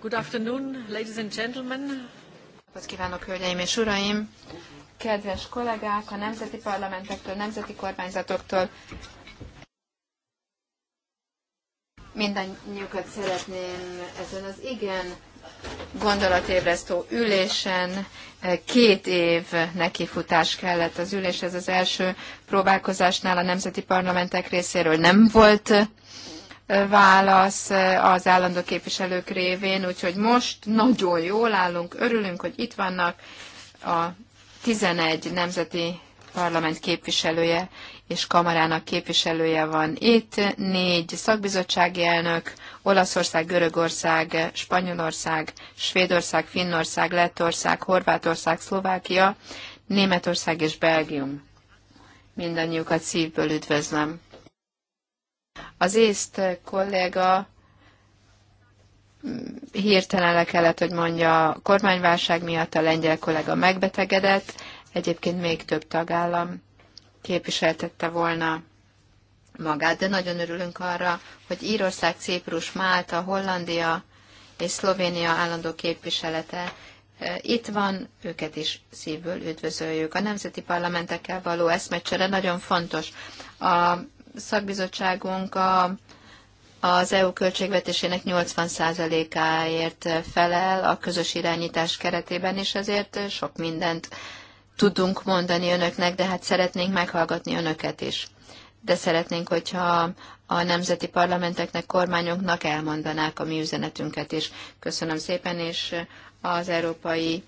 Good afternoon, ladies and gentlemen. Napot kívánok, hölgyeim és uraim! Kedves kollégák, a nemzeti parlamentektől, nemzeti kormányzatoktól mindannyiukat szeretném ezen az igen gondolatébresztő ülésen eh, két év nekifutás kellett az üléshez. Az első próbálkozásnál a nemzeti parlamentek részéről nem volt válasz eh, az állandó képviselők révén, úgyhogy most nagyon jól állunk, örülünk, hogy itt vannak a 11 nemzeti parlament képviselője és kamarának képviselője van itt, négy szakbizottsági elnök, Olaszország, Görögország, Spanyolország, Svédország, Finnország, Lettország, Horvátország, Szlovákia, Németország és Belgium. Mindannyiukat szívből üdvözlöm. Az észt kolléga mm, hirtelen le kellett, hogy mondja, a kormányválság miatt a lengyel kollega megbetegedett, egyébként még több tagállam képviseltette volna magát, de nagyon örülünk arra, hogy Írország, Ciprus, Málta, Hollandia és Szlovénia állandó képviselete e, itt van, őket is szívből üdvözöljük. A nemzeti parlamentekkel való eszmecsere nagyon fontos. A szakbizottságunk a, az EU költségvetésének 80%-áért felel a közös irányítás keretében, és ezért sok mindent tudunk mondani önöknek, de hát szeretnénk meghallgatni önöket is. De szeretnénk, hogyha a nemzeti parlamenteknek, kormányoknak elmondanák a mi üzenetünket is. Köszönöm szépen, és az Európai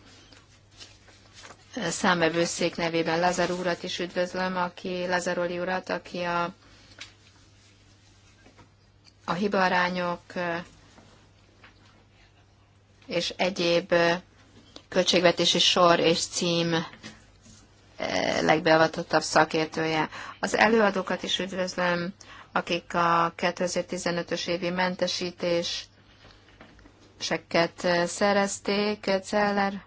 Számvevőszék nevében Lazar úrat is üdvözlöm, aki Lazaroli urat, aki a a hibaarányok és egyéb költségvetési sor és cím legbeavatottabb szakértője. Az előadókat is üdvözlöm, akik a 2015-ös évi mentesítéseket szerezték. Celler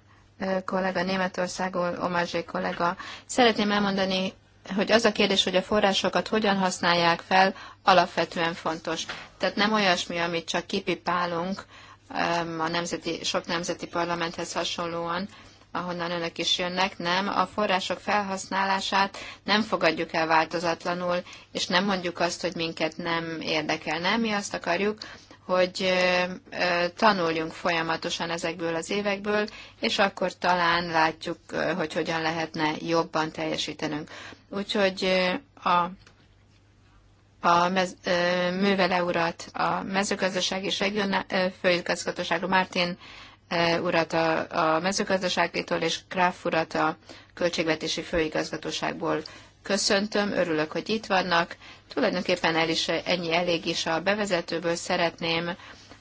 kollega Németországból, Omazsé kollega. Szeretném elmondani hogy az a kérdés, hogy a forrásokat hogyan használják fel, alapvetően fontos. Tehát nem olyasmi, amit csak kipipálunk um, a nemzeti, sok nemzeti parlamenthez hasonlóan, ahonnan önök is jönnek, nem, a források felhasználását nem fogadjuk el változatlanul, és nem mondjuk azt, hogy minket nem érdekel. Nem, mi azt akarjuk, hogy tanuljunk folyamatosan ezekből az évekből, és akkor talán látjuk, hogy hogyan lehetne jobban teljesítenünk. Úgyhogy a a mez, művele urat, a mezőgazdaság és regionál, főigazgatóságról, Mártin urat a, a mezőgazdaságtól és Kráf urat a költségvetési főigazgatóságból köszöntöm, örülök, hogy itt vannak, Tulajdonképpen el is, ennyi elég is a bevezetőből. Szeretném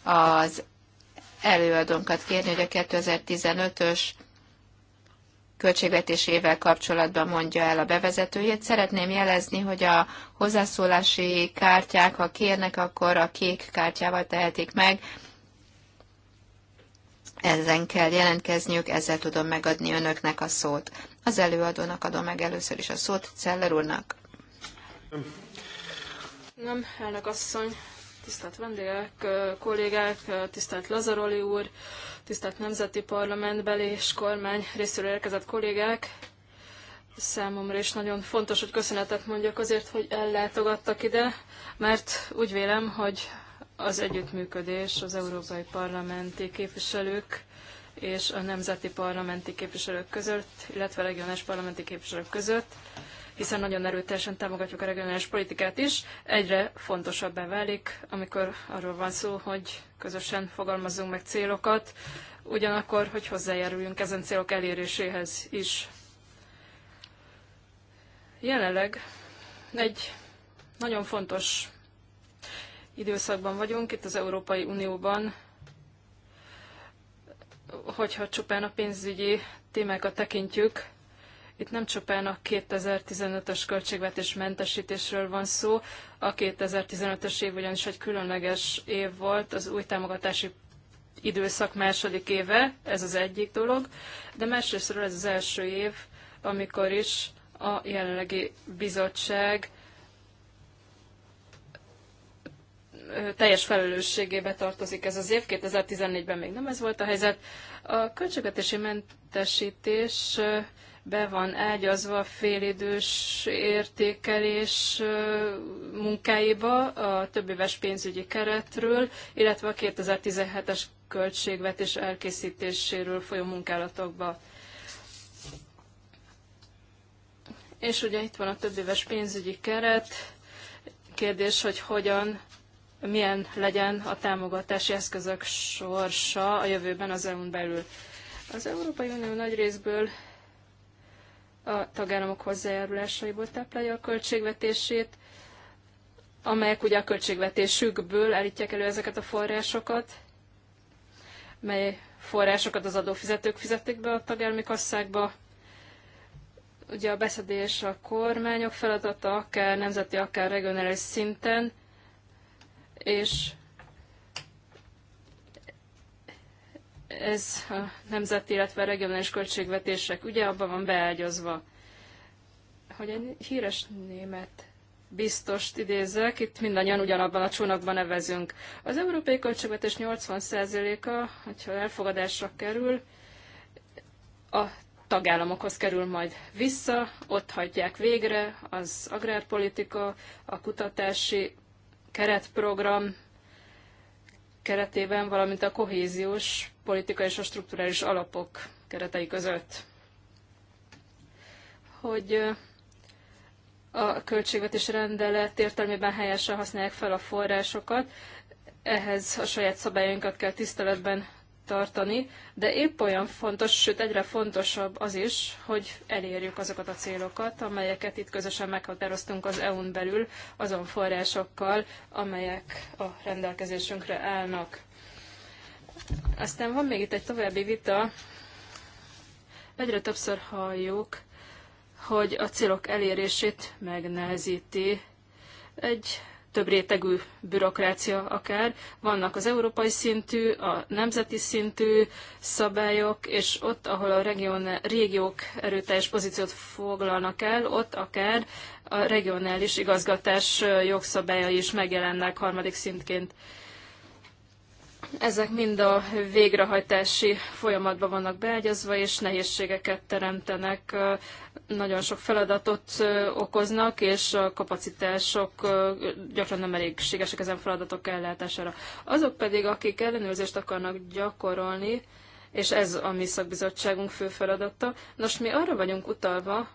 az előadónkat kérni, hogy a 2015-ös költségvetésével kapcsolatban mondja el a bevezetőjét. Szeretném jelezni, hogy a hozzászólási kártyák, ha kérnek, akkor a kék kártyával tehetik meg. Ezen kell jelentkezniük, ezzel tudom megadni önöknek a szót. Az előadónak adom meg először is a szót, Celler úrnak. Nem, elnök asszony, tisztelt vendégek, kollégák, tisztelt Lazaroli úr, tisztelt nemzeti parlamentbeli és kormány részéről érkezett kollégák. Számomra is nagyon fontos, hogy köszönetet mondjak azért, hogy ellátogattak ide, mert úgy vélem, hogy az együttműködés az európai parlamenti képviselők és a nemzeti parlamenti képviselők között, illetve a regionális parlamenti képviselők között hiszen nagyon erőteljesen támogatjuk a regionális politikát is, egyre fontosabbá válik, amikor arról van szó, hogy közösen fogalmazzunk meg célokat, ugyanakkor, hogy hozzájáruljunk ezen célok eléréséhez is. Jelenleg egy nagyon fontos időszakban vagyunk itt az Európai Unióban, hogyha csupán a pénzügyi témákat tekintjük, itt nem csupán a 2015-ös költségvetés mentesítésről van szó, a 2015-ös év ugyanis egy különleges év volt, az új támogatási időszak második éve, ez az egyik dolog, de másrésztről ez az első év, amikor is a jelenlegi bizottság teljes felelősségébe tartozik ez az év. 2014-ben még nem ez volt a helyzet. A költségvetési mentesítés be van ágyazva a félidős értékelés munkáiba a többéves pénzügyi keretről, illetve a 2017-es költségvetés elkészítéséről folyó munkálatokba. És ugye itt van a többéves pénzügyi keret, kérdés, hogy hogyan, milyen legyen a támogatási eszközök sorsa a jövőben az EU-n belül. Az Európai Unió nagy részből a tagállamok hozzájárulásaiból táplálja a költségvetését, amelyek ugye a költségvetésükből állítják elő ezeket a forrásokat, mely forrásokat az adófizetők fizetik be a tagállami kasszákba. Ugye a beszedés a kormányok feladata, akár nemzeti, akár regionális szinten, és ez a nemzeti, illetve a regionális költségvetések ugye abban van beágyazva. Hogy egy híres német biztos idézek, itt mindannyian ugyanabban a csónakban nevezünk. Az európai költségvetés 80%-a, hogyha elfogadásra kerül, a tagállamokhoz kerül majd vissza, ott hagyják végre az agrárpolitika, a kutatási keretprogram, keretében, valamint a kohéziós politikai és a strukturális alapok keretei között. Hogy a költségvetés rendelet értelmében helyesen használják fel a forrásokat, ehhez a saját szabályainkat kell tiszteletben tartani, de épp olyan fontos, sőt egyre fontosabb az is, hogy elérjük azokat a célokat, amelyeket itt közösen meghatároztunk az EU-n belül azon forrásokkal, amelyek a rendelkezésünkre állnak. Aztán van még itt egy további vita. Egyre többször halljuk, hogy a célok elérését megnehezíti egy több rétegű bürokrácia akár. Vannak az európai szintű, a nemzeti szintű szabályok, és ott, ahol a region, régiók erőteljes pozíciót foglalnak el, ott akár a regionális igazgatás jogszabályai is megjelennek harmadik szintként. Ezek mind a végrehajtási folyamatban vannak beágyazva, és nehézségeket teremtenek, nagyon sok feladatot okoznak, és a kapacitások gyakran nem elégségesek ezen feladatok ellátására. Azok pedig, akik ellenőrzést akarnak gyakorolni, és ez a mi szakbizottságunk fő feladata. Nos, mi arra vagyunk utalva,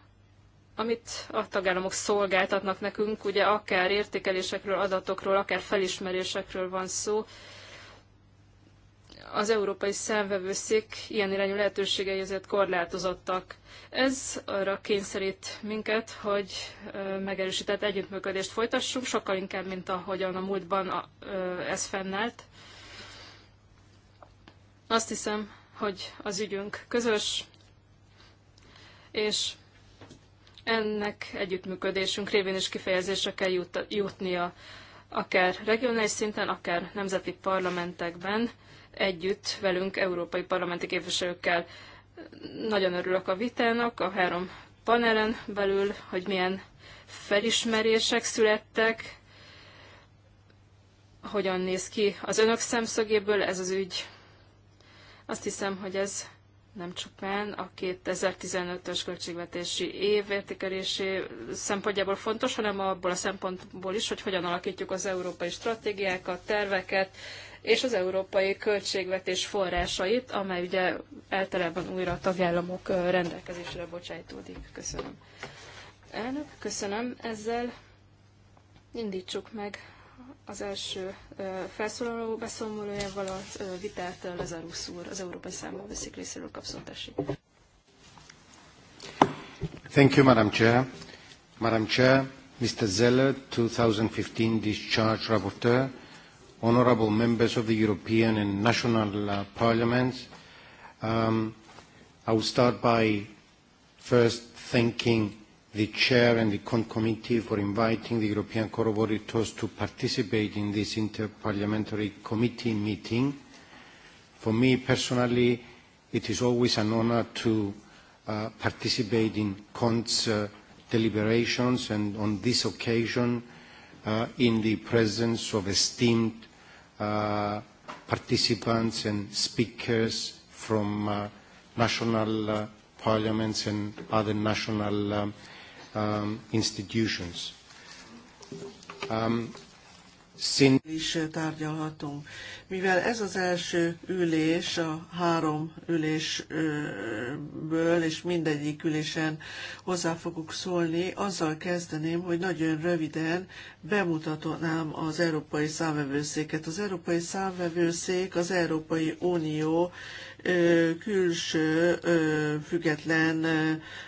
amit a tagállamok szolgáltatnak nekünk, ugye akár értékelésekről, adatokról, akár felismerésekről van szó, az Európai Számvevőszék ilyen irányú lehetőségei azért korlátozottak. Ez arra kényszerít minket, hogy megerősített együttműködést folytassunk, sokkal inkább, mint ahogyan a múltban ez fennállt. Azt hiszem, hogy az ügyünk közös, és ennek együttműködésünk révén is kifejezésre kell jutnia, akár regionális szinten, akár nemzeti parlamentekben együtt velünk, európai parlamenti képviselőkkel. Nagyon örülök a vitának, a három panelen belül, hogy milyen felismerések születtek, hogyan néz ki az önök szemszögéből ez az ügy. Azt hiszem, hogy ez nem csupán a 2015-ös költségvetési év értékelési szempontjából fontos, hanem abból a szempontból is, hogy hogyan alakítjuk az európai stratégiákat, terveket, és az európai költségvetés forrásait, amely ugye általában újra a tagállamok rendelkezésre bocsájtódik. Köszönöm. Elnök, köszönöm. Ezzel indítsuk meg az első felszólaló beszámolójával a vitát Lazarus úr, az Európai Számú Veszik részéről kapszoltási. Thank you, Madam Chair. Madam Chair, Mr. Zeller, 2015 Discharge Rapporteur, honorable members of the European and national uh, parliaments. Um, I will start by first thanking the chair and the CON committee for inviting the European Court of Auditors to participate in this interparliamentary committee meeting. For me personally, it is always an honor to uh, participate in CON's uh, deliberations and on this occasion uh, in the presence of esteemed Uh, participants and speakers from uh, national uh, parliaments and other national um, um, institutions. Um, szintén is tárgyalhatunk. Mivel ez az első ülés, a három ülésből, és mindegyik ülésen hozzá fogok szólni, azzal kezdeném, hogy nagyon röviden bemutatnám az Európai Számvevőszéket. Az Európai Számvevőszék az Európai Unió külső független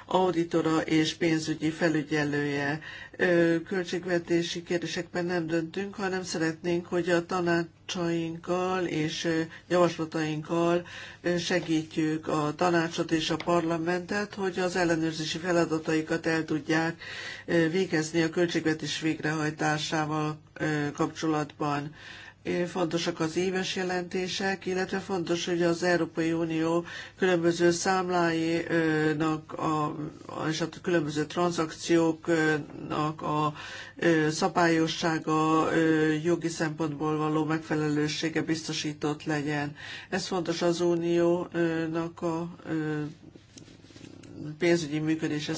auditora és pénzügyi felügyelője költségvetési kérdésekben nem döntünk, hanem szeretnénk, hogy a tanácsainkkal és javaslatainkkal segítjük a tanácsot és a parlamentet, hogy az ellenőrzési feladataikat el tudják végezni a költségvetés végrehajtásával kapcsolatban. Eh, fontosak az éves jelentések, illetve fontos, hogy az Európai Unió különböző számláinak a, és a különböző tranzakcióknak a eh, szabályossága eh, jogi szempontból való megfelelősége biztosított legyen. Ez fontos az uniónak a pénzügyi működése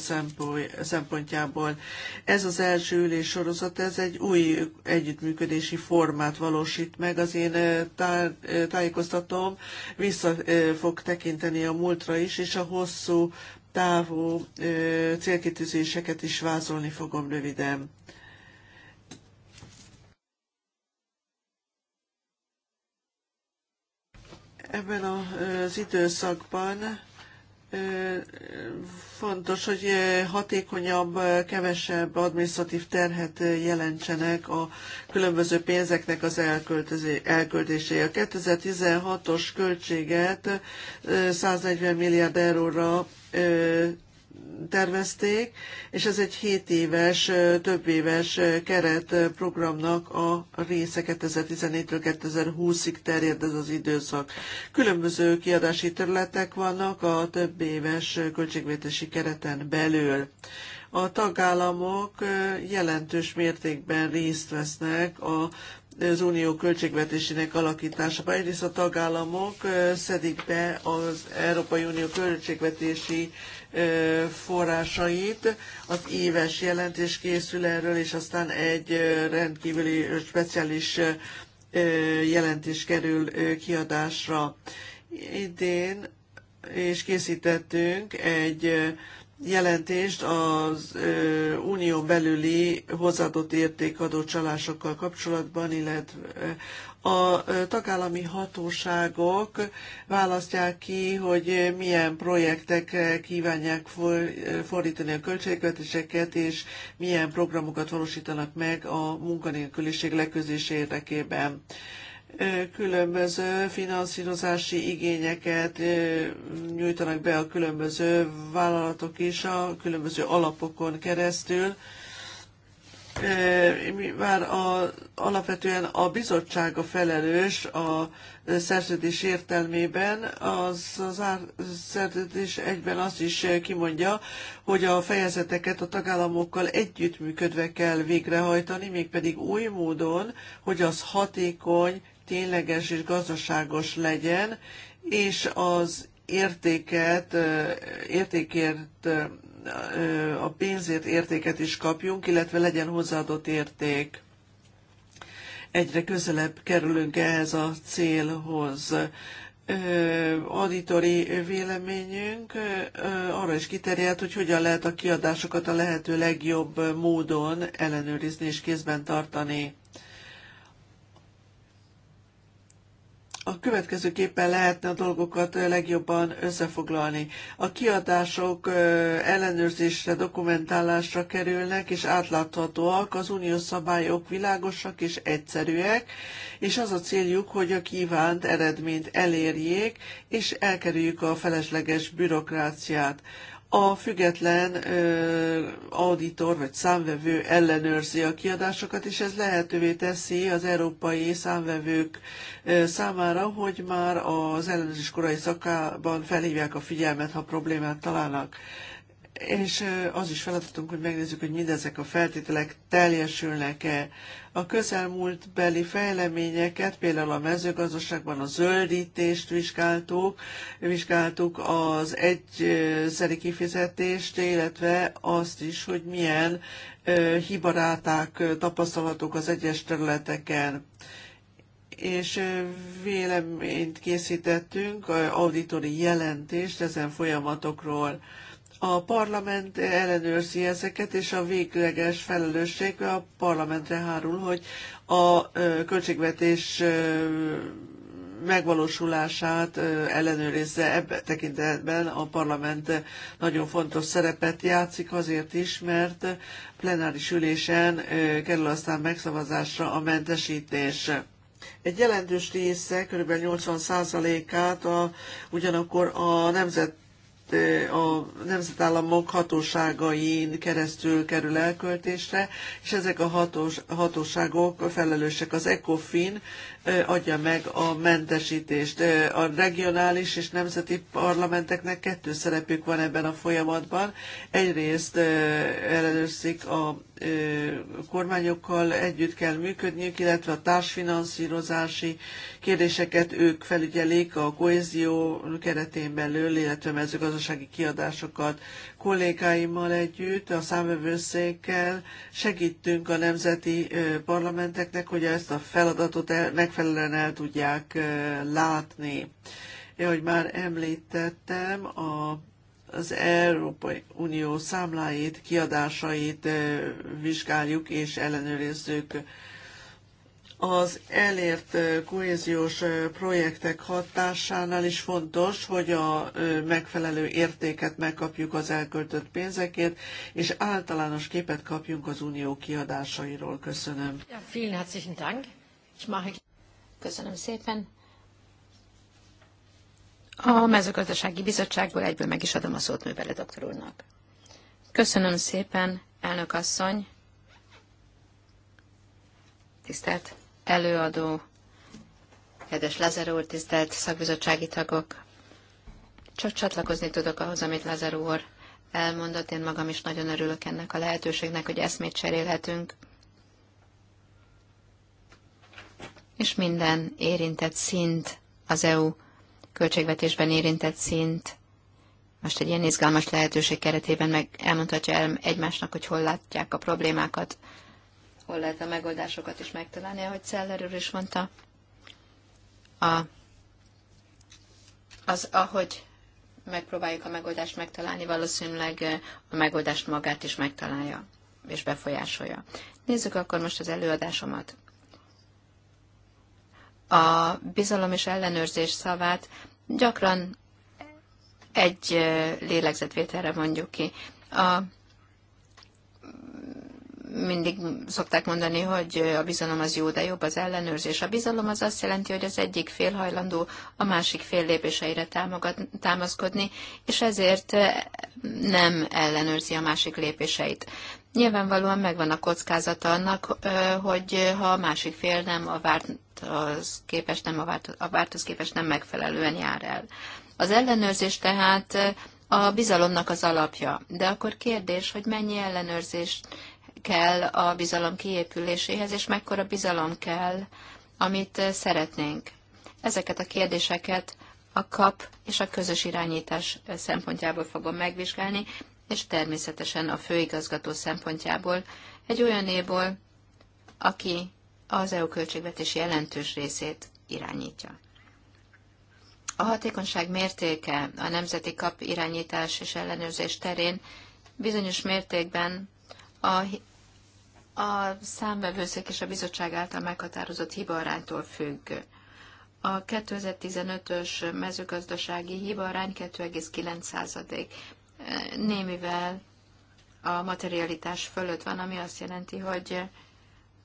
szempontjából. Ez az első ülés sorozat, ez egy új együttműködési formát valósít meg. Az én tájékoztatom vissza fog tekinteni a múltra is, és a hosszú távú célkitűzéseket is vázolni fogom röviden. ebben az időszakban fontos, hogy hatékonyabb, kevesebb administratív terhet jelentsenek a különböző pénzeknek az elköltésé. A 2016-os költséget 140 milliárd euróra tervezték, és ez egy 7 éves, több éves keretprogramnak a része 2014-től 2020-ig terjed ez az időszak. Különböző kiadási területek vannak a több éves költségvetési kereten belül. A tagállamok jelentős mértékben részt vesznek a az unió költségvetésének alakítása. Egyrészt a tagállamok szedik be az Európai Unió költségvetési forrásait. Az éves jelentés készül erről, és aztán egy rendkívüli speciális jelentés kerül kiadásra. Idén és készítettünk egy jelentést az Unió belüli hozzáadott értékadó csalásokkal kapcsolatban, illetve a tagállami hatóságok választják ki, hogy milyen projektekre kívánják fordítani a költségvetéseket, és milyen programokat valósítanak meg a munkanélküliség leküzdése érdekében különböző finanszírozási igényeket nyújtanak be a különböző vállalatok is a különböző alapokon keresztül. Már a, alapvetően a bizottság a felelős a szerződés értelmében, az, az ár, szerződés egyben azt is kimondja, hogy a fejezeteket a tagállamokkal együttműködve kell végrehajtani, mégpedig új módon, hogy az hatékony, tényleges és gazdaságos legyen, és az értéket, értékért, a pénzért értéket is kapjunk, illetve legyen hozzáadott érték. Egyre közelebb kerülünk ehhez a célhoz auditori véleményünk arra is kiterjedt, hogy hogyan lehet a kiadásokat a lehető legjobb módon ellenőrizni és kézben tartani. a következőképpen lehetne a dolgokat legjobban összefoglalni. A kiadások ellenőrzésre, dokumentálásra kerülnek és átláthatóak, az uniós szabályok világosak és egyszerűek, és az a céljuk, hogy a kívánt eredményt elérjék, és elkerüljük a felesleges bürokráciát a független ö, auditor vagy számvevő ellenőrzi a kiadásokat, és ez lehetővé teszi az európai számvevők ö, számára, hogy már az ellenőrzés korai szakában felhívják a figyelmet, ha problémát találnak. Ö, és az is feladatunk, hogy megnézzük, hogy mindezek a feltételek teljesülnek-e. A beli fejleményeket, például a mezőgazdaságban a zöldítést vizsgáltuk, vizsgáltuk az egyszeri kifizetést, illetve azt is, hogy milyen hibaráták tapasztalhatók az egyes területeken és véleményt készítettünk, auditori jelentést ezen folyamatokról. A parlament ellenőrzi ezeket, és a végleges felelősség a parlamentre hárul, hogy a költségvetés megvalósulását ellenőrizze. Ebben tekintetben a parlament nagyon fontos szerepet játszik azért is, mert plenáris ülésen kerül aztán megszavazásra a mentesítés. Egy jelentős része, kb. 80%-át a, ugyanakkor a nemzet a nemzetállamok hatóságain keresztül kerül elköltésre, és ezek a hatóságok felelősek. Az ECOFIN adja meg a mentesítést. A regionális és nemzeti parlamenteknek kettő szerepük van ebben a folyamatban. Egyrészt ellenőrzik a kormányokkal együtt kell működniük, illetve a társfinanszírozási kérdéseket ők felügyelik a kohézió keretén belül, illetve mezőgazdasági kiadásokat kollégáimmal együtt, a számövőszékkel segítünk a nemzeti parlamenteknek, hogy ezt a feladatot el, megfelelően el tudják látni. Én, hogy már említettem, a az Európai Unió számláit, kiadásait vizsgáljuk és ellenőrizzük az elért kohéziós projektek hatásánál is fontos, hogy a megfelelő értéket megkapjuk az elköltött pénzekért, és általános képet kapjunk az unió kiadásairól. Köszönöm. vielen herzlichen Dank. Köszönöm szépen. A mezőgazdasági bizottságból egyből meg is adom a szót Művele doktor úrnak. Köszönöm szépen, elnök asszony. Tisztelt előadó, kedves Lazar úr, tisztelt szakbizottsági tagok! Csak csatlakozni tudok ahhoz, amit Lazar úr elmondott. Én magam is nagyon örülök ennek a lehetőségnek, hogy eszmét cserélhetünk. És minden érintett szint, az EU költségvetésben érintett szint, most egy ilyen izgalmas lehetőség keretében meg elmondhatja el egymásnak, hogy hol látják a problémákat, hol lehet a megoldásokat is megtalálni, ahogy Celler úr is mondta. A, az, ahogy megpróbáljuk a megoldást megtalálni, valószínűleg eh, a megoldást magát is megtalálja és befolyásolja. Nézzük akkor most az előadásomat. A bizalom és ellenőrzés szavát gyakran egy eh, lélegzetvételre mondjuk ki. A mindig szokták mondani, hogy a bizalom az jó, de jobb az ellenőrzés. A bizalom az azt jelenti, hogy az egyik fél hajlandó a másik fél lépéseire támogat, támaszkodni, és ezért nem ellenőrzi a másik lépéseit. Nyilvánvalóan megvan a kockázata annak, hogy ha a másik fél nem a várthoz képest nem, a várt, a várthoz képest nem megfelelően jár el. Az ellenőrzés tehát a bizalomnak az alapja. De akkor kérdés, hogy mennyi ellenőrzést kell a bizalom kiépüléséhez, és mekkora bizalom kell, amit eh, szeretnénk. Ezeket a kérdéseket a kap és a közös irányítás eh, szempontjából fogom megvizsgálni, és természetesen a főigazgató szempontjából, egy olyan olyanéból, aki az EU költségvetés jelentős részét irányítja. A hatékonyság mértéke a nemzeti kap irányítás és ellenőrzés terén bizonyos mértékben a a számvevőszék és a bizottság által meghatározott hibaaránytól függ. A 2015-ös mezőgazdasági hibaarány 2,9 némivel a materialitás fölött van, ami azt jelenti, hogy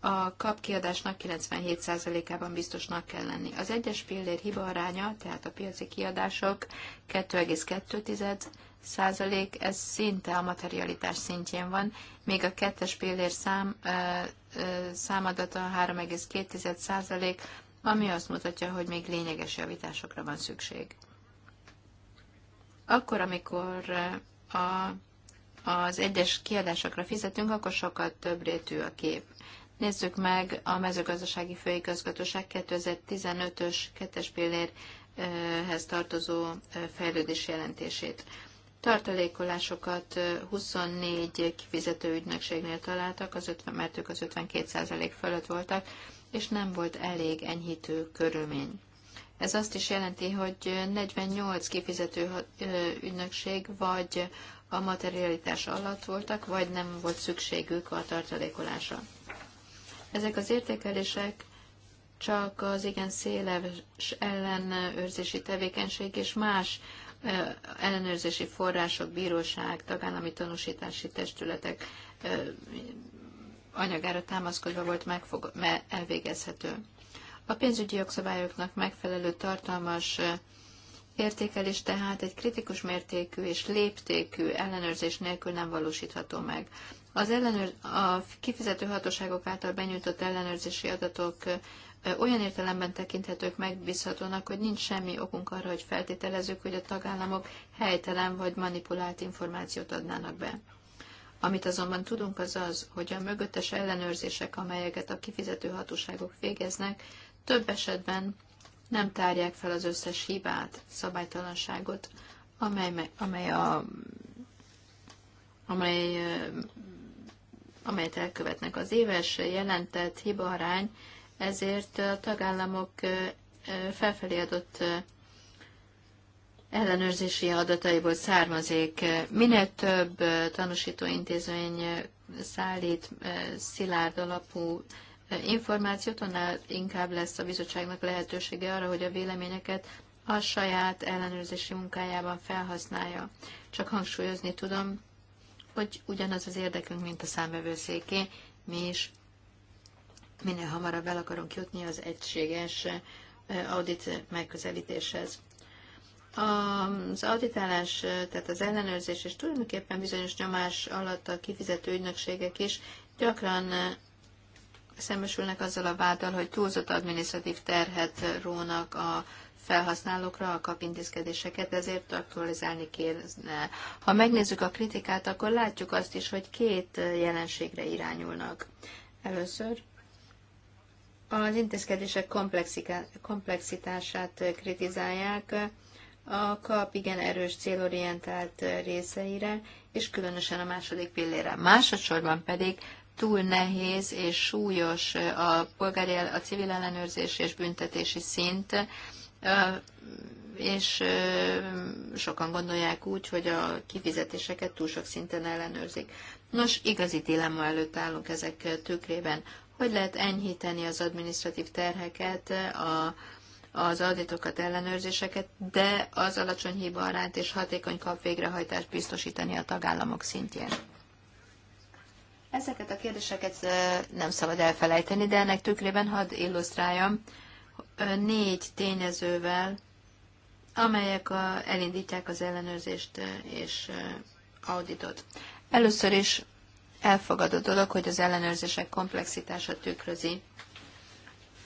a kapkiadásnak 97%-ában biztosnak kell lenni. Az egyes pillér hibaaránya, tehát a piaci kiadások 2,2, százalék, ez szinte a materialitás szintjén van, még a kettes pillér szám, ö, ö, számadata 3,2 százalék, ami azt mutatja, hogy még lényeges javításokra van szükség. Akkor, amikor a, az egyes kiadásokra fizetünk, akkor sokkal több rétű a kép. Nézzük meg a mezőgazdasági főigazgatóság 2015-ös kettes pillérhez tartozó fejlődés jelentését tartalékolásokat 24 kifizető ügynökségnél találtak, az 50, mert ők az 52% fölött voltak, és nem volt elég enyhítő körülmény. Ez azt is jelenti, hogy 48 kifizető ügynökség vagy a materialitás alatt voltak, vagy nem volt szükségük a tartalékolásra. Ezek az értékelések csak az igen széles ellenőrzési tevékenység és más ellenőrzési források, bíróság, tagállami tanúsítási testületek anyagára támaszkodva volt megfog, elvégezhető. A pénzügyi jogszabályoknak megfelelő tartalmas értékelés tehát egy kritikus mértékű és léptékű ellenőrzés nélkül nem valósítható meg. Az ellenőr, a kifizető hatóságok által benyújtott ellenőrzési adatok olyan értelemben tekinthetők megbízhatónak, hogy nincs semmi okunk arra, hogy feltételezzük, hogy a tagállamok helytelen vagy manipulált információt adnának be. Amit azonban tudunk az az, hogy a mögöttes ellenőrzések, amelyeket a kifizető hatóságok végeznek, több esetben nem tárják fel az összes hibát, szabálytalanságot, amely, amely a, amely, amelyet elkövetnek. Az éves jelentett hibaarány ezért a tagállamok felfelé adott ellenőrzési adataiból származik. Minél több tanúsítóintézmény szállít szilárd alapú információt, annál inkább lesz a bizottságnak lehetősége arra, hogy a véleményeket a saját ellenőrzési munkájában felhasználja. Csak hangsúlyozni tudom, hogy ugyanaz az érdekünk, mint a számvevőszéké, mi is minél hamarabb el akarunk jutni az egységes audit megközelítéshez. Az auditálás, tehát az ellenőrzés és tulajdonképpen bizonyos nyomás alatt a kifizető ügynökségek is gyakran szembesülnek azzal a váddal, hogy túlzott adminisztratív terhet rónak a felhasználókra a kapintézkedéseket, ezért aktualizálni kéne. Ha megnézzük a kritikát, akkor látjuk azt is, hogy két jelenségre irányulnak. Először az intézkedések komplexitását kritizálják a kap igen erős célorientált részeire, és különösen a második pillére. Másodszorban pedig túl nehéz és súlyos a polgári, a civil ellenőrzés és büntetési szint, és sokan gondolják úgy, hogy a kifizetéseket túl sok szinten ellenőrzik. Nos, igazi dilemma előtt állunk ezek tükrében hogy lehet enyhíteni az administratív terheket, a, az auditokat, ellenőrzéseket, de az alacsony hiba arányt és hatékony kap végrehajtást biztosítani a tagállamok szintjén. Ezeket a kérdéseket nem szabad elfelejteni, de ennek tükrében hadd illusztráljam négy tényezővel, amelyek a, elindítják az ellenőrzést és auditot. Először is elfogadott dolog, hogy az ellenőrzések komplexitása tükrözi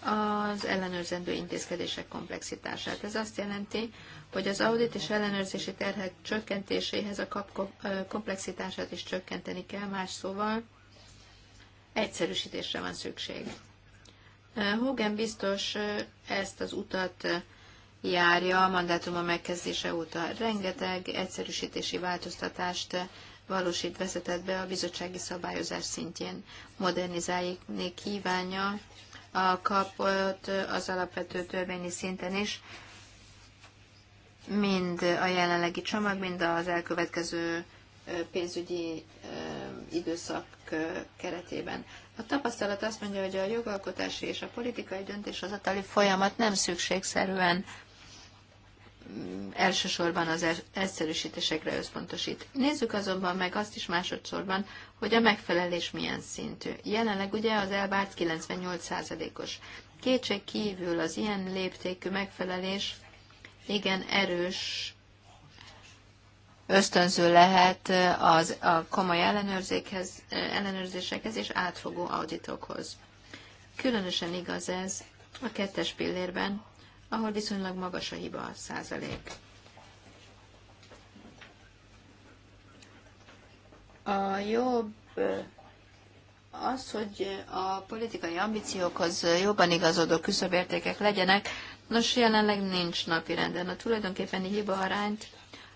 az ellenőrzendő intézkedések komplexitását. Ez azt jelenti, hogy az audit és ellenőrzési terhek csökkentéséhez a kap komplexitását is csökkenteni kell, más szóval egyszerűsítésre van szükség. Hogan biztos ezt az utat járja a mandátuma megkezdése óta. Rengeteg egyszerűsítési változtatást valósít vezetett be a bizottsági szabályozás szintjén. Modernizálni kívánja a kapot az alapvető törvényi szinten is, mind a jelenlegi csomag, mind az elkövetkező pénzügyi időszak keretében. A tapasztalat azt mondja, hogy a jogalkotási és a politikai döntéshozatali folyamat nem szükségszerűen elsősorban az egyszerűsítésekre összpontosít. Nézzük azonban meg azt is másodszorban, hogy a megfelelés milyen szintű. Jelenleg ugye az elvárt 98%-os. Kétség kívül az ilyen léptékű megfelelés igen erős ösztönző lehet az, a komoly ellenőrzékhez, ellenőrzésekhez és átfogó auditokhoz. Különösen igaz ez a kettes pillérben, ahol viszonylag magas a hiba százalék. A jobb az, hogy a politikai ambíciókhoz jobban igazodó küszöbértékek legyenek, nos jelenleg nincs napi renden. A tulajdonképpen hiba arányt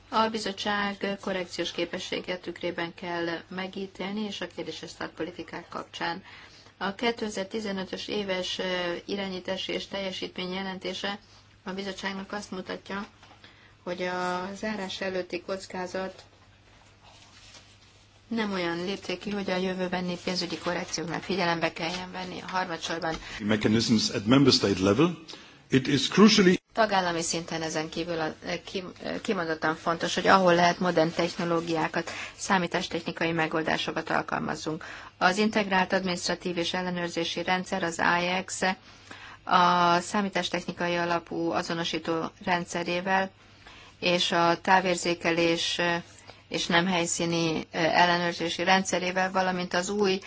a bizottság korrekciós képességet tükrében kell megítélni, és a kérdéses szakpolitikák kapcsán a 2015-ös éves irányítási és teljesítmény jelentése a bizottságnak azt mutatja, hogy a zárás előtti kockázat nem olyan léptékű, hogy a jövőbeni pénzügyi korrekcióknak figyelembe kelljen venni a harmadsorban. Mechanisms at member state level, it is crucially Tagállami szinten ezen kívül a, eh, eh, kimondottan fontos, hogy ahol lehet modern technológiákat, számítástechnikai megoldásokat alkalmazzunk. Az integrált adminisztratív és ellenőrzési rendszer, az IEX, a számítástechnikai alapú azonosító rendszerével és a távérzékelés eh, és nem helyszíni ellenőrzési rendszerével, valamint az új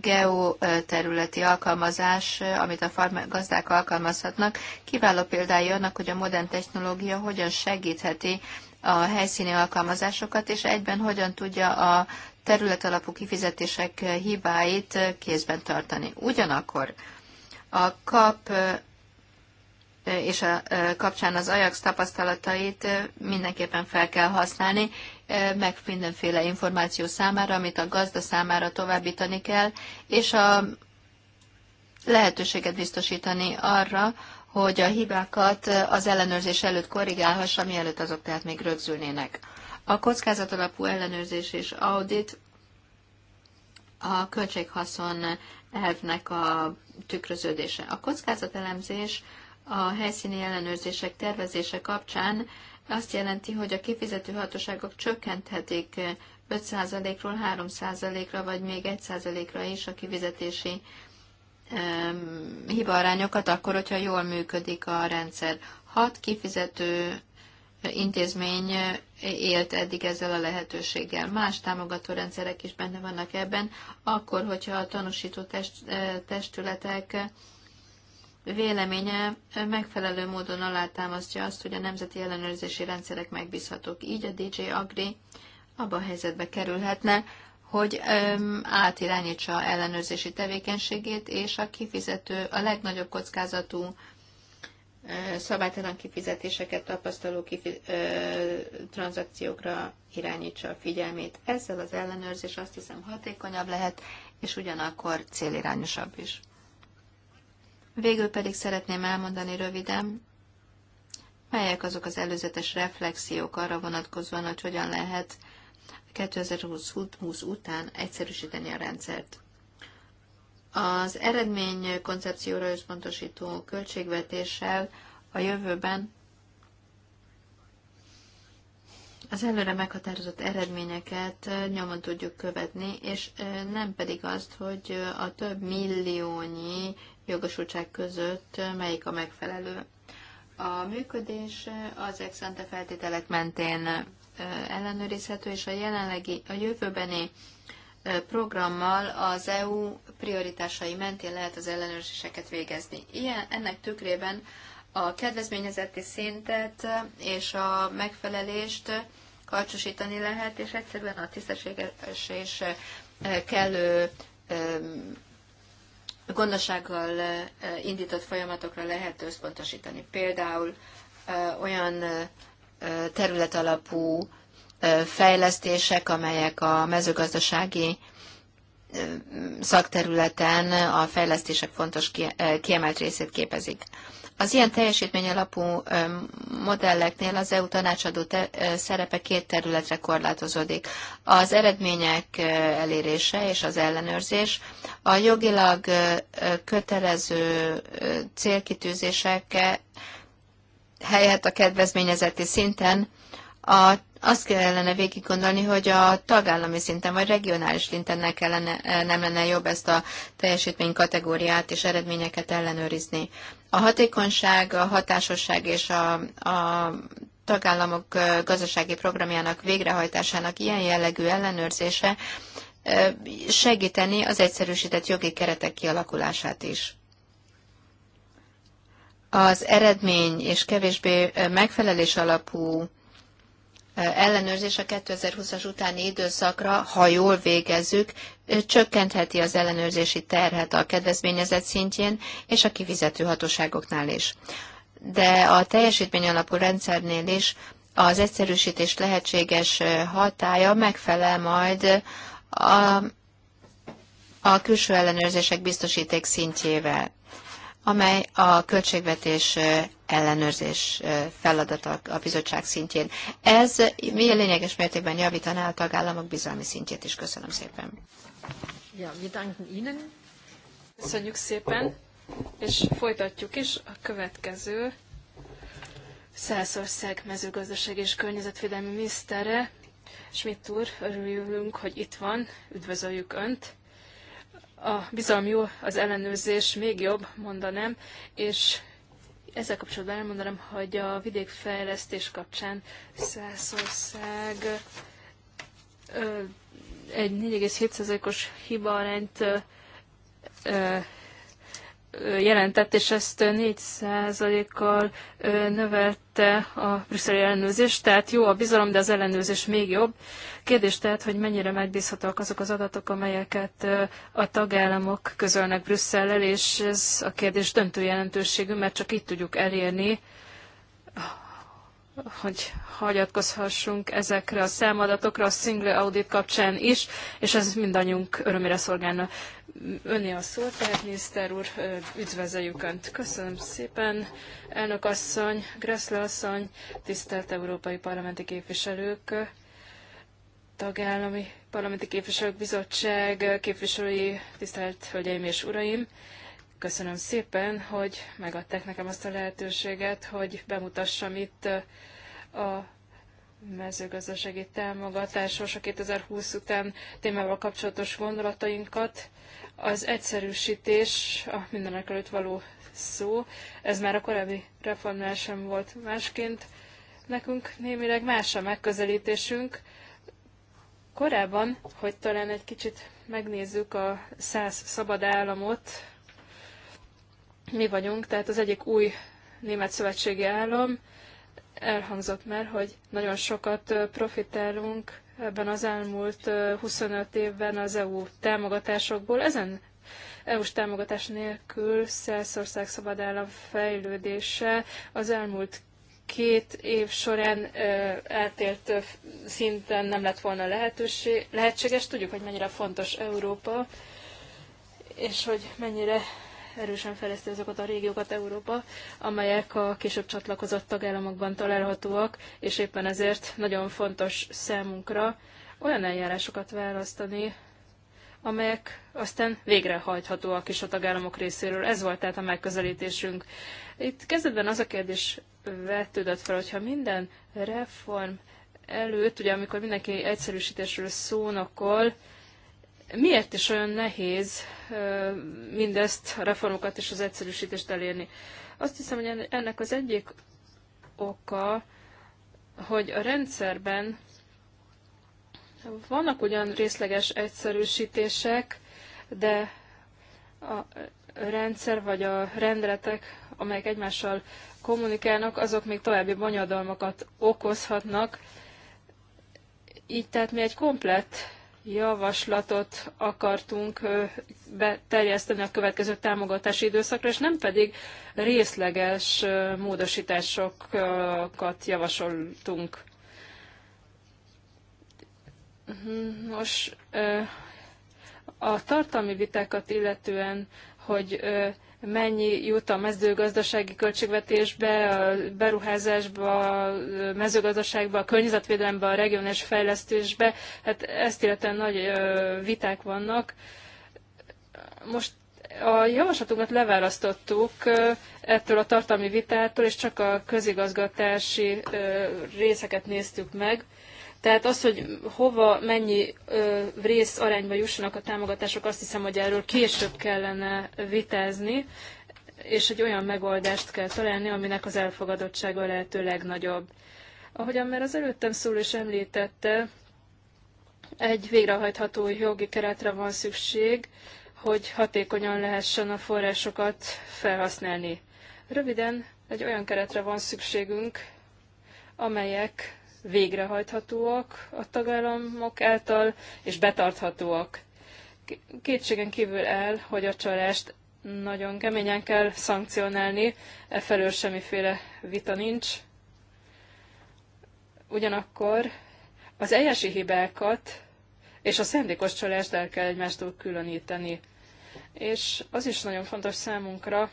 geoterületi alkalmazás, amit a farmgazdák alkalmazhatnak, kiváló példája annak, hogy a modern technológia hogyan segítheti a helyszíni alkalmazásokat, és egyben hogyan tudja a területalapú kifizetések hibáit kézben tartani. Ugyanakkor a kap és a kapcsán az Ajax tapasztalatait mindenképpen fel kell használni, meg mindenféle információ számára, amit a gazda számára továbbítani kell, és a lehetőséget biztosítani arra, hogy a hibákat az ellenőrzés előtt korrigálhassa, mielőtt azok tehát még rögzülnének. A alapú ellenőrzés és audit a költséghaszon elvnek a tükröződése. A kockázatelemzés a helyszíni ellenőrzések tervezése kapcsán azt jelenti, hogy a kifizető hatóságok csökkenthetik 5%-ról 3%-ra, vagy még 1%-ra is a kifizetési um, hibaarányokat, akkor, hogyha jól működik a rendszer. Hat kifizető intézmény élt eddig ezzel a lehetőséggel. Más támogató rendszerek is benne vannak ebben, akkor, hogyha a tanúsító test, eh, testületek véleménye megfelelő módon alátámasztja azt, hogy a nemzeti ellenőrzési rendszerek megbízhatók. Így a DJ Agri abba a helyzetbe kerülhetne, hogy öm, átirányítsa ellenőrzési tevékenységét, és a kifizető, a legnagyobb kockázatú szabálytalan kifizetéseket tapasztaló kifiz ö, tranzakciókra irányítsa a figyelmét. Ezzel az ellenőrzés azt hiszem hatékonyabb lehet, és ugyanakkor célirányosabb is. Végül pedig szeretném elmondani röviden, melyek azok az előzetes reflexiók arra vonatkozóan, hogy hogyan lehet 2020 után egyszerűsíteni a rendszert. Az eredmény koncepcióra összpontosító költségvetéssel a jövőben az előre meghatározott eredményeket nyomon tudjuk követni, és nem pedig azt, hogy a több milliónyi jogosultság között melyik a megfelelő. A működés az ex ante feltételek mentén ellenőrizhető, és a jelenlegi, a jövőbeni programmal az EU prioritásai mentén lehet az ellenőrzéseket végezni. Ilyen, ennek tükrében a kedvezményezeti szintet és a megfelelést karcsosítani lehet, és egyszerűen a tisztességes és kellő gondossággal eh, eh, indított folyamatokra lehet összpontosítani. Például eh, olyan területalapú fejlesztések, amelyek a mezőgazdasági szakterületen a fejlesztések fontos kiemelt részét képezik. Az ilyen teljesítmény alapú modelleknél az EU tanácsadó szerepe két területre korlátozódik. Az eredmények elérése és az ellenőrzés, a jogilag kötelező célkitűzések helyett a kedvezményezeti szinten a azt kellene végig gondolni, hogy a tagállami szinten vagy regionális szinten ne kellene, nem lenne jobb ezt a teljesítmény kategóriát és eredményeket ellenőrizni. A hatékonyság, a hatásosság és a, a tagállamok gazdasági programjának végrehajtásának ilyen jellegű ellenőrzése segíteni az egyszerűsített jogi keretek kialakulását is. Az eredmény és kevésbé megfelelés alapú ellenőrzés a 2020-as utáni időszakra, ha jól végezzük, csökkentheti az ellenőrzési terhet a kedvezményezett szintjén és a kifizető hatóságoknál is. De a teljesítmény alapú rendszernél is az egyszerűsítés lehetséges hatája megfelel majd a, a külső ellenőrzések biztosíték szintjével, amely a költségvetés ellenőrzés feladata a bizottság szintjén. Ez milyen lényeges mértékben javítaná a tagállamok bizalmi szintjét is. Köszönöm szépen. Ja, wir danken Ihnen. Köszönjük szépen, és folytatjuk is a következő Szelszország mezőgazdaság és környezetvédelmi minisztere, Schmidt úr, örülünk, hogy itt van, üdvözöljük Önt. A bizalom jó, az ellenőrzés még jobb, mondanám, és ezzel kapcsolatban elmondanám, hogy a vidékfejlesztés kapcsán Szászország egy 4,7%-os hiba arányt jelentett, és ezt 4%-kal növelte a brüsszeli ellenőrzés, tehát jó a bizalom, de az ellenőrzés még jobb. Kérdés tehát, hogy mennyire megbízhatóak azok az adatok, amelyeket a tagállamok közölnek Brüsszellel, és ez a kérdés döntő jelentőségű, mert csak itt tudjuk elérni, hogy hagyatkozhassunk ezekre a számadatokra a single audit kapcsán is, és ez mindannyiunk örömére szolgálna. Önni a szó, tehát miniszter úr, üdvözöljük Önt. Köszönöm szépen, elnök asszony, Gressle asszony, tisztelt európai parlamenti képviselők, tagállami parlamenti képviselők bizottság képviselői, tisztelt hölgyeim és uraim. Köszönöm szépen, hogy megadták nekem azt a lehetőséget, hogy bemutassam itt a mezőgazdasági támogatásos a 2020 után témával kapcsolatos gondolatainkat. Az egyszerűsítés a mindenek előtt való szó. Ez már a korábbi reformnál sem volt másként. Nekünk némileg más a megközelítésünk. Korábban, hogy talán egy kicsit megnézzük a száz szabad államot, mi vagyunk, tehát az egyik új német szövetségi állam. Elhangzott már, hogy nagyon sokat profitálunk ebben az elmúlt 25 évben az EU támogatásokból. Ezen EU-s támogatás nélkül Szerszország szabad állam fejlődése az elmúlt két év során eltért szinten nem lett volna lehetőség, lehetséges. Tudjuk, hogy mennyire fontos Európa, és hogy mennyire erősen fejleszti azokat a régiókat Európa, amelyek a később csatlakozott tagállamokban találhatóak, és éppen ezért nagyon fontos számunkra olyan eljárásokat választani, amelyek aztán végrehajthatóak is a tagállamok részéről. Ez volt tehát a megközelítésünk. Itt kezdetben az a kérdés vetődött fel, hogyha minden reform előtt, ugye amikor mindenki egyszerűsítésről szónokol, Miért is olyan nehéz mindezt, a reformokat és az egyszerűsítést elérni? Azt hiszem, hogy ennek az egyik oka, hogy a rendszerben vannak ugyan részleges egyszerűsítések, de a rendszer vagy a rendeletek, amelyek egymással kommunikálnak, azok még további bonyodalmakat okozhatnak. Így tehát mi egy komplett javaslatot akartunk beterjeszteni a következő támogatási időszakra, és nem pedig részleges módosításokat javasoltunk. Nos, a tartalmi vitákat illetően, hogy mennyi jut a mezőgazdasági költségvetésbe, a beruházásba, a mezőgazdaságba, a környezetvédelembe, a regionális fejlesztésbe. Hát ezt illetően nagy viták vannak. Most a javaslatunkat leválasztottuk ettől a tartalmi vitától, és csak a közigazgatási részeket néztük meg. Tehát az, hogy hova, mennyi ö, rész arányba jussanak a támogatások, azt hiszem, hogy erről később kellene vitázni, és egy olyan megoldást kell találni, aminek az elfogadottsága lehető legnagyobb. Ahogyan már az előttem szól és említette, egy végrehajtható jogi keretre van szükség, hogy hatékonyan lehessen a forrásokat felhasználni. Röviden egy olyan keretre van szükségünk, amelyek végrehajthatóak a tagállamok által, és betarthatóak. Kétségen kívül el, hogy a csalást nagyon keményen kell szankcionálni, e felől semmiféle vita nincs. Ugyanakkor az eljási hibákat és a szándékos csalást el kell egymástól különíteni. És az is nagyon fontos számunkra,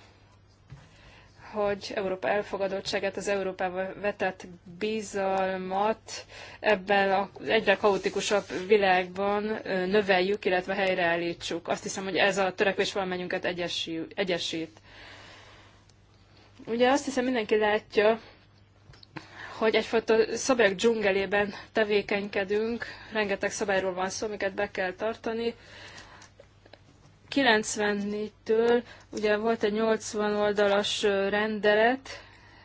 hogy Európa elfogadottságát, az Európával vetett bizalmat ebben az egyre kaotikusabb világban növeljük, illetve helyreállítsuk. Azt hiszem, hogy ez a törekvés valamennyünket egyesít. Ugye azt hiszem mindenki látja, hogy egyfajta szabályok dzsungelében tevékenykedünk, rengeteg szabályról van szó, amiket be kell tartani, 94-től ugye volt egy 80 oldalas rendelet,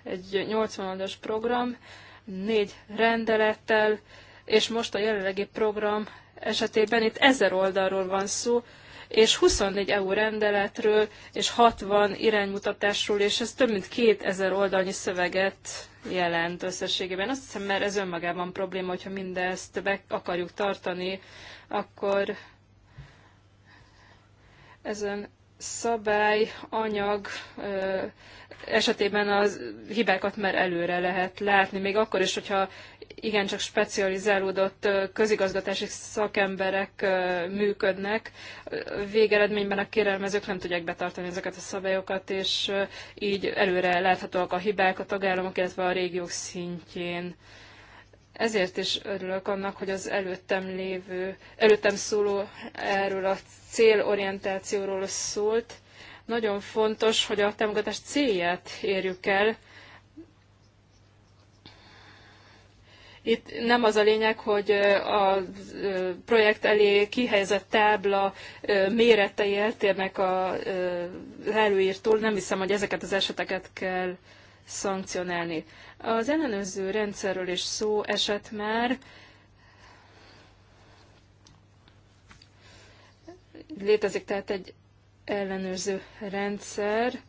egy 80 oldalas program, négy rendelettel, és most a jelenlegi program esetében itt ezer oldalról van szó, és 24 EU rendeletről, és 60 iránymutatásról, és ez több mint 2000 oldalnyi szöveget jelent összességében. Azt hiszem, mert ez önmagában probléma, hogyha mindezt be akarjuk tartani, akkor ezen szabály, anyag esetében a hibákat már előre lehet látni, még akkor is, hogyha igencsak specializálódott közigazgatási szakemberek működnek. Végeredményben a kérelmezők nem tudják betartani ezeket a szabályokat, és így előre láthatóak a hibák a tagállamok, illetve a régiók szintjén. Ezért is örülök annak, hogy az előttem lévő, előttem szóló erről a célorientációról szólt. Nagyon fontos, hogy a támogatás célját érjük el, itt nem az a lényeg, hogy a projekt elé kihelyezett tábla méretei eltérnek a előírtól, nem hiszem, hogy ezeket az eseteket kell szankcionálni. Az ellenőrző rendszerről is szó esett már, létezik tehát egy ellenőrző rendszer,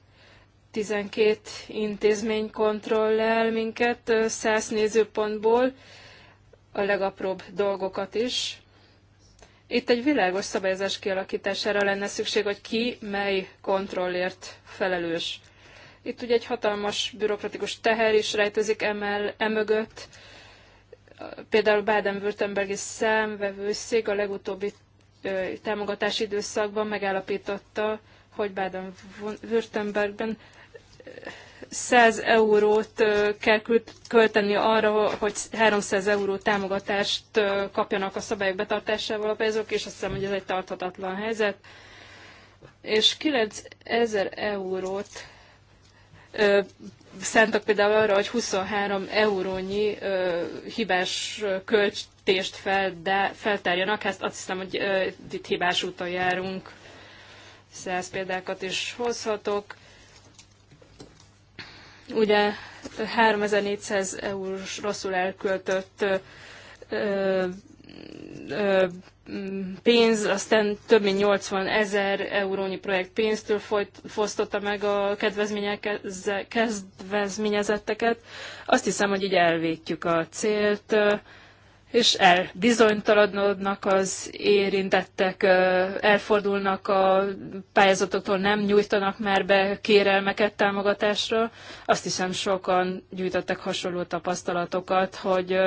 12 intézmény kontrollál minket 100 nézőpontból, a legapróbb dolgokat is. Itt egy világos szabályozás kialakítására lenne szükség, hogy ki mely kontrollért felelős. Itt ugye egy hatalmas bürokratikus teher is rejtőzik emel, emögött. Például Baden-Württembergi számvevőszék a legutóbbi támogatási időszakban megállapította, hogy Baden-Württembergben 100 eurót kell költeni arra, hogy 300 euró támogatást kapjanak a szabályok betartásával a pénzok, és azt hiszem, hogy ez egy tarthatatlan helyzet. És 9000 eurót szántak például arra, hogy 23 eurónyi ö, hibás költést fel, de feltárjanak, ezt hát azt hiszem, hogy ö, itt hibás úton járunk. Száz példákat is hozhatok. Ugye 3400 eurós rosszul elköltött ö, pénz, aztán több mint 80 ezer eurónyi projekt pénztől folyt, fosztotta meg a kedvezményezetteket. Azt hiszem, hogy így elvétjük a célt és elbizonytalanodnak az érintettek, elfordulnak a pályázatoktól, nem nyújtanak már be kérelmeket támogatásra. Azt hiszem sokan gyűjtöttek hasonló tapasztalatokat, hogy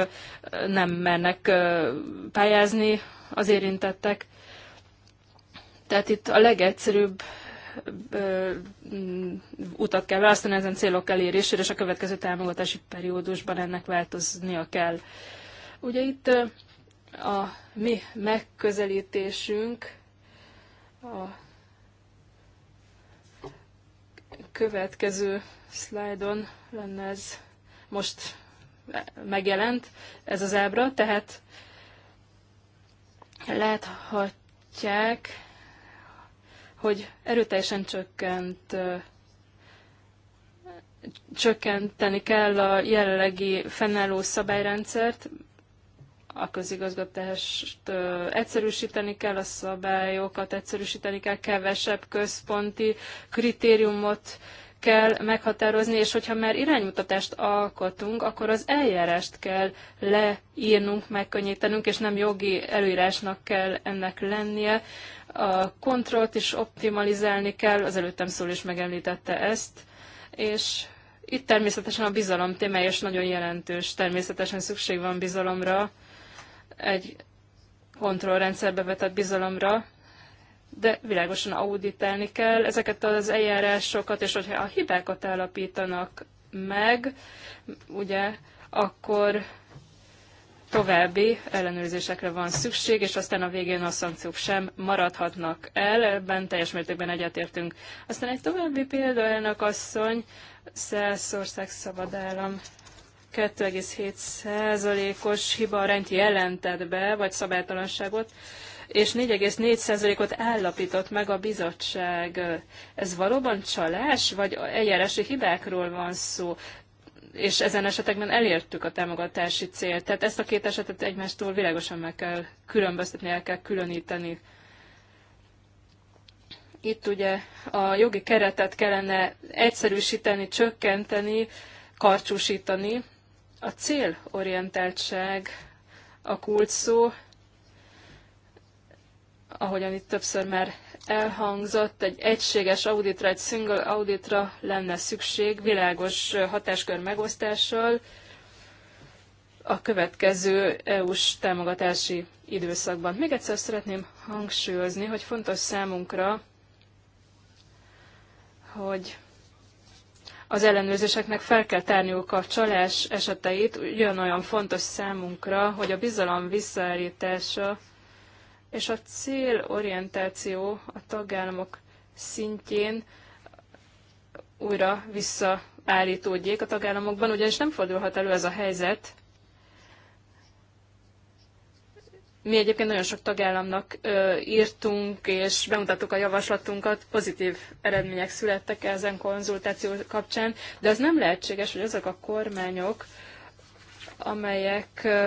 nem mernek pályázni az érintettek. Tehát itt a legegyszerűbb mm, utat kell választani ezen célok elérésére, és a következő támogatási periódusban ennek változnia kell. Ugye itt a mi megközelítésünk a következő szlájdon lenne ez most megjelent, ez az ábra, tehát láthatják, hogy erőteljesen csökkent csökkenteni kell a jelenlegi fennálló szabályrendszert, a közigazgatást egyszerűsíteni kell, a szabályokat egyszerűsíteni kell, kevesebb központi kritériumot kell meghatározni, és hogyha már iránymutatást alkotunk, akkor az eljárást kell leírnunk, megkönnyítenünk, és nem jogi előírásnak kell ennek lennie. A kontrollt is optimalizálni kell, az előttem szól is megemlítette ezt, és itt természetesen a bizalom témája is nagyon jelentős, természetesen szükség van bizalomra, egy kontrollrendszerbe vetett bizalomra, de világosan auditálni kell ezeket az eljárásokat, és hogyha a hibákat állapítanak meg, ugye, akkor további ellenőrzésekre van szükség, és aztán a végén a szankciók sem maradhatnak el, ebben teljes mértékben egyetértünk. Aztán egy további példa, elnök asszony, Szelszország szabadállam 2,7%-os rend jelentett be, vagy szabálytalanságot, és 4,4%-ot állapított meg a bizottság. Ez valóban csalás, vagy eljárási hibákról van szó? és ezen esetekben elértük a támogatási célt. Tehát ezt a két esetet egymástól világosan meg kell különböztetni, el kell különíteni. Itt ugye a jogi keretet kellene egyszerűsíteni, csökkenteni, karcsúsítani, a célorientáltság a kult szó, ahogyan itt többször már elhangzott, egy egységes auditra, egy single auditra lenne szükség, világos hatáskör megosztással a következő EU-s támogatási időszakban. Még egyszer szeretném hangsúlyozni, hogy fontos számunkra, hogy az ellenőrzéseknek fel kell tárniuk a csalás eseteit, ugyanolyan fontos számunkra, hogy a bizalom visszaállítása és a célorientáció a tagállamok szintjén újra visszaállítódjék a tagállamokban, ugyanis nem fordulhat elő ez a helyzet, Mi egyébként nagyon sok tagállamnak ö, írtunk, és bemutattuk a javaslatunkat, pozitív eredmények születtek ezen konzultáció kapcsán, de az nem lehetséges, hogy azok a kormányok, amelyek ö,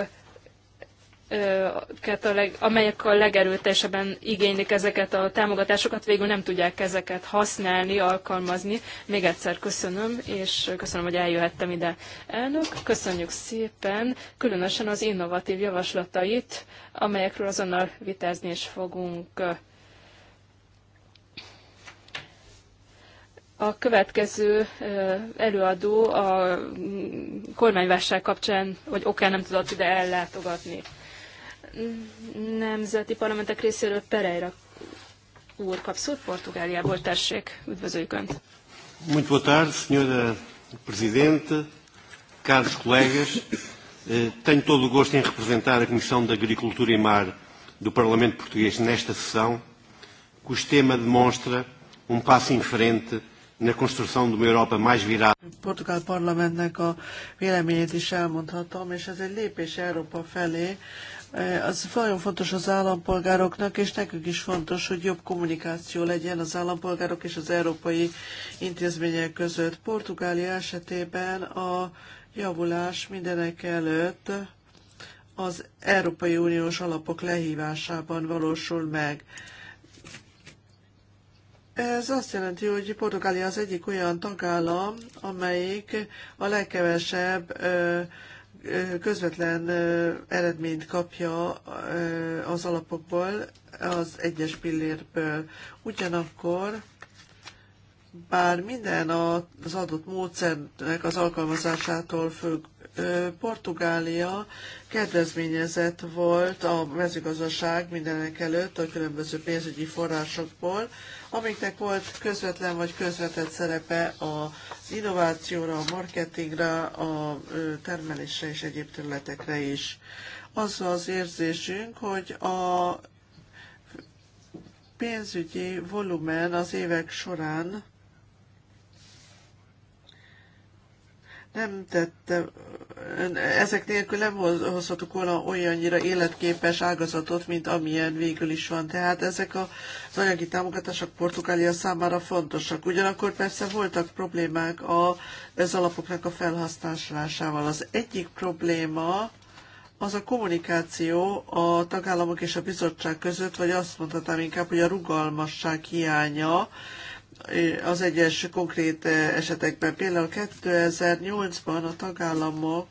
a leg, amelyek a legerőteljesebben igénylik ezeket a támogatásokat, végül nem tudják ezeket használni, alkalmazni. Még egyszer köszönöm, és köszönöm, hogy eljöhettem ide. Elnök, köszönjük szépen, különösen az innovatív javaslatait, amelyekről azonnal vitázni is fogunk. A következő előadó a kormányvásság kapcsán, vagy okán nem tudott ide ellátogatni nemzeti parlamentek részéről Pereira úr kap Portugáliából. Tessék, üdvözöljük Önt! Muito boa tarde, Senhora Presidente, caros colegas. Eh, tenho todo o gosto em representar a Comissão de Agricultura e Mar do Parlamento Português nesta sessão, cujo tema demonstra um passo em frente na construção de uma Europa mais virada. Portugal Parlamento a véleményét is elmondhatom, és ez egy lépés Európa felé, Eh, az nagyon fontos az állampolgároknak, és nekünk is fontos, hogy jobb kommunikáció legyen az állampolgárok és az európai intézmények között. Portugália esetében a javulás mindenek előtt az Európai Uniós alapok lehívásában valósul meg. Ez azt jelenti, hogy Portugália az egyik olyan tagállam, amelyik a legkevesebb eh, közvetlen eredményt kapja az alapokból, az egyes pillérből. Ugyanakkor bár minden az adott módszernek az alkalmazásától függ, Portugália kedvezményezett volt a mezőgazdaság mindenek előtt a különböző pénzügyi forrásokból, amiknek volt közvetlen vagy közvetett szerepe az innovációra, a marketingre, a termelésre és egyéb területekre is. Az az érzésünk, hogy a pénzügyi volumen az évek során nem tette ezek nélkül nem hozhatok volna olyannyira életképes ágazatot, mint amilyen végül is van. Tehát ezek a, az anyagi támogatások Portugália számára fontosak. Ugyanakkor persze voltak problémák a, az alapoknak a felhasználásával. Az egyik probléma, az a kommunikáció a tagállamok és a bizottság között, vagy azt mondhatnám inkább, hogy a rugalmasság hiánya, az egyes konkrét eh, esetekben. Például 2008-ban a tagállamok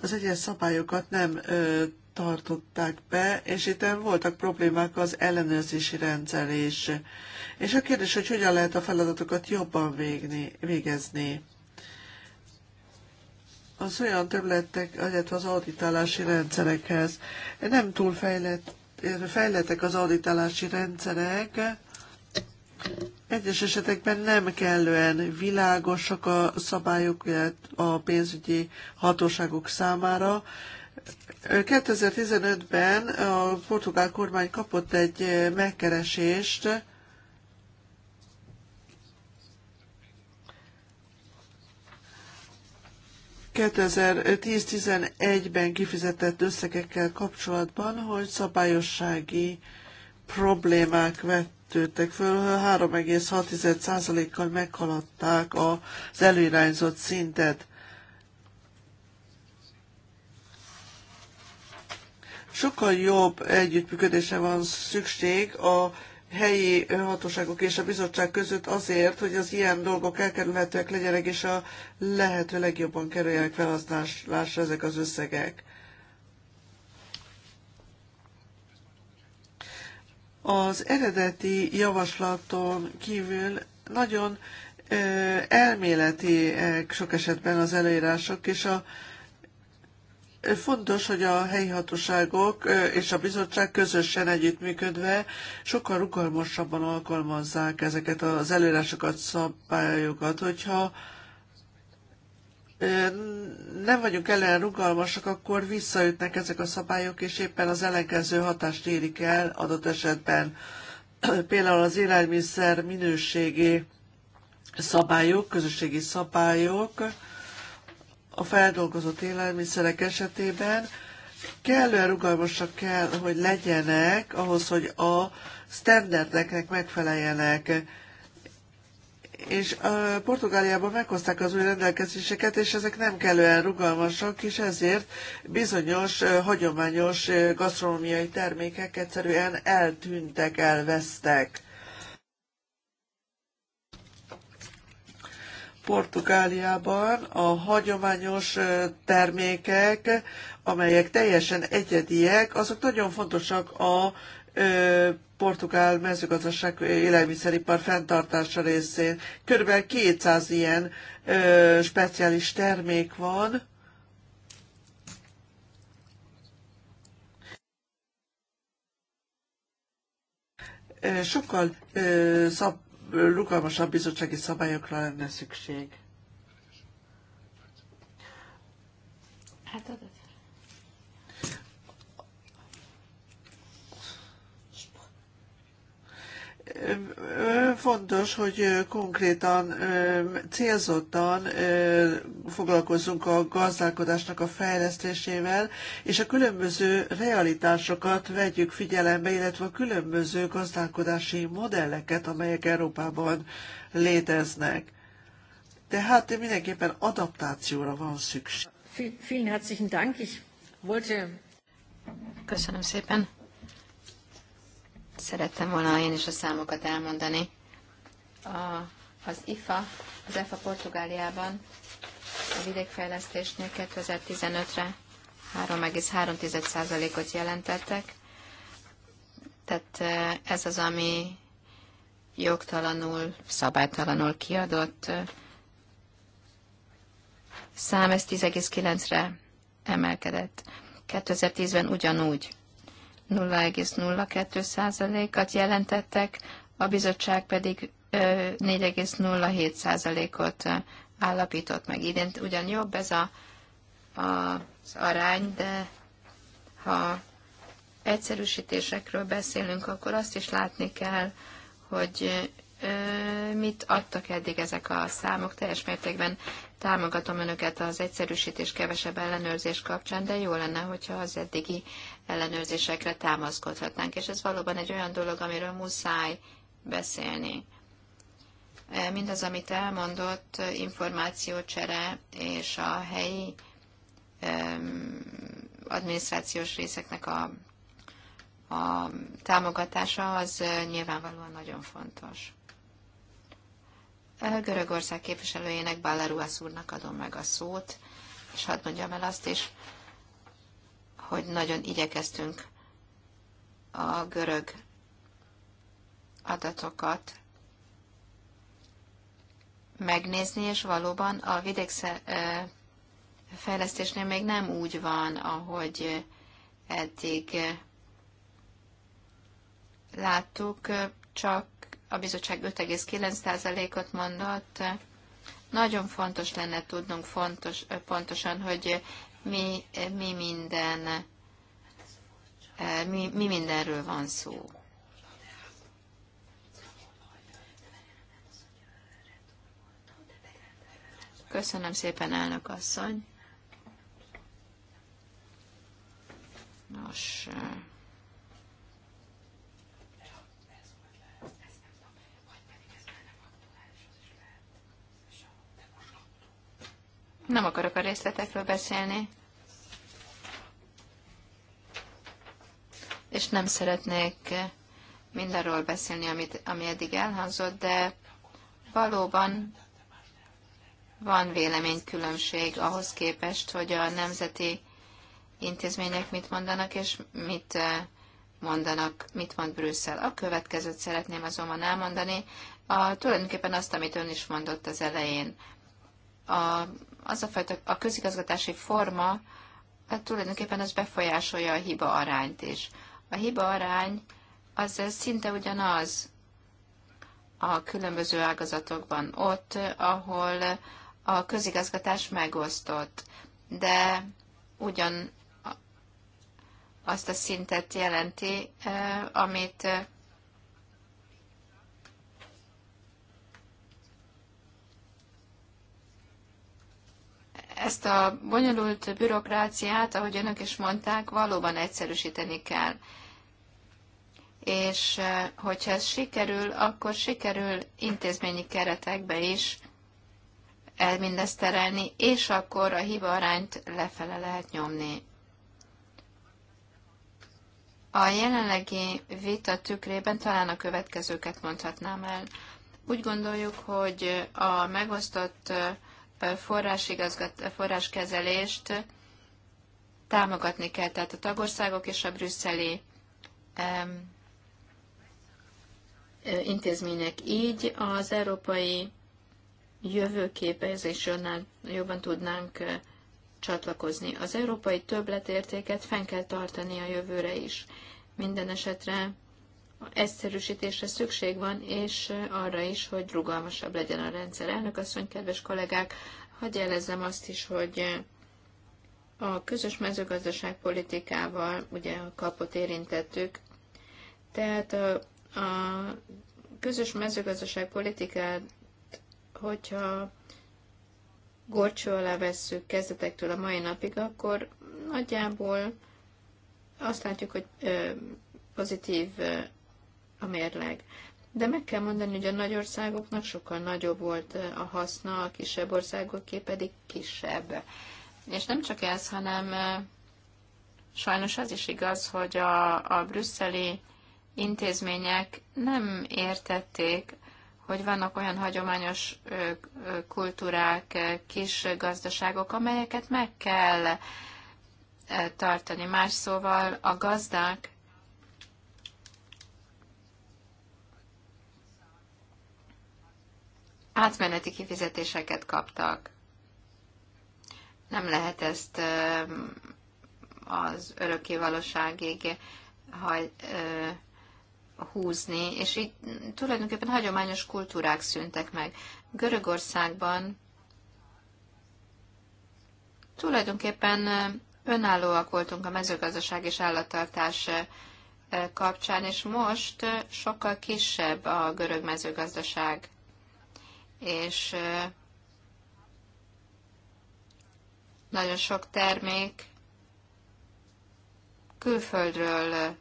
az egyes szabályokat nem tartották be, és itt voltak problémák az ellenőrzési rendszer is. És a kérdés, hogy hogyan lehet a feladatokat jobban végni, végezni az olyan területek, illetve az auditálási rendszerekhez. Nem túl fejlett, fejlettek az auditálási rendszerek, egyes esetekben nem kellően világosak a szabályok a pénzügyi hatóságok számára. 2015-ben a portugál kormány kapott egy megkeresést, 2010-11-ben kifizetett összegekkel kapcsolatban, hogy szabályossági problémák vettődtek föl, 3,6%-kal meghaladták az előirányzott szintet. Sokkal jobb együttműködésre van szükség a helyi hatóságok és a bizottság között azért, hogy az ilyen dolgok elkerülhetőek legyenek, és a lehető legjobban kerüljenek felhasználásra ezek az összegek. Az eredeti javaslaton kívül nagyon elméletiek sok esetben az előírások, és a Fontos, hogy a helyi hatóságok és a bizottság közösen együttműködve sokkal rugalmasabban alkalmazzák ezeket az előírásokat, szabályokat, hogyha nem vagyunk ellen rugalmasak, akkor visszaütnek ezek a szabályok, és éppen az ellenkező hatást érik el adott esetben. Például az élelmiszer minőségi szabályok, közösségi szabályok, a feldolgozott élelmiszerek esetében kellően rugalmasak kell, hogy legyenek ahhoz, hogy a sztenderdeknek megfeleljenek. És a Portugáliában meghozták az új rendelkezéseket, és ezek nem kellően rugalmasak, és ezért bizonyos hagyományos gasztronómiai termékek egyszerűen eltűntek, elvesztek Portugáliában a hagyományos termékek, amelyek teljesen egyediek, azok nagyon fontosak a portugál mezőgazdaság élelmiszeripar fenntartása részén. Körülbelül 200 ilyen speciális termék van. Sokkal szab, rugalmasabb bizottsági szabályokra lenne szükség. Hát az a Fontos, hogy konkrétan, célzottan foglalkozzunk a gazdálkodásnak a fejlesztésével, és a különböző realitásokat vegyük figyelembe, illetve a különböző gazdálkodási modelleket, amelyek Európában léteznek. Tehát mindenképpen adaptációra van szükség. Vielen herzlichen Dank. Ich wollte... Köszönöm szépen szerettem volna én is a számokat elmondani. A, az IFA, az EFA Portugáliában a vidékfejlesztésnél 2015-re 3,3%-ot jelentettek, tehát e, ez az, ami jogtalanul, szabálytalanul kiadott szám, ez 10,9-re emelkedett. 2010-ben ugyanúgy 0,02%-at jelentettek, a bizottság pedig 4,07%-ot állapított meg. Igen, ugyan jobb ez a, a, az arány, de ha egyszerűsítésekről beszélünk, akkor azt is látni kell, hogy mit adtak eddig ezek a számok teljes mértékben Támogatom önöket az egyszerűsítés kevesebb ellenőrzés kapcsán, de jó lenne, hogyha az eddigi ellenőrzésekre támaszkodhatnánk. És ez valóban egy olyan dolog, amiről muszáj beszélni. E, mindaz, amit elmondott, információcsere és a helyi adminisztrációs részeknek a, a támogatása, az e, nyilvánvalóan nagyon fontos. Görögország képviselőjének, Balleruász úrnak adom meg a szót, és hadd mondjam el azt is, hogy nagyon igyekeztünk a görög adatokat megnézni, és valóban a vidékfejlesztésnél még nem úgy van, ahogy eddig láttuk, csak a bizottság 5,9%-ot mondott. Nagyon fontos lenne tudnunk fontos, pontosan, hogy mi, mi minden mi, mi mindenről van szó. Köszönöm szépen, elnök asszony. Nos, Nem akarok a részletekről beszélni. És nem szeretnék mindarról beszélni, amit, ami eddig elhangzott, de valóban van véleménykülönbség ahhoz képest, hogy a nemzeti intézmények mit mondanak, és mit eh, mondanak, mit mond Brüsszel. A következőt szeretném azonban elmondani, a, tulajdonképpen azt, amit ön is mondott az elején. A az a fajta a közigazgatási forma hát tulajdonképpen az befolyásolja a hiba arányt is. A hiba arány az szinte ugyanaz a különböző ágazatokban, ott, ahol a közigazgatás megosztott, de ugyan azt a szintet jelenti, eh, amit ezt a bonyolult bürokráciát, ahogy önök is mondták, valóban egyszerűsíteni kell. És eh, hogyha ez sikerül, akkor sikerül intézményi keretekbe is el mindezt terelni, és akkor a hiba arányt lefele lehet nyomni. A jelenlegi vita tükrében talán a következőket mondhatnám el. Úgy gondoljuk, hogy a megosztott eh, forrásigazgat, forráskezelést támogatni kell, tehát a tagországok és a brüsszeli um, intézmények. Így az európai jövőképezésről is jobban tudnánk csatlakozni. Az európai többletértéket fenn kell tartani a jövőre is. Minden esetre egyszerűsítésre szükség van, és arra is, hogy rugalmasabb legyen a rendszer. Elnök asszony, kedves kollégák, hagyj jelezzem azt is, hogy a közös politikával ugye a kapot érintettük, tehát a, a közös politikát, hogyha gorcsó alá vesszük kezdetektől a mai napig, akkor nagyjából azt látjuk, hogy pozitív a mérleg. De meg kell mondani, hogy a nagy országoknak sokkal nagyobb volt a haszna, a kisebb országoké pedig kisebb. És nem csak ez, hanem sajnos az is igaz, hogy a, a brüsszeli intézmények nem értették, hogy vannak olyan hagyományos kultúrák, kis gazdaságok, amelyeket meg kell tartani. Más szóval a gazdák átmeneti kifizetéseket kaptak. Nem lehet ezt az örökké valóságig húzni, és így tulajdonképpen hagyományos kultúrák szűntek meg. Görögországban tulajdonképpen önállóak voltunk a mezőgazdaság és állattartás kapcsán, és most sokkal kisebb a görög mezőgazdaság és nagyon sok termék külföldről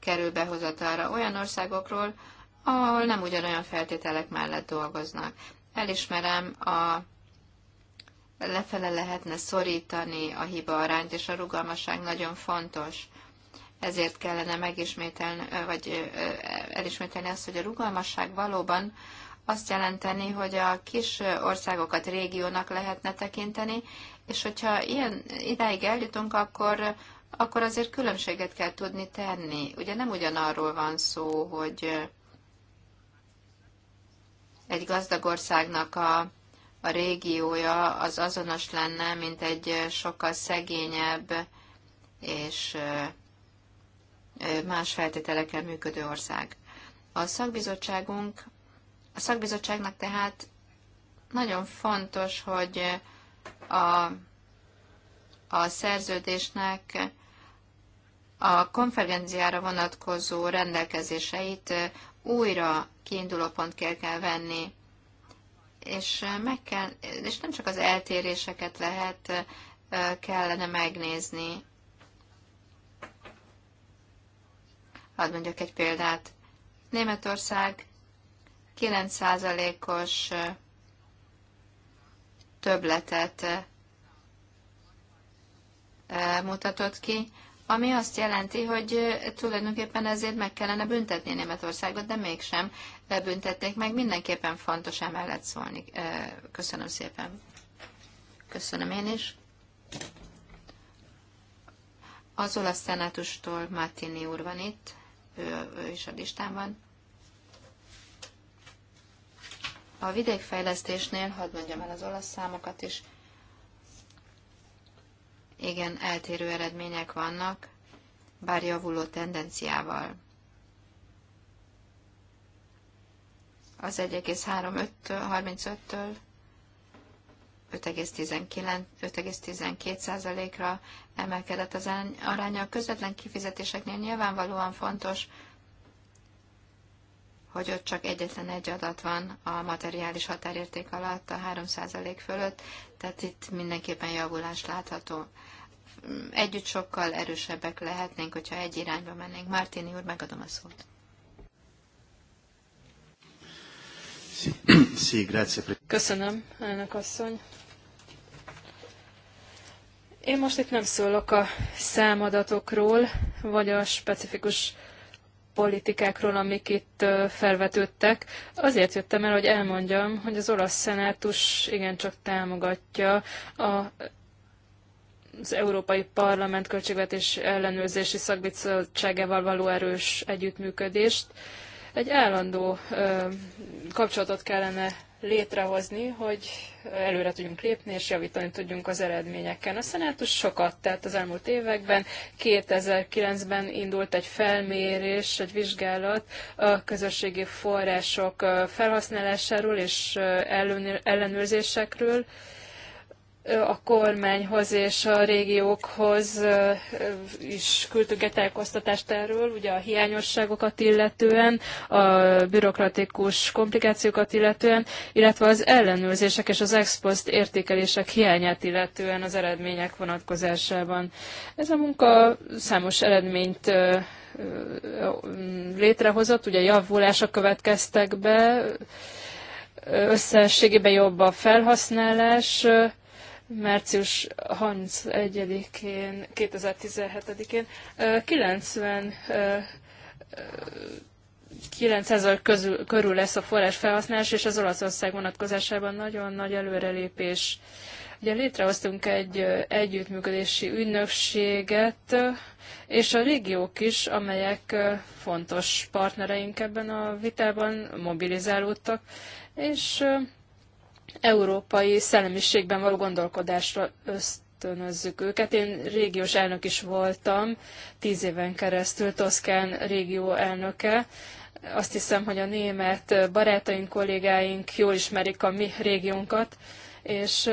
kerül behozatalra, olyan országokról, ahol nem ugyanolyan feltételek mellett dolgoznak. Elismerem, a lefele lehetne szorítani a hiba arányt, és a rugalmasság nagyon fontos. Ezért kellene megismételni, vagy elismételni azt, hogy a rugalmasság valóban azt jelenteni, hogy a kis országokat régiónak lehetne tekinteni, és hogyha ilyen ideig eljutunk, akkor, akkor azért különbséget kell tudni tenni. Ugye nem ugyanarról van szó, hogy egy gazdag országnak a, a régiója az azonos lenne, mint egy sokkal szegényebb és más feltételekkel működő ország. A szakbizottságunk a szakbizottságnak tehát nagyon fontos, hogy a, a szerződésnek a konferenciára vonatkozó rendelkezéseit újra kiinduló pontként kell venni, és, meg kell, és nem csak az eltéréseket lehet, kellene megnézni. Hadd mondjak egy példát. Németország 9%-os többletet mutatott ki, ami azt jelenti, hogy tulajdonképpen ezért meg kellene büntetni Németországot, de mégsem büntették meg. Mindenképpen fontos emellett szólni. Köszönöm szépen. Köszönöm én is. Az olasz szenátustól Martini úr van itt, ő, ő is a listán van. A vidékfejlesztésnél, hadd mondjam el az olasz számokat is, igen, eltérő eredmények vannak, bár javuló tendenciával. Az 1,35-től 5,12%-ra emelkedett az aránya. A közvetlen kifizetéseknél nyilvánvalóan fontos, hogy ott csak egyetlen egy adat van a materiális határérték alatt, a 3% fölött, tehát itt mindenképpen javulás látható. Együtt sokkal erősebbek lehetnénk, hogyha egy irányba mennénk. Martini úr, megadom a szót. Köszönöm, elnök asszony. Én most itt nem szólok a számadatokról, vagy a specifikus politikákról, amik itt felvetődtek. Azért jöttem el, hogy elmondjam, hogy az olasz szenátus igencsak támogatja a az Európai Parlament költségvetés ellenőrzési szakbizottságával való erős együttműködést. Egy állandó ö, kapcsolatot kellene létrehozni, hogy előre tudjunk lépni és javítani tudjunk az eredményeken. A szenátus sokat tett az elmúlt években. 2009-ben indult egy felmérés, egy vizsgálat a közösségi források felhasználásáról és ellenőrzésekről a kormányhoz és a régiókhoz is küldtünk egy tájékoztatást erről, ugye a hiányosságokat illetően, a bürokratikus komplikációkat illetően, illetve az ellenőrzések és az expost értékelések hiányát illetően az eredmények vonatkozásában. Ez a munka számos eredményt létrehozott, ugye javulások következtek be, összességében jobb a felhasználás, március 31-én, 2017-én 90 9000 közül, körül lesz a forrás felhasználás, és az Olaszország vonatkozásában nagyon nagy előrelépés. Ugye létrehoztunk egy együttműködési ügynökséget, és a régiók is, amelyek fontos partnereink ebben a vitában mobilizálódtak, és európai szellemiségben való gondolkodásra ösztönözzük őket. Én régiós elnök is voltam, tíz éven keresztül Toszkán régió elnöke. Azt hiszem, hogy a német barátaink, kollégáink jól ismerik a mi régiónkat, és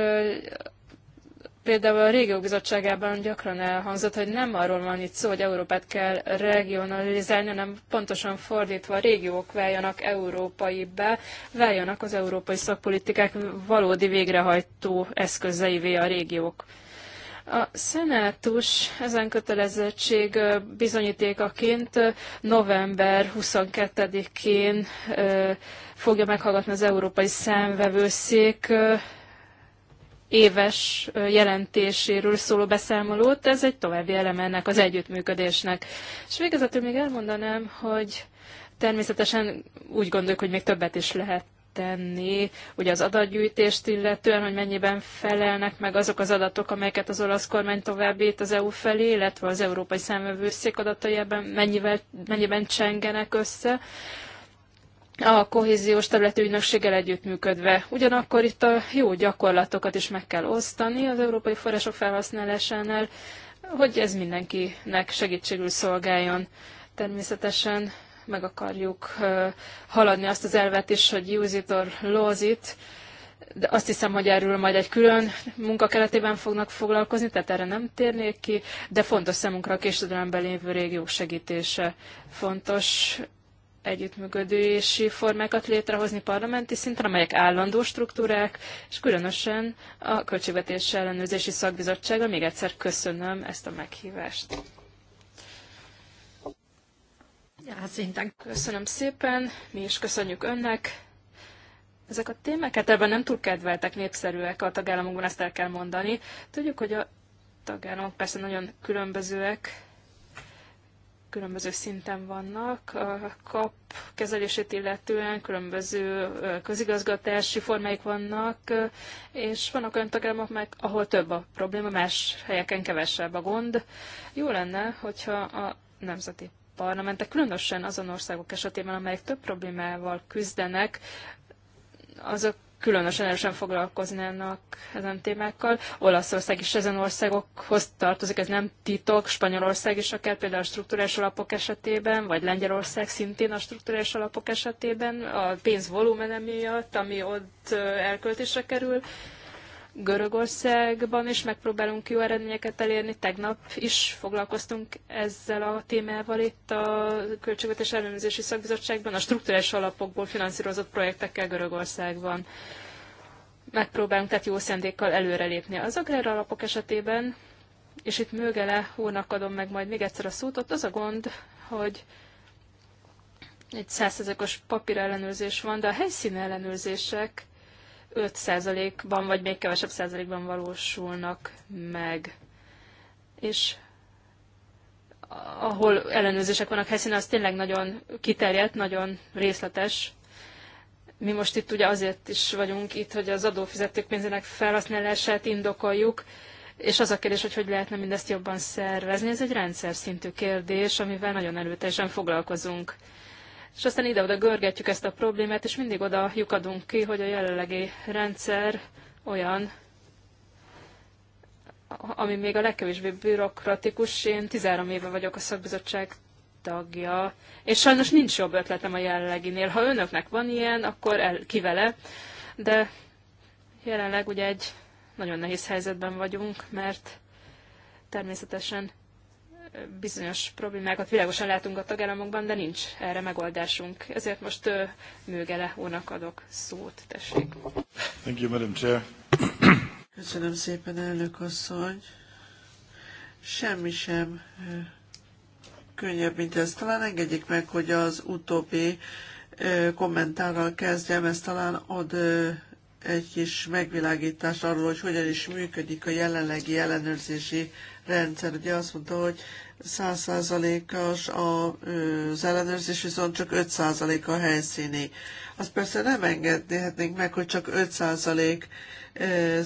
például a régiók bizottságában gyakran elhangzott, hogy nem arról van itt szó, hogy Európát kell regionalizálni, hanem pontosan fordítva a régiók váljanak európaibbá, váljanak az európai szakpolitikák valódi végrehajtó eszközeivé a régiók. A szenátus ezen kötelezettség bizonyítékaként november 22-én fogja meghallgatni az Európai Számvevőszék éves jelentéséről szóló beszámolót, ez egy további eleme ennek az együttműködésnek. És végezetül még elmondanám, hogy természetesen úgy gondoljuk, hogy még többet is lehet tenni, ugye az adatgyűjtést illetően, hogy mennyiben felelnek meg azok az adatok, amelyeket az olasz kormány továbbít az EU felé, illetve az európai számövőszék adatai ebben mennyivel, mennyiben csengenek össze a kohéziós területi ügynökséggel együttműködve. Ugyanakkor itt a jó gyakorlatokat is meg kell osztani az európai források felhasználásánál, hogy ez mindenkinek segítségül szolgáljon. Természetesen meg akarjuk haladni azt az elvet is, hogy use it or lose it, de azt hiszem, hogy erről majd egy külön munka keretében fognak foglalkozni, tehát erre nem térnék ki, de fontos számunkra a késődelemben lévő régiók segítése. Fontos együttműködési formákat létrehozni parlamenti szinten, amelyek állandó struktúrák, és különösen a Költségvetés Ellenőrzési Szakbizottsága. Még egyszer köszönöm ezt a meghívást. Hát köszönöm szépen, mi is köszönjük önnek. Ezek a témák ebben nem túl kedveltek, népszerűek a tagállamokban, ezt el kell mondani. Tudjuk, hogy a tagállamok persze nagyon különbözőek, különböző szinten vannak. A kap kezelését illetően különböző közigazgatási formáik vannak, és vannak olyan tagállamok, meg, ahol több a probléma, más helyeken kevesebb a gond. Jó lenne, hogyha a nemzeti parlamentek, különösen azon országok esetében, amelyek több problémával küzdenek, azok különösen erősen foglalkoznának ezen témákkal. Olaszország is ezen országokhoz tartozik, ez nem titok, Spanyolország is akár például a struktúrás alapok esetében, vagy Lengyelország szintén a struktúrás alapok esetében, a pénz volumene miatt, ami ott elköltésre kerül. Görögországban is megpróbálunk jó eredményeket elérni. Tegnap is foglalkoztunk ezzel a témával itt a Költségvetés Ellenőrzési Szakbizottságban, a struktúrás alapokból finanszírozott projektekkel Görögországban. Megpróbálunk tehát jó szendékkal előrelépni. Az agrár alapok esetében, és itt Mögele úrnak adom meg majd még egyszer a szót, ott az a gond, hogy egy százszerzekos papír ellenőrzés van, de a helyszín ellenőrzések 5%-ban vagy még kevesebb százalékban valósulnak meg. És ahol ellenőrzések vannak helyszínen, az tényleg nagyon kiterjedt, nagyon részletes. Mi most itt ugye azért is vagyunk itt, hogy az adófizetők pénzének felhasználását indokoljuk, és az a kérdés, hogy hogy lehetne mindezt jobban szervezni, ez egy rendszer szintű kérdés, amivel nagyon előteljesen foglalkozunk és aztán ide-oda görgetjük ezt a problémát, és mindig oda lyukadunk ki, hogy a jelenlegi rendszer olyan, ami még a legkevésbé bürokratikus. Én 13 éve vagyok a szakbizottság tagja, és sajnos nincs jobb ötletem a jelenleginél. Ha önöknek van ilyen, akkor el, ki vele, de jelenleg ugye egy nagyon nehéz helyzetben vagyunk, mert természetesen bizonyos problémákat világosan látunk a tagállamokban, de nincs erre megoldásunk. Ezért most Mőgele úrnak adok szót, tessék. Thank you, Madam Chair. Köszönöm szépen, elnök asszony. Semmi sem könnyebb, mint ez. Talán engedjék meg, hogy az utóbbi kommentárral kezdjem, ez talán ad egy kis megvilágítást arról, hogy hogyan is működik a jelenlegi ellenőrzési rendszer. Ugye azt mondta, hogy 100%-as az ellenőrzés, viszont csak 5% a helyszíni. Azt persze nem engedhetnénk meg, hogy csak 5%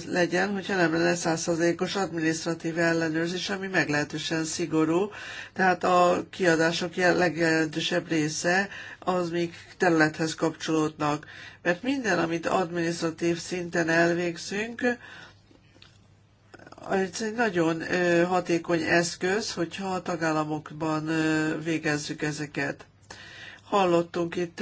legyen, hogyha nem lenne 100%-os adminisztratív ellenőrzés, ami meglehetősen szigorú. Tehát a kiadások legjelentősebb része az még területhez kapcsolódnak. Mert minden, amit adminisztratív szinten elvégzünk, ez egy nagyon hatékony eszköz, hogyha a tagállamokban végezzük ezeket. Hallottunk itt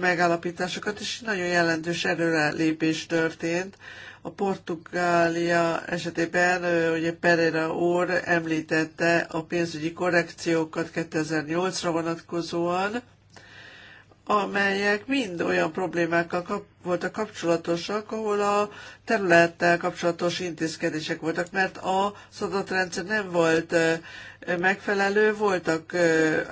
megállapításokat, és nagyon jelentős előrelépés történt. A Portugália esetében ugye Pereira úr említette a pénzügyi korrekciókat 2008-ra vonatkozóan, amelyek mind olyan problémákkal kap, voltak kapcsolatosak, ahol a területtel kapcsolatos intézkedések voltak, mert a adatrendszer nem volt megfelelő, voltak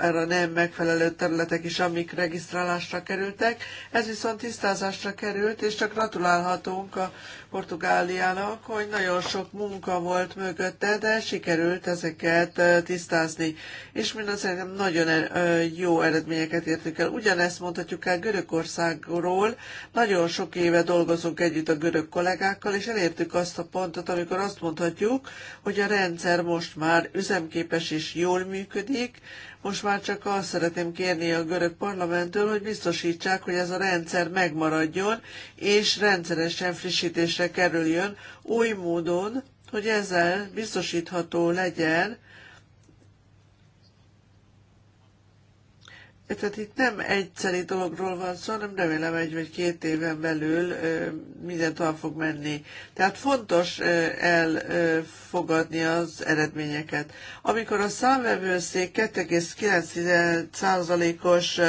erre nem megfelelő területek is, amik regisztrálásra kerültek. Ez viszont tisztázásra került, és csak gratulálhatunk a Portugáliának, hogy nagyon sok munka volt mögötte, de sikerült ezeket tisztázni. És minden szerintem nagyon jó eredményeket értünk el. Ugyanezt mondhatjuk el Görögországról, nagyon nagyon sok éve dolgozunk együtt a görög kollégákkal, és elértük azt a pontot, amikor azt mondhatjuk, hogy a rendszer most már üzemképes és jól működik. Most már csak azt szeretném kérni a görög parlamenttől, hogy biztosítsák, hogy ez a rendszer megmaradjon, és rendszeresen frissítésre kerüljön új módon, hogy ezzel biztosítható legyen, tehát itt nem egyszeri dologról van szó, hanem remélem egy vagy két éven belül minden tovább fog menni. Tehát fontos elfogadni az eredményeket. Amikor a számvevőszék 2,9%-os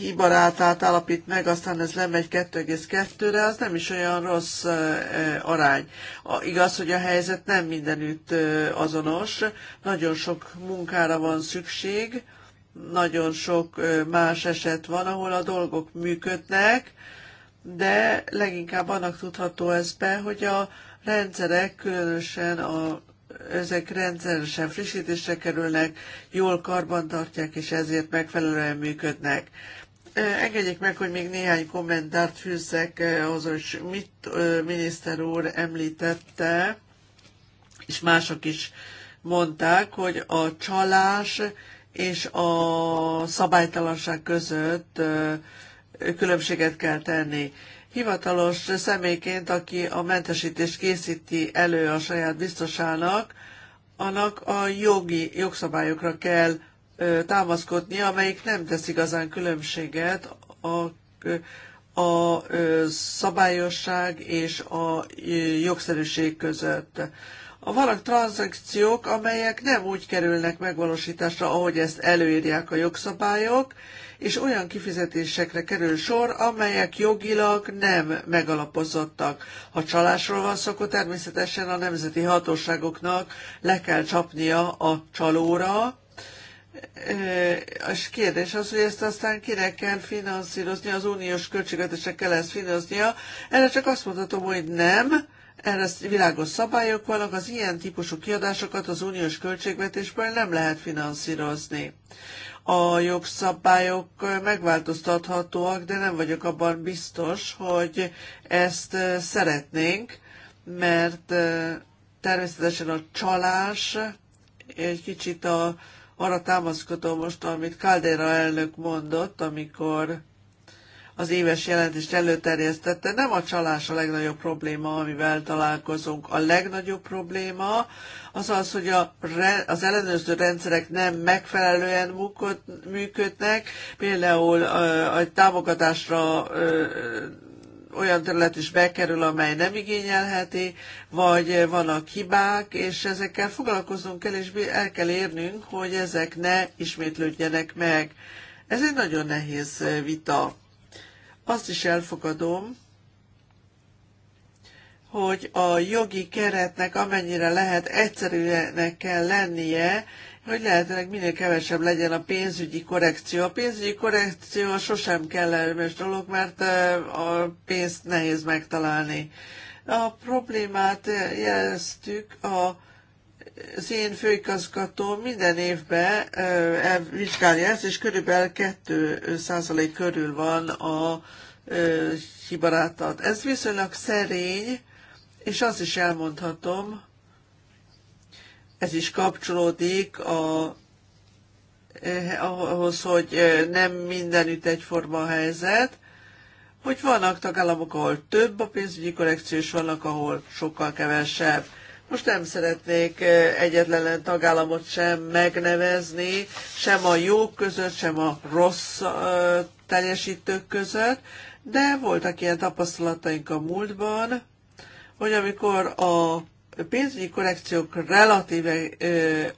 hibarátát állapít meg, aztán ez lemegy 2,2-re, az nem is olyan rossz arány. Igaz, hogy a helyzet nem mindenütt azonos, nagyon sok munkára van szükség, nagyon sok más eset van, ahol a dolgok működnek, de leginkább annak tudható ez be, hogy a rendszerek, különösen a, ezek rendszeresen frissítésre kerülnek, jól karbantartják, és ezért megfelelően működnek. Engedjék meg, hogy még néhány kommentárt fűzzek ahhoz, hogy mit miniszter úr említette, és mások is mondták, hogy a csalás és a szabálytalanság között különbséget kell tenni. Hivatalos személyként, aki a mentesítést készíti elő a saját biztosának, annak a jogi jogszabályokra kell támaszkodni, amelyik nem tesz igazán különbséget a, a szabályosság és a jogszerűség között a vannak tranzakciók, amelyek nem úgy kerülnek megvalósításra, ahogy ezt előírják a jogszabályok, és olyan kifizetésekre kerül sor, amelyek jogilag nem megalapozottak. Ha csalásról van szó, akkor természetesen a nemzeti hatóságoknak le kell csapnia a csalóra, a kérdés az, hogy ezt aztán kinek kell finanszírozni, az uniós költségvetésekkel kell ezt finanszíroznia. Erre csak azt mondhatom, hogy nem, erre világos szabályok vannak, az ilyen típusú kiadásokat az uniós költségvetésből nem lehet finanszírozni. A jogszabályok megváltoztathatóak, de nem vagyok abban biztos, hogy ezt szeretnénk, mert természetesen a csalás egy kicsit a, arra támaszkodom most, amit Caldera elnök mondott, amikor az éves jelentést előterjesztette. Nem a csalás a legnagyobb probléma, amivel találkozunk. A legnagyobb probléma az az, hogy a, az ellenőrző rendszerek nem megfelelően működnek, például a támogatásra olyan terület is bekerül, amely nem igényelheti, vagy vannak hibák, és ezekkel foglalkoznunk kell, és el kell érnünk, hogy ezek ne ismétlődjenek meg. Ez egy nagyon nehéz vita. Azt is elfogadom, hogy a jogi keretnek amennyire lehet egyszerűnek kell lennie, hogy lehetőleg minél kevesebb legyen a pénzügyi korrekció. A pénzügyi korrekció sosem kellemes dolog, mert a pénzt nehéz megtalálni. A problémát jeleztük a az én főigazgató minden évben vizsgálja ezt, és körülbelül 2 százalék körül van a hibarátat. Ez viszonylag szerény, és azt is elmondhatom, ez is kapcsolódik a, eh, ahhoz, hogy eh, nem mindenütt egyforma a helyzet, hogy vannak tagállamok, ahol több a pénzügyi korrekció, és vannak, ahol sokkal kevesebb. Most nem szeretnék egyetlen tagállamot sem megnevezni, sem a jók között, sem a rossz teljesítők között, de voltak ilyen tapasztalataink a múltban, hogy amikor a pénzügyi korrekciók relatíve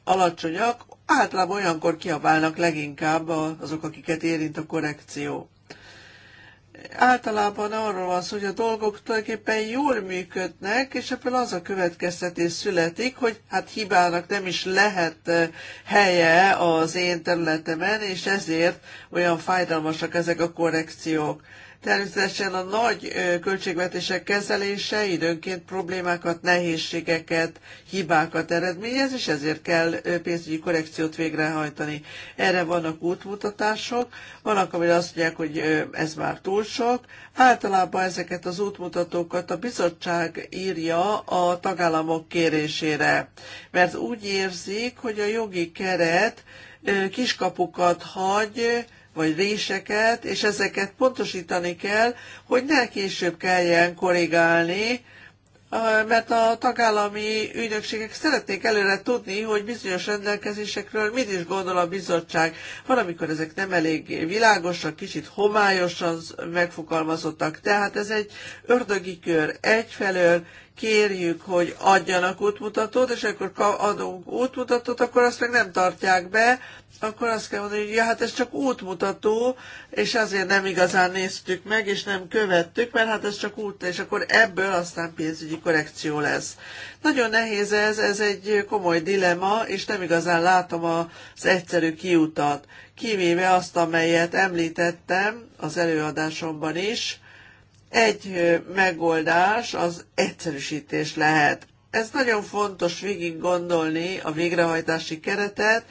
alacsonyak, általában olyankor kiabálnak leginkább azok, akiket érint a korrekció általában arról van szó, hogy a dolgok tulajdonképpen jól működnek, és ebből az a következtetés születik, hogy hát hibának nem is lehet helye az én területemen, és ezért olyan fájdalmasak ezek a korrekciók. Természetesen a nagy költségvetések kezelése időnként problémákat, nehézségeket, hibákat eredményez, és ezért kell pénzügyi korrekciót végrehajtani. Erre vannak útmutatások, vannak, amire azt mondják, hogy ez már túl sok. Általában ezeket az útmutatókat a bizottság írja a tagállamok kérésére, mert úgy érzik, hogy a jogi keret kiskapukat hagy, vagy réseket, és ezeket pontosítani kell, hogy ne később kelljen korrigálni, mert a tagállami ügynökségek szeretnék előre tudni, hogy bizonyos rendelkezésekről mit is gondol a bizottság. Van, amikor ezek nem elég világosak, kicsit homályosan megfogalmazottak. Tehát ez egy ördögi kör egyfelől, kérjük, hogy adjanak útmutatót, és akkor adunk útmutatót, akkor azt meg nem tartják be, akkor azt kell mondani, hogy ja, hát ez csak útmutató, és azért nem igazán néztük meg, és nem követtük, mert hát ez csak út, és akkor ebből aztán pénzügyi korrekció lesz. Nagyon nehéz ez, ez egy komoly dilema, és nem igazán látom az egyszerű kiutat, kivéve azt, amelyet említettem az előadásomban is, egy megoldás az egyszerűsítés lehet. Ez nagyon fontos végig gondolni a végrehajtási keretet,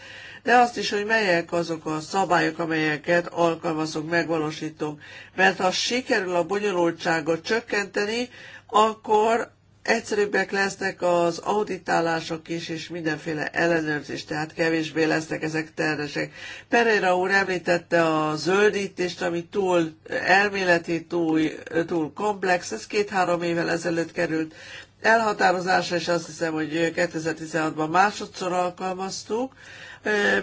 de azt is, hogy melyek azok a szabályok, amelyeket alkalmazunk, megvalósítunk. Mert ha sikerül a bonyolultságot csökkenteni, akkor Egyszerűbbek lesznek az auditálások is, és mindenféle ellenőrzés, tehát kevésbé lesznek ezek terhesek. Pereira úr említette a zöldítést, ami túl elméleti, túl, túl komplex, ez két-három évvel ezelőtt került elhatározásra, és azt hiszem, hogy 2016-ban másodszor alkalmaztuk.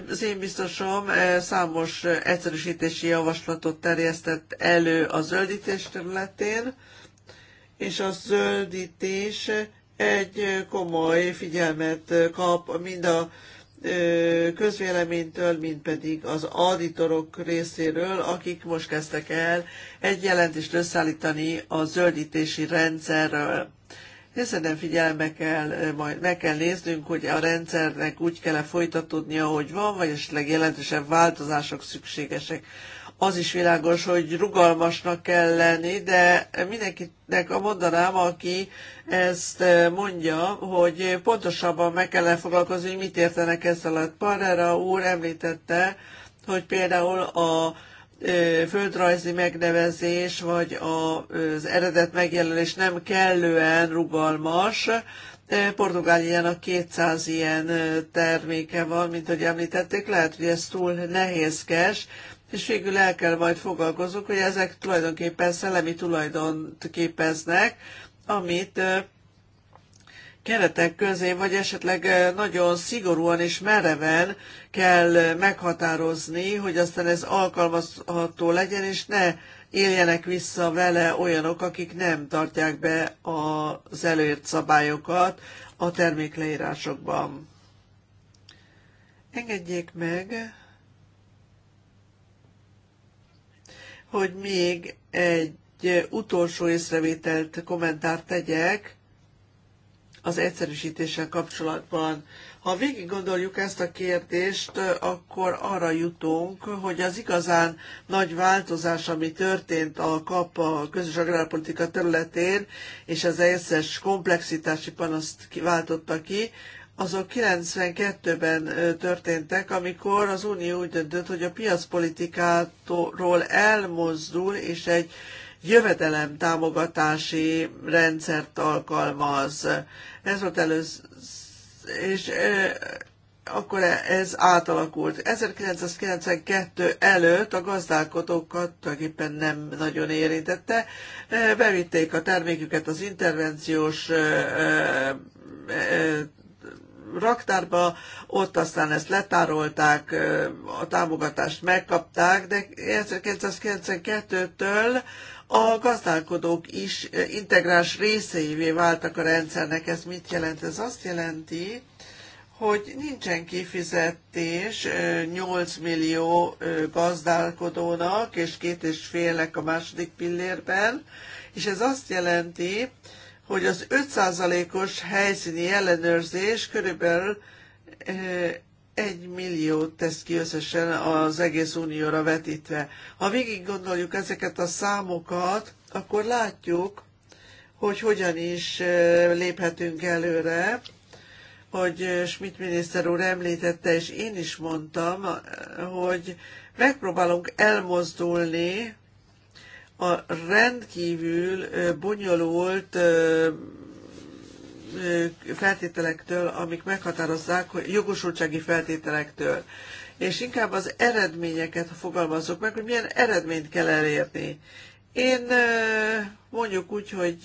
Az én biztosom eh, számos egyszerűsítési javaslatot terjesztett elő a zöldítés területén, és a zöldítés egy komoly figyelmet kap mind a közvéleménytől, mint pedig az auditorok részéről, akik most kezdtek el egy jelentést összeállítani a zöldítési rendszerről. Hiszen figyelembe kell, majd meg kell néznünk, hogy a rendszernek úgy kell -e folytatódnia, ahogy van, vagy esetleg jelentősebb változások szükségesek az is világos, hogy rugalmasnak kell lenni, de mindenkinek a mondanám, aki ezt eh, mondja, hogy pontosabban meg kellene foglalkozni, hogy mit értenek ezzel a Parrera úr említette, hogy például a eh, földrajzi megnevezés, vagy az eredet megjelenés nem kellően rugalmas. Portugáliának 200 ilyen eh, terméke van, mint hogy említették, lehet, hogy ez túl nehézkes, és végül el kell majd fogalkozunk, hogy ezek tulajdonképpen szellemi tulajdont képeznek, amit keretek közé, vagy esetleg nagyon szigorúan és mereven kell meghatározni, hogy aztán ez alkalmazható legyen, és ne éljenek vissza vele olyanok, akik nem tartják be az előírt szabályokat a termékleírásokban. Engedjék meg, hogy még egy utolsó észrevételt, kommentárt tegyek az egyszerűsítéssel kapcsolatban. Ha végig gondoljuk ezt a kérdést, akkor arra jutunk, hogy az igazán nagy változás, ami történt a KAP a közös agrárpolitika területén, és az összes komplexitási panaszt váltotta ki, azok 92-ben történtek, amikor az Unió úgy döntött, hogy a piacpolitikától elmozdul, és egy jövedelem támogatási rendszert alkalmaz. Ez volt először, és akkor ez átalakult. 1992 előtt a gazdálkodókat tulajdonképpen nem nagyon érintette. Bevitték a terméküket az intervenciós raktárba, ott aztán ezt letárolták, a támogatást megkapták, de 1992-től a gazdálkodók is integráns részeivé váltak a rendszernek. Ez mit jelent? Ez azt jelenti, hogy nincsen kifizetés 8 millió gazdálkodónak, és két és félnek a második pillérben, és ez azt jelenti, hogy az 5%-os helyszíni ellenőrzés körülbelül 1 milliót tesz ki összesen az egész unióra vetítve. Ha végig gondoljuk ezeket a számokat, akkor látjuk, hogy hogyan is léphetünk előre, hogy Schmidt miniszter úr említette, és én is mondtam, hogy megpróbálunk elmozdulni a rendkívül bonyolult feltételektől, amik meghatározzák, hogy jogosultsági feltételektől. És inkább az eredményeket fogalmazok meg, hogy milyen eredményt kell elérni. Én mondjuk úgy, hogy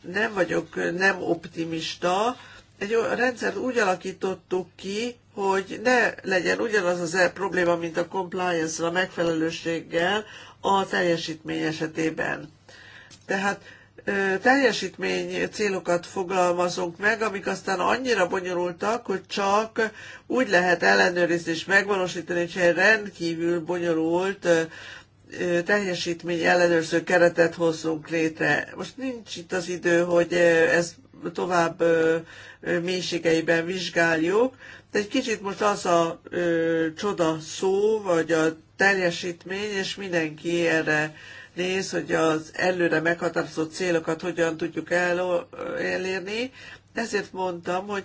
nem vagyok nem optimista. Egy olyan rendszert úgy alakítottuk ki, hogy ne legyen ugyanaz az -e probléma, mint a compliance a megfelelőséggel a teljesítmény esetében. Tehát teljesítmény célokat fogalmazunk meg, amik aztán annyira bonyolultak, hogy csak úgy lehet ellenőrizni és megvalósítani, hogy egy rendkívül bonyolult teljesítmény ellenőrző keretet hozzunk létre. Most nincs itt az idő, hogy ezt tovább mélységeiben vizsgáljuk, de egy kicsit most az a ö, csoda szó, vagy a teljesítmény, és mindenki erre néz, hogy az előre meghatározott célokat hogyan tudjuk el, elérni. Ezért mondtam, hogy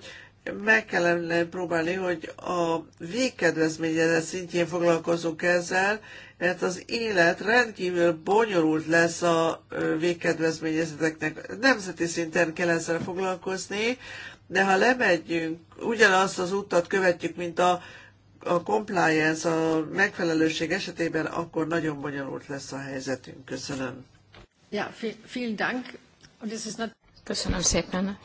meg kellene próbálni, hogy a végkedvezményezett szintjén foglalkozunk ezzel, mert az élet rendkívül bonyolult lesz a végkedvezményezeteknek. Nemzeti szinten kell ezzel foglalkozni, de ha lemegyünk, ugyanazt az utat követjük, mint a, a compliance, a megfelelőség esetében, akkor nagyon bonyolult lesz a helyzetünk. Köszönöm. Ja, vielen Dank. Und es ist not... Köszönöm szépen.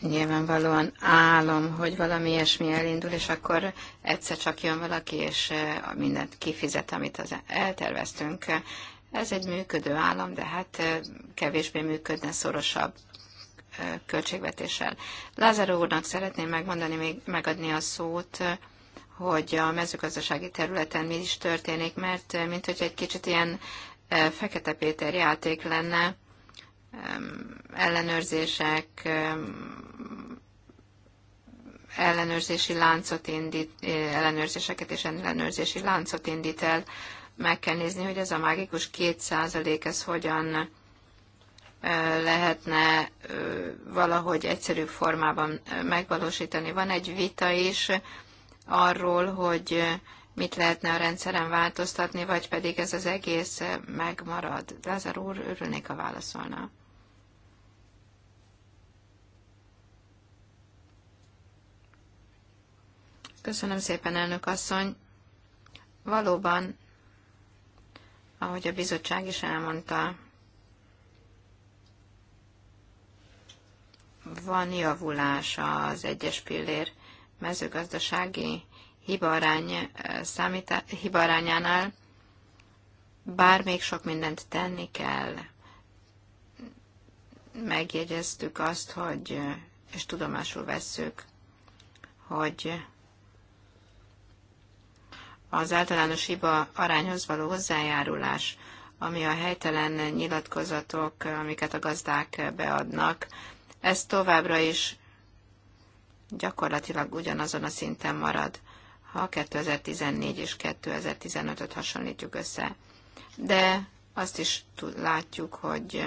Nyilvánvalóan álom, hogy valami ilyesmi elindul, és akkor egyszer csak jön valaki, és eh, mindent kifizet, amit az elterveztünk. Ez egy működő állam, de hát eh, kevésbé működne szorosabb költségvetéssel. Lázaro úrnak szeretném megmondani, még megadni a szót, hogy a mezőgazdasági területen mi is történik, mert mint hogy egy kicsit ilyen Fekete Péter játék lenne, ellenőrzések, ellenőrzési láncot indít, ellenőrzéseket és ellenőrzési láncot indít el, meg kell nézni, hogy ez a mágikus 2% ez hogyan lehetne valahogy egyszerűbb formában megvalósítani. Van egy vita is arról, hogy mit lehetne a rendszeren változtatni, vagy pedig ez az egész megmarad. Lázár úr, örülnék, ha válaszolna. Köszönöm szépen, elnök asszony. Valóban, ahogy a bizottság is elmondta, van javulás az egyes pillér mezőgazdasági hibarány eh, számítá- hibarányánál, bár még sok mindent tenni kell. Megjegyeztük azt, hogy, eh, és tudomásul vesszük, hogy az általános hiba arányhoz való hozzájárulás, ami a helytelen nyilatkozatok, amiket a gazdák beadnak, ez továbbra is gyakorlatilag ugyanazon a szinten marad, ha 2014 és 2015-öt hasonlítjuk össze. De azt is látjuk, hogy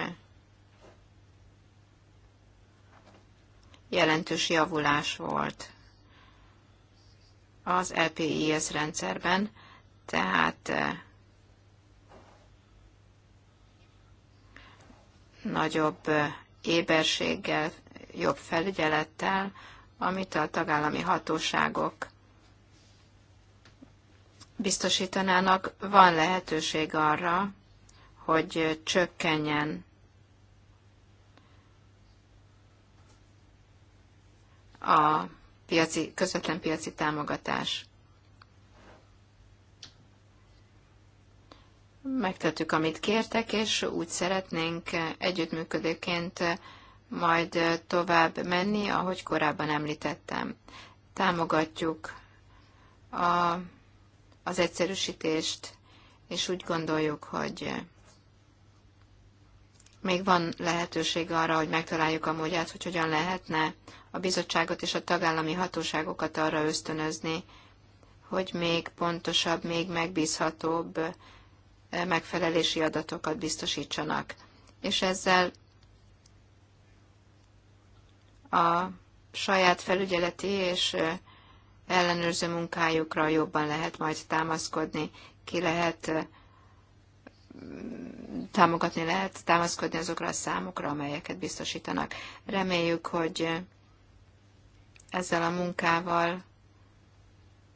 jelentős javulás volt az LPIS rendszerben, tehát eh, nagyobb eh, éberséggel, jobb felügyelettel, amit a tagállami hatóságok biztosítanának, van lehetőség arra, hogy csökkenjen a piaci, közvetlen piaci támogatás. Megtettük, amit kértek, és úgy szeretnénk együttműködőként majd tovább menni, ahogy korábban említettem. Támogatjuk a, az egyszerűsítést, és úgy gondoljuk, hogy még van lehetőség arra, hogy megtaláljuk a módját, hogy hogyan lehetne a bizottságot és a tagállami hatóságokat arra ösztönözni, hogy még pontosabb, még megbízhatóbb Eh, megfelelési adatokat biztosítsanak. És ezzel a saját felügyeleti és eh, ellenőrző munkájukra jobban lehet majd támaszkodni, ki lehet eh, támogatni lehet, támaszkodni azokra a számokra, amelyeket biztosítanak. Reméljük, hogy ezzel a munkával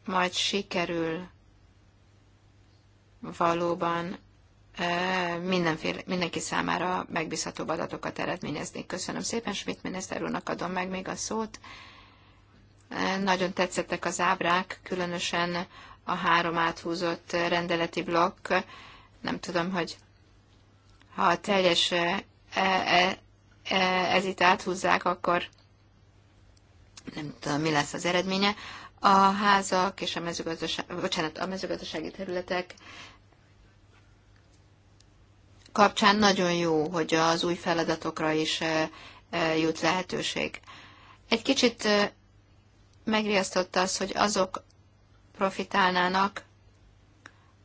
majd sikerül valóban mindenféle, mindenki számára megbízhatóbb adatokat eredményezni. Köszönöm szépen, Schmidt miniszter úrnak adom meg még a szót. Nagyon tetszettek az ábrák, különösen a három áthúzott rendeleti blokk. Nem tudom, hogy ha a teljes e, e, e, ez itt áthúzzák, akkor nem tudom, mi lesz az eredménye. A házak és a mezőgazdaság, bocsánat, a mezőgazdasági területek kapcsán nagyon jó, hogy az új feladatokra is eh, eh, jut lehetőség. Egy kicsit eh, megriasztotta az, hogy azok profitálnának,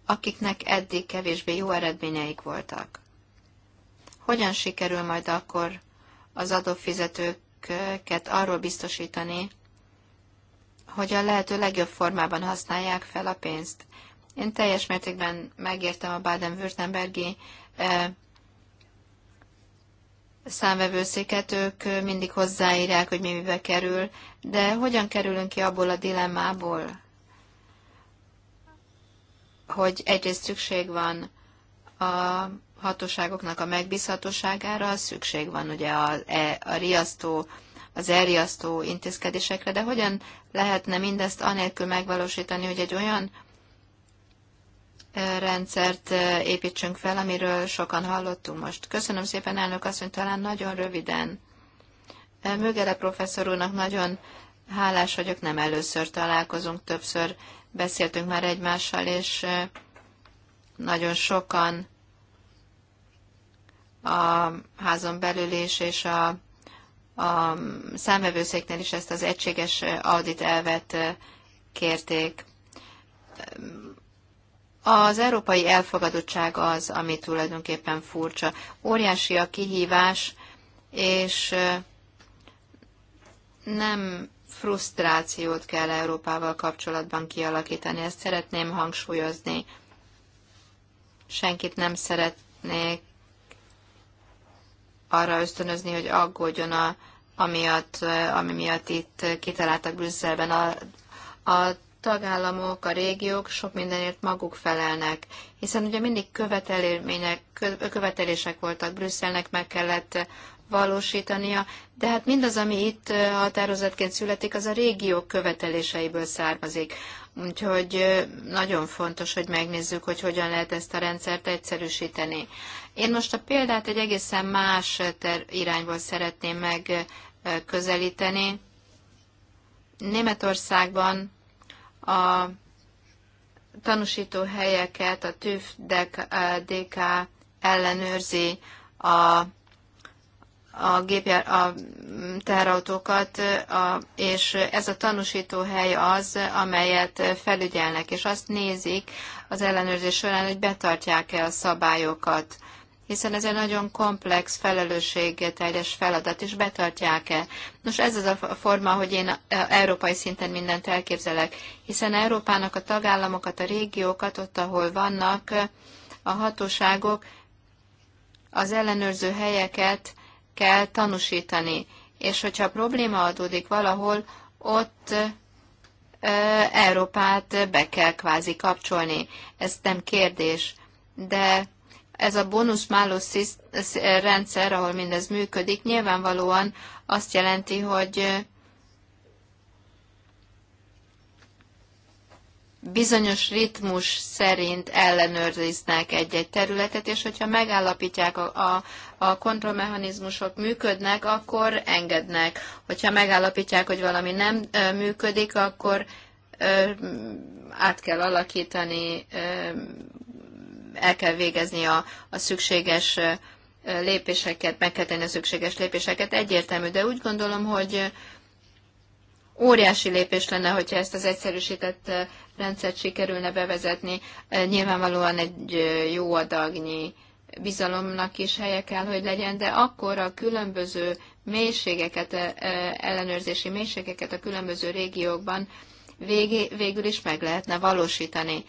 akiknek eddig kevésbé jó eredményeik voltak. Hogyan sikerül majd akkor az adófizetőket arról biztosítani, hogy a lehető legjobb formában használják fel a pénzt? Én teljes mértékben megértem a Baden-Württembergi E, számvevőszéket, ők mindig hozzáírják, hogy mi mibe kerül, de hogyan kerülünk ki abból a dilemmából, hogy egyrészt szükség van a hatóságoknak a megbízhatóságára, szükség van ugye a, e, a riasztó, az elriasztó intézkedésekre, de hogyan lehetne mindezt anélkül megvalósítani, hogy egy olyan rendszert építsünk fel, amiről sokan hallottunk most. Köszönöm szépen, elnök asszony, talán nagyon röviden. Mögele professzor úrnak nagyon hálás vagyok, nem először találkozunk, többször beszéltünk már egymással, és nagyon sokan a házon belül is, és a, a számvevőszéknél is ezt az egységes audit elvet kérték az európai elfogadottság az, ami tulajdonképpen furcsa. Óriási a kihívás, és nem frusztrációt kell Európával kapcsolatban kialakítani. Ezt szeretném hangsúlyozni. Senkit nem szeretnék arra ösztönözni, hogy aggódjon a, amiatt, ami miatt itt kitaláltak Brüsszelben a, a tagállamok, a régiók sok mindenért maguk felelnek, hiszen ugye mindig követelések voltak Brüsszelnek, meg kellett valósítania, de hát mindaz, ami itt határozatként születik, az a régiók követeléseiből származik. Úgyhogy nagyon fontos, hogy megnézzük, hogy hogyan lehet ezt a rendszert egyszerűsíteni. Én most a példát egy egészen más ter- irányból szeretném megközelíteni. Németországban a tanúsító helyeket a TÜV DK ellenőrzi a, a, gépjár, a teherautókat, a, és ez a tanúsító hely az, amelyet felügyelnek, és azt nézik az ellenőrzés során, hogy betartják-e a szabályokat hiszen ez egy nagyon komplex, felelősségteljes feladat, és betartják-e. Nos, ez az a forma, hogy én e, európai szinten mindent elképzelek, hiszen Európának a tagállamokat, a régiókat, ott, ahol vannak e, a hatóságok, az ellenőrző helyeket kell tanúsítani, és hogyha probléma adódik valahol, ott e, Európát be kell kvázi kapcsolni. Ez nem kérdés, de ez a bónusz-málusz rendszer, ahol mindez működik, nyilvánvalóan azt jelenti, hogy bizonyos ritmus szerint ellenőriznek egy-egy területet, és hogyha megállapítják a, a, a kontrollmechanizmusok működnek, akkor engednek. Hogyha megállapítják, hogy valami nem működik, akkor át kell alakítani el kell végezni a, a szükséges lépéseket, meg kell tenni a szükséges lépéseket, egyértelmű, de úgy gondolom, hogy óriási lépés lenne, hogyha ezt az egyszerűsített rendszert sikerülne bevezetni. Nyilvánvalóan egy jó adagnyi bizalomnak is helye kell, hogy legyen, de akkor a különböző mélységeket, ellenőrzési mélységeket a különböző régiókban végé, végül is meg lehetne valósítani.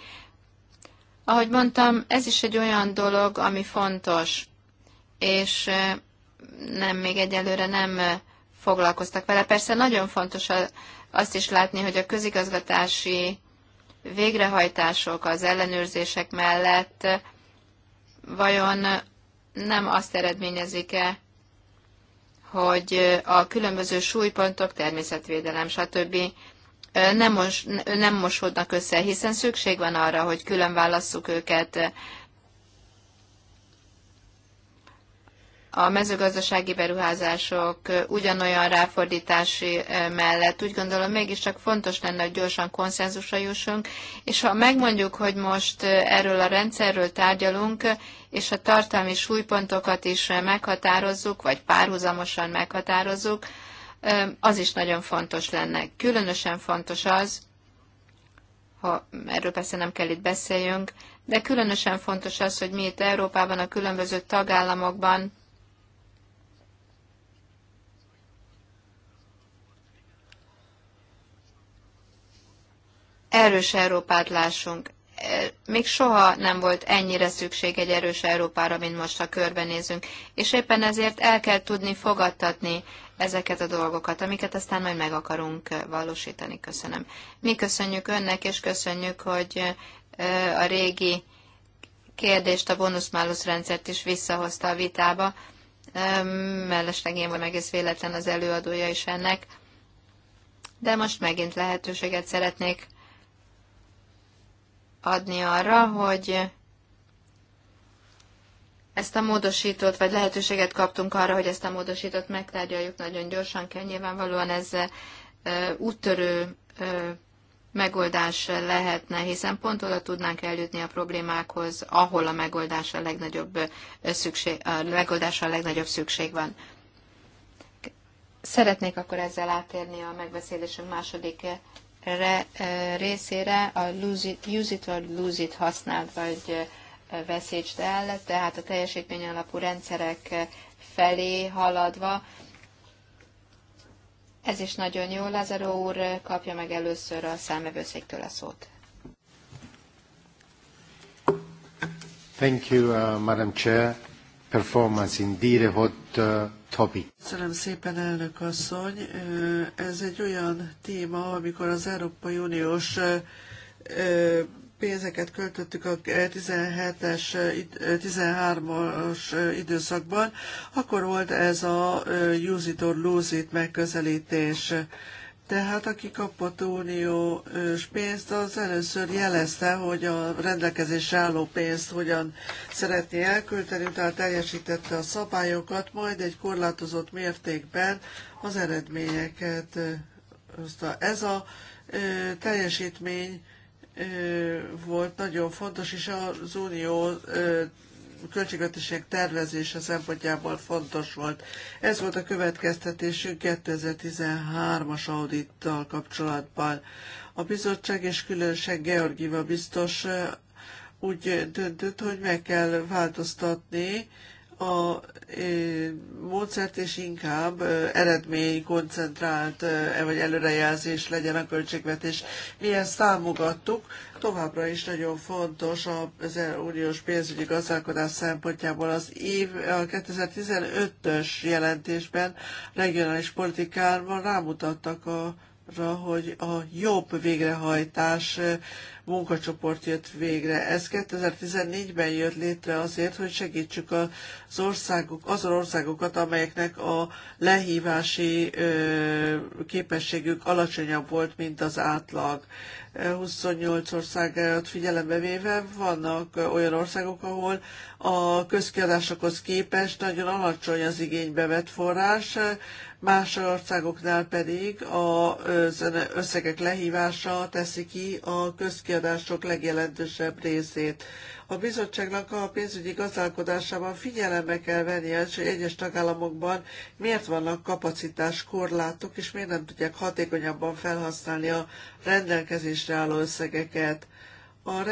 Ahogy mondtam, ez is egy olyan dolog, ami fontos, és nem, még egyelőre nem foglalkoztak vele. Persze nagyon fontos azt is látni, hogy a közigazgatási végrehajtások az ellenőrzések mellett vajon nem azt eredményezik-e, hogy a különböző súlypontok, természetvédelem, stb nem, mos, nem mosódnak össze, hiszen szükség van arra, hogy külön válasszuk őket a mezőgazdasági beruházások ugyanolyan ráfordítási mellett. Úgy gondolom, mégiscsak fontos lenne, hogy gyorsan konszenzusra jussunk, és ha megmondjuk, hogy most erről a rendszerről tárgyalunk, és a tartalmi súlypontokat is meghatározzuk, vagy párhuzamosan meghatározzuk, az is nagyon fontos lenne. Különösen fontos az, ha erről persze nem kell itt beszéljünk, de különösen fontos az, hogy mi itt Európában, a különböző tagállamokban erős Európát lássunk. Még soha nem volt ennyire szükség egy erős Európára, mint most, ha körbenézünk. És éppen ezért el kell tudni fogadtatni ezeket a dolgokat, amiket aztán majd meg akarunk eh, valósítani. Köszönöm. Mi köszönjük önnek, és köszönjük, hogy eh, a régi kérdést, a bónusz rendszert is visszahozta a vitába. Mellesleg én van egész véletlen az előadója is ennek. De most megint lehetőséget szeretnék adni arra, hogy ezt a módosítót, vagy lehetőséget kaptunk arra, hogy ezt a módosítót megtárgyaljuk nagyon gyorsan kell. Nyilvánvalóan ez úttörő megoldás lehetne, hiszen pont oda tudnánk eljutni a problémákhoz, ahol a megoldásra a legnagyobb szükség, a megoldásra a legnagyobb szükség van. Szeretnék akkor ezzel átérni a megbeszélésünk második re, részére, a lose it, use it or lose it használt, vagy veszélyt el, tehát a teljesítmény alapú rendszerek felé haladva. Ez is nagyon jó. Lázaro úr kapja meg először a számvevőszéktől a szót. Thank you, uh, Madam Chair. Performance in dire hot uh, topic. Köszönöm szépen, elnök asszony. Ez egy olyan téma, amikor az Európai Uniós uh, pénzeket költöttük a 17-es, 13-as időszakban, akkor volt ez a use it or lose it megközelítés. Tehát aki kapott uniós pénzt, az először jelezte, hogy a rendelkezés álló pénzt hogyan szeretné elkölteni, tehát teljesítette a szabályokat, majd egy korlátozott mértékben az eredményeket hozta. Ez a teljesítmény volt nagyon fontos, és az unió költségvetésének tervezése szempontjából fontos volt. Ez volt a következtetésünk 2013-as audittal kapcsolatban. A bizottság és különösen Georgiva biztos úgy döntött, hogy meg kell változtatni a módszert és inkább eredmény koncentrált vagy előrejelzés legyen a költségvetés. Mi ezt támogattuk, továbbra is nagyon fontos az uniós pénzügyi gazdálkodás szempontjából az év a 2015-ös jelentésben regionális politikában rámutattak a arra, hogy a jobb végrehajtás munkacsoport jött végre. Ez 2014-ben jött létre azért, hogy segítsük az országok, azon országokat, amelyeknek a lehívási képességük alacsonyabb volt, mint az átlag. 28 országot figyelembe véve vannak olyan országok, ahol a közkiadásokhoz képest nagyon alacsony az igénybe vett forrás, más országoknál pedig az összegek lehívása teszi ki a közkiadások legjelentősebb részét. A bizottságnak a pénzügyi gazdálkodásában figyelembe kell venni, hogy egyes tagállamokban miért vannak kapacitás korlátok, és miért nem tudják hatékonyabban felhasználni a rendelkezésre álló összegeket a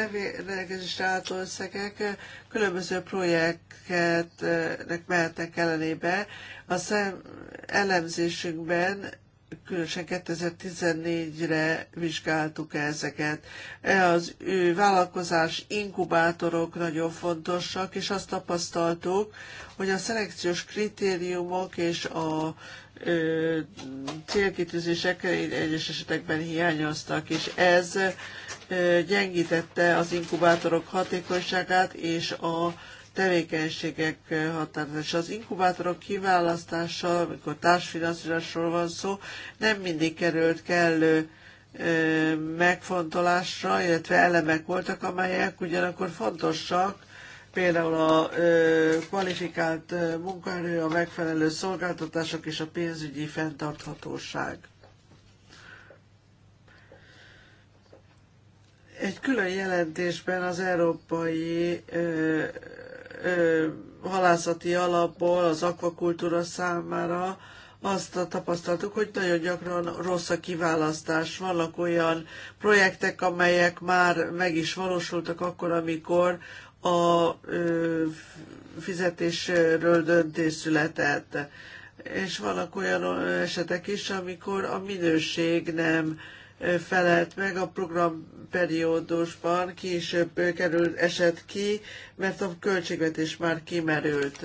regisztrált összegek különböző projektnek mehetnek ellenébe. A szem elemzésünkben különösen 2014-re vizsgáltuk ezeket. Az ő vállalkozás inkubátorok nagyon fontosak, és azt tapasztaltuk, hogy a szelekciós kritériumok és a ö, célkitűzések egyes esetekben hiányoztak, és ez gyengítette az inkubátorok hatékonyságát és a tevékenységek határozása. Az inkubátorok kiválasztása, amikor társfinanszírozásról van szó, nem mindig került kellő megfontolásra, illetve elemek voltak, amelyek ugyanakkor fontosak, például a kvalifikált munkaerő, a megfelelő szolgáltatások és a pénzügyi fenntarthatóság. Egy külön jelentésben az európai ö, ö, halászati alapból az akvakultúra számára azt tapasztaltuk, hogy nagyon gyakran rossz a kiválasztás. Vannak olyan projektek, amelyek már meg is valósultak akkor, amikor a ö, fizetésről döntés született. És vannak olyan esetek is, amikor a minőség nem ö, felelt meg a programperiódusban, később kerül esett ki, mert a költségvetés már kimerült.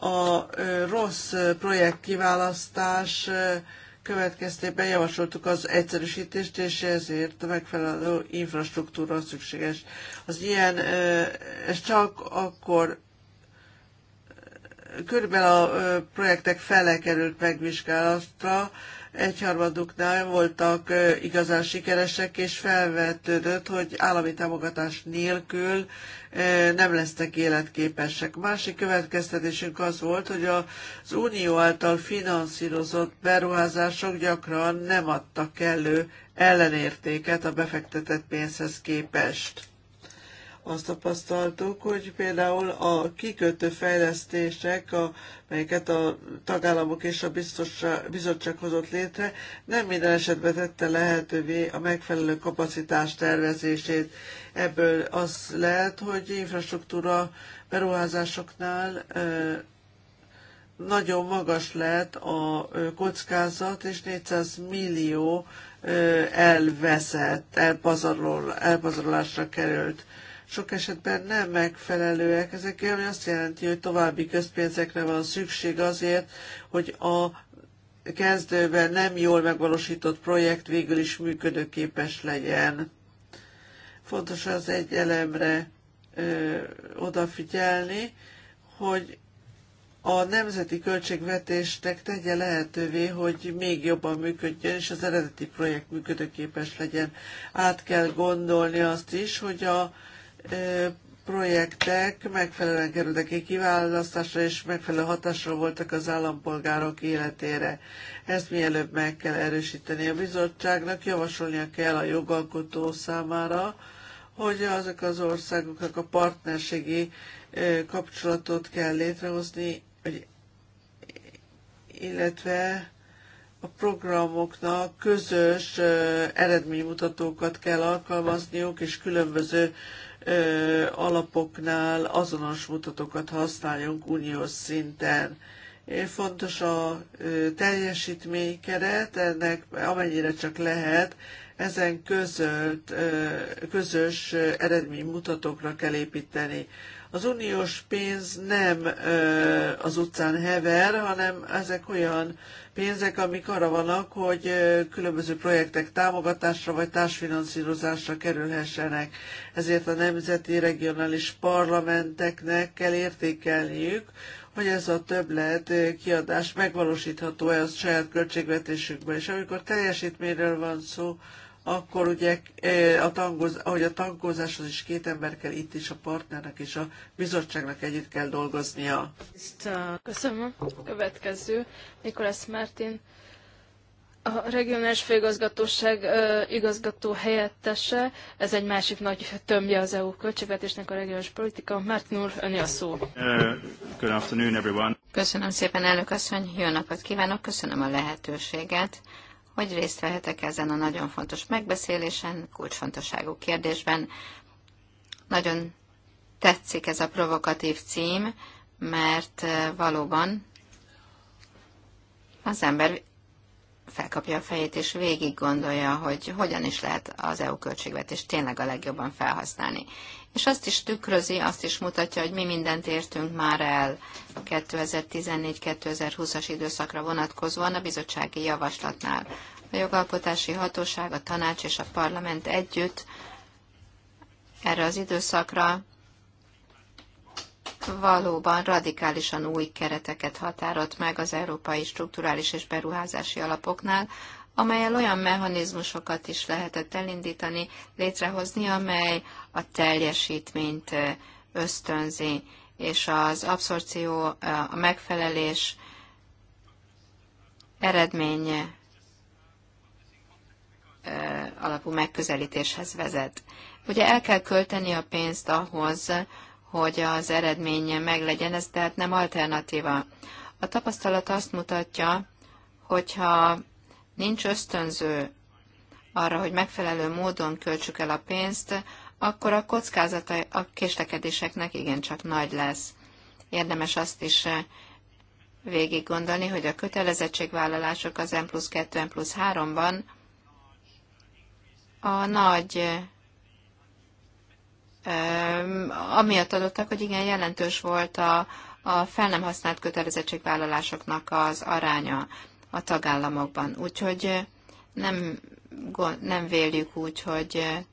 A rossz projektkiválasztás következtében javasoltuk az egyszerűsítést, és ezért megfelelő infrastruktúra szükséges. Az ilyen, ez csak akkor körülbelül a projektek fele került megvizsgálatra, egyharmaduknál voltak igazán sikeresek, és felvetődött, hogy állami támogatás nélkül nem lesznek életképesek. Másik következtetésünk az volt, hogy az unió által finanszírozott beruházások gyakran nem adtak elő ellenértéket a befektetett pénzhez képest azt tapasztaltuk, hogy például a kikötő fejlesztések, a, melyeket a tagállamok és a biztos, bizottság hozott létre, nem minden esetben tette lehetővé a megfelelő kapacitás tervezését. Ebből az lehet, hogy infrastruktúra beruházásoknál nagyon magas lett a kockázat, és 400 millió elveszett, elpazarol, elpazarolásra került sok esetben nem megfelelőek. Ezek ami azt jelenti, hogy további közpénzekre van szükség azért, hogy a kezdőben nem jól megvalósított projekt végül is működőképes legyen. Fontos az egy elemre ö, odafigyelni, hogy a nemzeti költségvetésnek tegye lehetővé, hogy még jobban működjön, és az eredeti projekt működőképes legyen. Át kell gondolni azt is, hogy a projektek megfelelően kerültek ki kiválasztásra, és megfelelő hatásra voltak az állampolgárok életére. Ezt mielőbb meg kell erősíteni a bizottságnak, javasolnia kell a jogalkotó számára, hogy azok az országoknak a partnerségi kapcsolatot kell létrehozni, hogy illetve a programoknak közös eredménymutatókat kell alkalmazniuk, és különböző alapoknál azonos mutatókat használjunk uniós szinten. Fontos a teljesítménykeret, ennek amennyire csak lehet, ezen közölt, közös eredménymutatókra kell építeni. Az uniós pénz nem az utcán hever, hanem ezek olyan pénzek, amik arra vannak, hogy különböző projektek támogatásra vagy társfinanszírozásra kerülhessenek. Ezért a nemzeti regionális parlamenteknek kell értékelniük, hogy ez a többlet kiadás megvalósítható-e a saját költségvetésükben. És amikor teljesítményről van szó, akkor ugye, eh, a tangoz, ahogy a tangozáshoz is két ember kell, itt is a partnernek és a bizottságnak együtt kell dolgoznia. Eh, köszönöm. Következő, Nikolász Mártin, a regionális főigazgatóság eh, igazgató helyettese. Ez egy másik nagy tömbje az EU költségvetésnek a regionális politika. Mártin úr, öné a szó. Good afternoon, everyone. Köszönöm szépen, elnök asszony. Jó napot kívánok, köszönöm a lehetőséget hogy részt vehetek ezen a nagyon fontos megbeszélésen, kulcsfontosságú kérdésben. Nagyon tetszik ez a provokatív cím, mert eh, valóban az ember felkapja a fejét, és végig gondolja, hogy hogyan is lehet az EU költségvetést tényleg a legjobban felhasználni. És azt is tükrözi, azt is mutatja, hogy mi mindent értünk már el 2014-2020-as időszakra vonatkozóan a bizottsági javaslatnál. A jogalkotási hatóság, a tanács és a parlament együtt erre az időszakra valóban radikálisan új kereteket határolt meg az európai strukturális és beruházási alapoknál, amelyel olyan mechanizmusokat is lehetett elindítani, létrehozni, amely a teljesítményt ösztönzi, és az abszorció, a megfelelés eredménye alapú megközelítéshez vezet. Ugye el kell költeni a pénzt ahhoz, hogy az eredménye meglegyen, ez tehát nem alternatíva. A tapasztalat azt mutatja, hogyha nincs ösztönző arra, hogy megfelelő módon költsük el a pénzt, akkor a kockázata a késlekedéseknek igencsak nagy lesz. Érdemes azt is eh, végig gondolni, hogy a kötelezettségvállalások az M plusz 2, M plusz 3-ban a nagy eh, amiatt adottak, hogy igen jelentős volt a, a fel nem használt kötelezettségvállalásoknak az aránya a tagállamokban. Úgyhogy eh, nem, nem véljük úgy, hogy eh,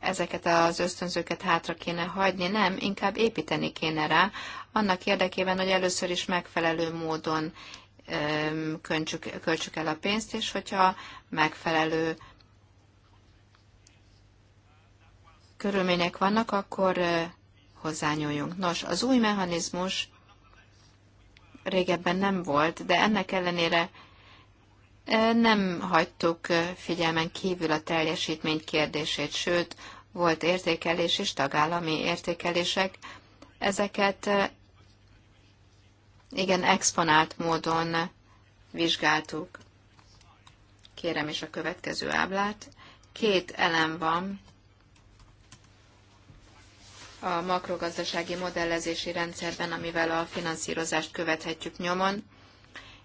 ezeket az ösztönzőket hátra kéne hagyni, nem, inkább építeni kéne rá, annak érdekében, hogy először is megfelelő módon költsük, el a pénzt, és hogyha megfelelő körülmények vannak, akkor hozzányúljunk. Nos, az új mechanizmus régebben nem volt, de ennek ellenére nem hagytuk figyelmen kívül a teljesítmény kérdését, sőt, volt értékelés és tagállami értékelések. Ezeket igen, exponált módon vizsgáltuk. Kérem is a következő ábrát. Két elem van, a makrogazdasági modellezési rendszerben, amivel a finanszírozást követhetjük nyomon,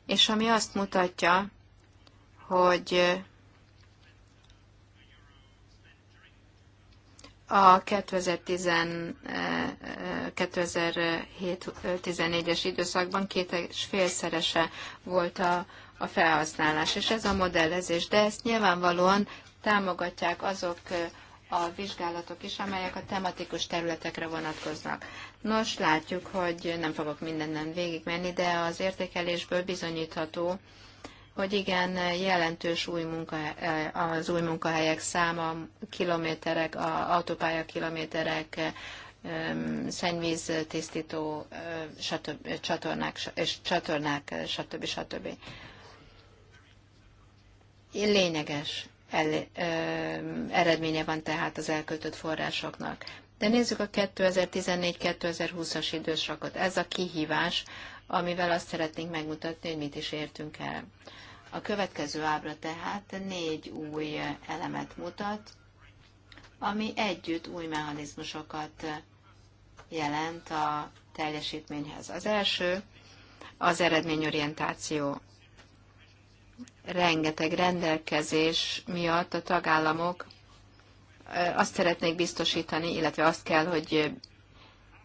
és ami azt mutatja, hogy a 2017 14 es időszakban két és félszerese volt a, a felhasználás, és ez a modellezés. De ezt nyilvánvalóan támogatják azok eh, a vizsgálatok is, amelyek a tematikus területekre vonatkoznak. Nos, látjuk, hogy nem fogok mindennen végigmenni, de az értékelésből bizonyítható, hogy igen, jelentős új munka, az új munkahelyek száma, kilométerek, a autópálya kilométerek, szennyvíz tisztító stb, csatornák, és csatornák, stb. stb. Lényeges el, eredménye van tehát az elköltött forrásoknak. De nézzük a 2014-2020-as időszakot. Ez a kihívás, amivel azt szeretnénk megmutatni, hogy mit is értünk el. A következő ábra tehát négy új elemet mutat, ami együtt új mechanizmusokat jelent a teljesítményhez. Az első az eredményorientáció rengeteg rendelkezés miatt a tagállamok azt szeretnék biztosítani, illetve azt kell, hogy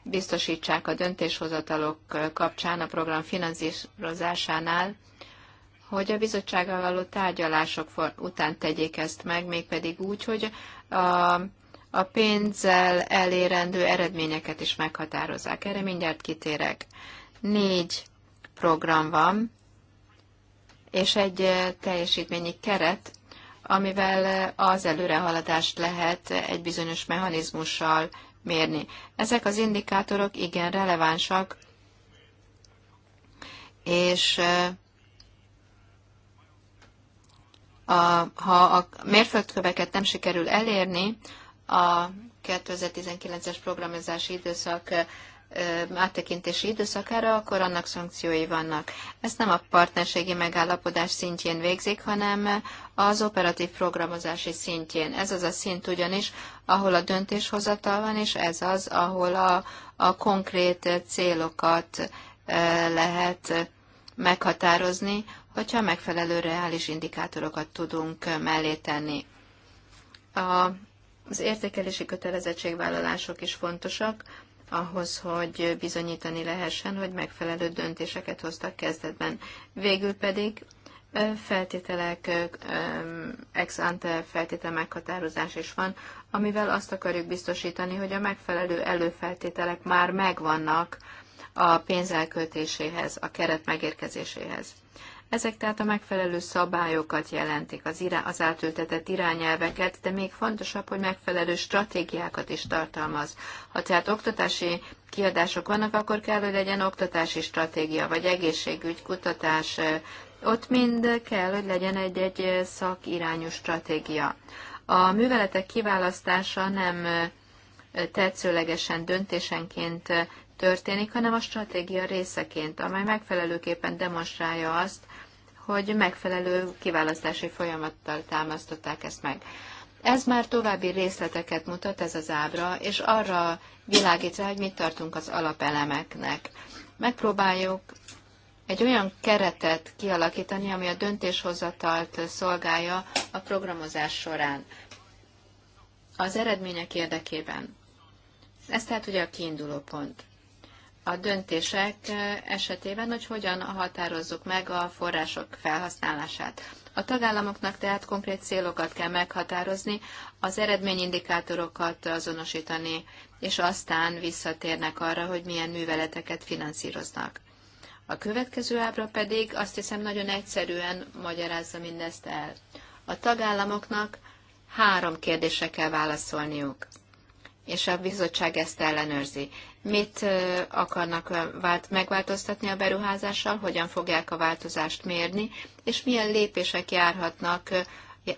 biztosítsák a döntéshozatalok kapcsán a program finanszírozásánál, hogy a bizottsággal való tárgyalások után tegyék ezt meg, mégpedig úgy, hogy a, a pénzzel elérendő eredményeket is meghatározzák. Erre mindjárt kitérek. Négy program van, és egy teljesítményi keret, amivel az előrehaladást lehet egy bizonyos mechanizmussal mérni. Ezek az indikátorok igen relevánsak, és a, ha a mérföldköveket nem sikerül elérni, a 2019-es programozási időszak áttekintési időszakára, akkor annak szankciói vannak. Ezt nem a partnerségi megállapodás szintjén végzik, hanem az operatív programozási szintjén. Ez az a szint ugyanis, ahol a döntéshozatal van, és ez az, ahol a, a konkrét célokat lehet meghatározni, hogyha megfelelő reális indikátorokat tudunk mellé tenni. A, az értékelési kötelezettségvállalások is fontosak, ahhoz, hogy bizonyítani lehessen, hogy megfelelő döntéseket hoztak kezdetben. Végül pedig feltételek, ex ante feltétel meghatározás is van, amivel azt akarjuk biztosítani, hogy a megfelelő előfeltételek már megvannak a pénz elköltéséhez, a keret megérkezéséhez. Ezek tehát a megfelelő szabályokat jelentik, az, irá, az átültetett irányelveket, de még fontosabb, hogy megfelelő stratégiákat is tartalmaz. Ha tehát oktatási kiadások vannak, akkor kell, hogy legyen oktatási stratégia, vagy egészségügy, kutatás, ott mind kell, hogy legyen egy-egy szakirányú stratégia. A műveletek kiválasztása nem tetszőlegesen döntésenként történik, hanem a stratégia részeként, amely megfelelőképpen demonstrálja azt, hogy megfelelő kiválasztási folyamattal támasztották ezt meg. Ez már további részleteket mutat ez az ábra, és arra világít rá, hogy mit tartunk az alapelemeknek. Megpróbáljuk egy olyan keretet kialakítani, ami a döntéshozatalt szolgálja a programozás során. Az eredmények érdekében. Ez tehát ugye a kiinduló pont a döntések esetében, hogy hogyan határozzuk meg a források felhasználását. A tagállamoknak tehát konkrét célokat kell meghatározni, az eredményindikátorokat azonosítani, és aztán visszatérnek arra, hogy milyen műveleteket finanszíroznak. A következő ábra pedig azt hiszem nagyon egyszerűen magyarázza mindezt el. A tagállamoknak három kérdésre kell válaszolniuk, és a bizottság ezt ellenőrzi mit akarnak megváltoztatni a beruházással, hogyan fogják a változást mérni, és milyen lépések járhatnak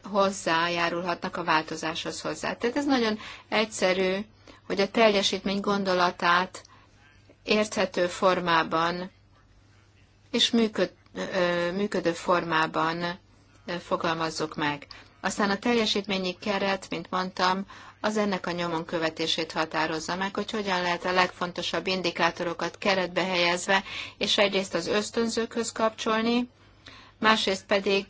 hozzájárulhatnak a változáshoz hozzá. Tehát ez nagyon egyszerű, hogy a teljesítmény gondolatát érthető formában és működ, működő formában fogalmazzuk meg. Aztán a teljesítményi keret, mint mondtam, az ennek a nyomon követését határozza meg, hogy hogyan lehet a legfontosabb indikátorokat keretbe helyezve, és egyrészt az ösztönzőkhöz kapcsolni, másrészt pedig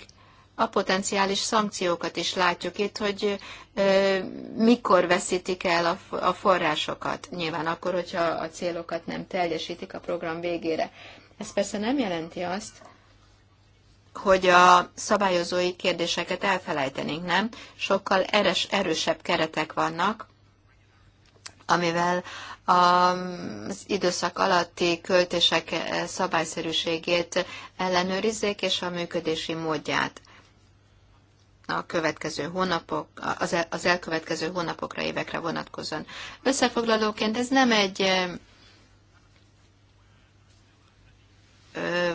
a potenciális szankciókat is látjuk itt, hogy ö, mikor veszítik el a, a forrásokat. Nyilván akkor, hogyha a célokat nem teljesítik a program végére. Ez persze nem jelenti azt, hogy a szabályozói kérdéseket elfelejtenénk, nem? Sokkal eres, erősebb keretek vannak, amivel az időszak alatti költések szabályszerűségét ellenőrizzék, és a működési módját a következő hónapok, az, el, az elkövetkező hónapokra, évekre vonatkozóan. Összefoglalóként ez nem egy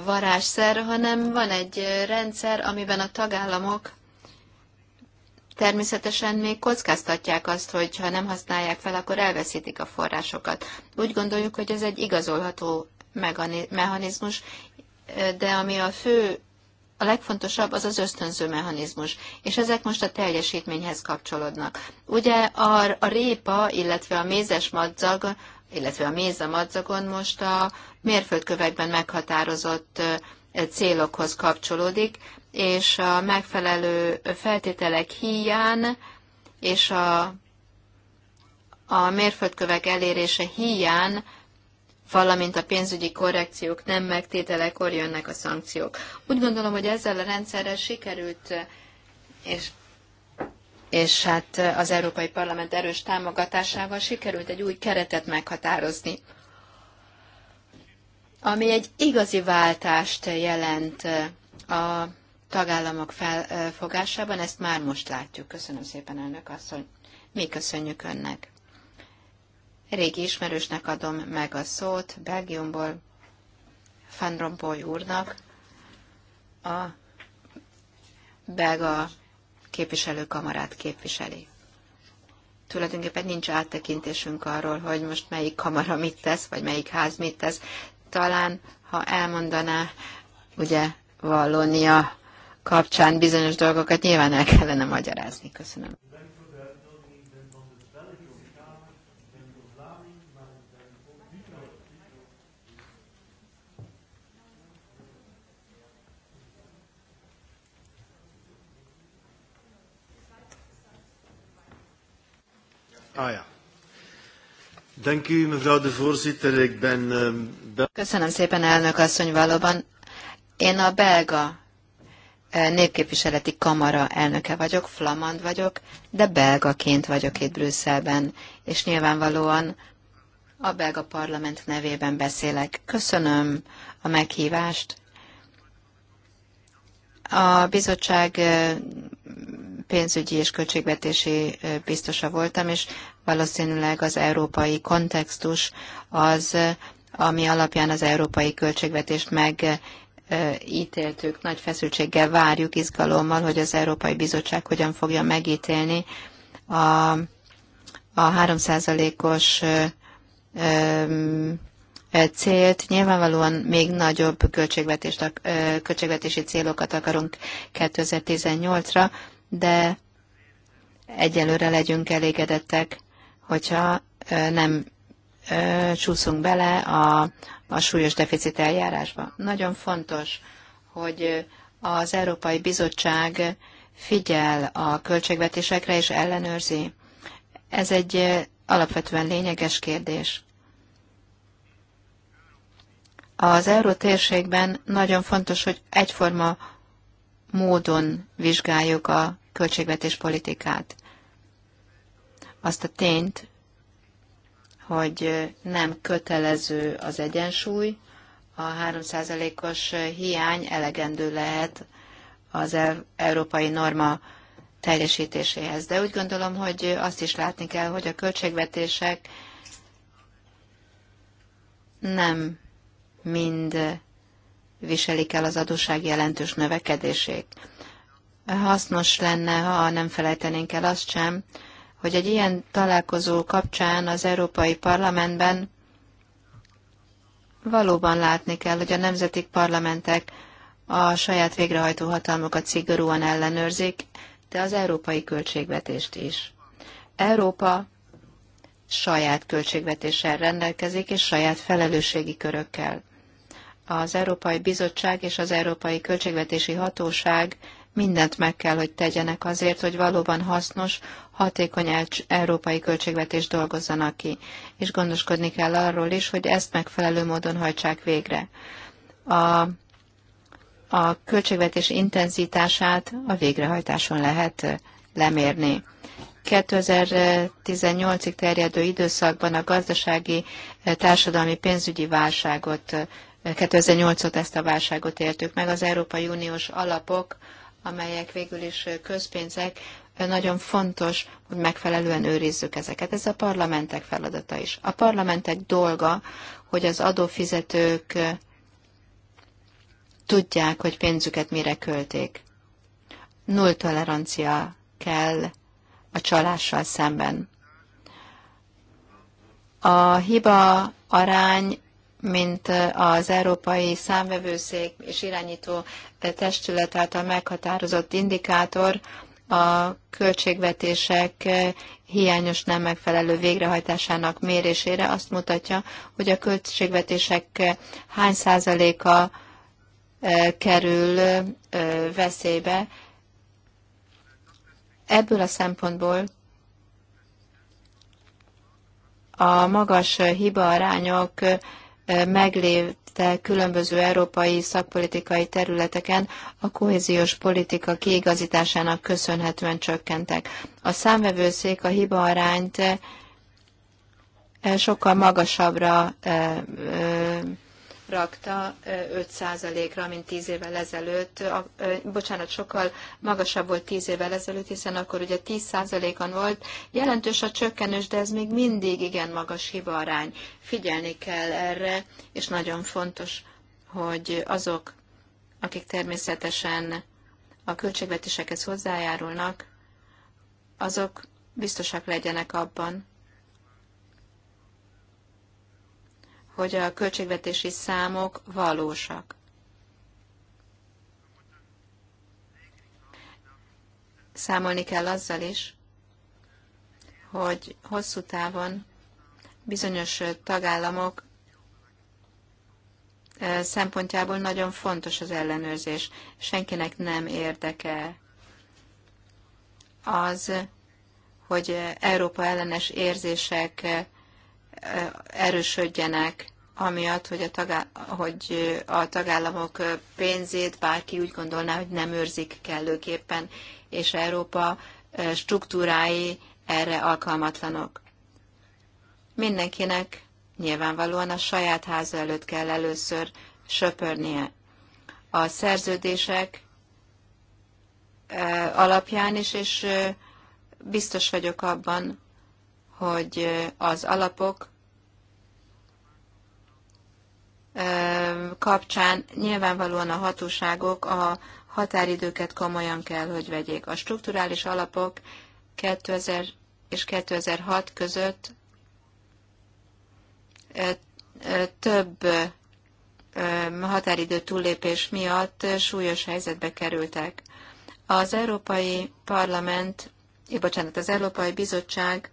varázsszer, hanem van egy rendszer, amiben a tagállamok természetesen még kockáztatják azt, hogy ha nem használják fel, akkor elveszítik a forrásokat. Úgy gondoljuk, hogy ez egy igazolható mechanizmus, de ami a fő, a legfontosabb az az ösztönző mechanizmus, és ezek most a teljesítményhez kapcsolódnak. Ugye a, a répa, illetve a mézes madzag illetve a mézamadzakon most a mérföldkövekben meghatározott célokhoz kapcsolódik, és a megfelelő feltételek híján és a, a mérföldkövek elérése híján valamint a pénzügyi korrekciók nem megtételekor jönnek a szankciók. Úgy gondolom, hogy ezzel a rendszerrel sikerült és és hát az Európai Parlament erős támogatásával sikerült egy új keretet meghatározni, ami egy igazi váltást jelent a tagállamok felfogásában, ezt már most látjuk. Köszönöm szépen, elnök asszony. Mi köszönjük önnek. Régi ismerősnek adom meg a szót Belgiumból, Van Rompuy úrnak, a belga képviselőkamarát képviseli. Tulajdonképpen nincs áttekintésünk arról, hogy most melyik kamara mit tesz, vagy melyik ház mit tesz. Talán, ha elmondaná, ugye Vallónia kapcsán bizonyos dolgokat nyilván el kellene magyarázni. Köszönöm. Ah ja. Dank u, mevrouw de voorzitter. Ik ben... Eh, Köszönöm szépen, elnök asszony, valóban. Én a belga eh, népképviseleti kamara elnöke vagyok, flamand vagyok, de belgaként vagyok itt Brüsszelben, és nyilvánvalóan a belga parlament nevében beszélek. Köszönöm a meghívást. A bizottság eh, pénzügyi és költségvetési biztosa voltam, és valószínűleg az európai kontextus az, ami alapján az európai költségvetést meg ítéltük, nagy feszültséggel várjuk, izgalommal, hogy az Európai Bizottság hogyan fogja megítélni a, a 3%-os célt. Nyilvánvalóan még nagyobb költségvetést, költségvetési célokat akarunk 2018-ra, de egyelőre legyünk elégedettek, hogyha nem csúszunk bele a, a súlyos deficit eljárásba. Nagyon fontos, hogy az Európai Bizottság figyel a költségvetésekre és ellenőrzi. Ez egy alapvetően lényeges kérdés. Az euró térségben nagyon fontos, hogy egyforma módon vizsgáljuk a költségvetés politikát. Azt a tényt, hogy nem kötelező az egyensúly, a 3%-os hiány elegendő lehet az e- európai norma teljesítéséhez. De úgy gondolom, hogy azt is látni kell, hogy a költségvetések nem mind viselik el az adóság jelentős növekedését. Hasznos lenne, ha nem felejtenénk el azt sem, hogy egy ilyen találkozó kapcsán az Európai Parlamentben valóban látni kell, hogy a nemzeti parlamentek a saját végrehajtó hatalmukat szigorúan ellenőrzik, de az európai költségvetést is. Európa saját költségvetéssel rendelkezik, és saját felelősségi körökkel az Európai Bizottság és az Európai Költségvetési Hatóság mindent meg kell, hogy tegyenek azért, hogy valóban hasznos, hatékony európai költségvetés dolgozzanak ki, és gondoskodni kell arról is, hogy ezt megfelelő módon hajtsák végre. A, a költségvetés intenzitását a végrehajtáson lehet lemérni. 2018-ig terjedő időszakban a gazdasági, társadalmi, pénzügyi válságot 2008 ot ezt a válságot éltük meg. Az Európai Uniós alapok, amelyek végül is közpénzek, nagyon fontos, hogy megfelelően őrizzük ezeket. Ez a parlamentek feladata is. A parlamentek dolga, hogy az adófizetők tudják, hogy pénzüket mire költék. Null tolerancia kell a csalással szemben. A hiba arány mint az Európai Számvevőszék és irányító testület által meghatározott indikátor a költségvetések hiányos nem megfelelő végrehajtásának mérésére azt mutatja, hogy a költségvetések hány százaléka kerül veszélybe. Ebből a szempontból a magas hibaarányok meglévte különböző európai szakpolitikai területeken a kohéziós politika kiigazításának köszönhetően csökkentek. A számvevőszék a hiba arányt sokkal magasabbra rakta 5%-ra, mint 10 évvel ezelőtt. A, bocsánat, sokkal magasabb volt 10 évvel ezelőtt, hiszen akkor ugye 10 an volt. Jelentős a csökkenés, de ez még mindig igen magas hibaarány. Figyelni kell erre, és nagyon fontos, hogy azok, akik természetesen a költségvetésekhez hozzájárulnak, azok biztosak legyenek abban, hogy a költségvetési számok valósak. Számolni kell azzal is, hogy hosszú távon bizonyos tagállamok szempontjából nagyon fontos az ellenőrzés. Senkinek nem érdeke az, hogy Európa ellenes érzések erősödjenek, amiatt, hogy a, tagá- hogy a tagállamok pénzét bárki úgy gondolná, hogy nem őrzik kellőképpen, és Európa struktúrái erre alkalmatlanok. Mindenkinek nyilvánvalóan a saját háza előtt kell először söpörnie. A szerződések alapján is, és biztos vagyok abban, hogy az alapok kapcsán nyilvánvalóan a hatóságok a határidőket komolyan kell, hogy vegyék. A strukturális alapok 2000 és 2006 között több határidő túllépés miatt súlyos helyzetbe kerültek. Az Európai Parlament, eh, bocsánat, az Európai Bizottság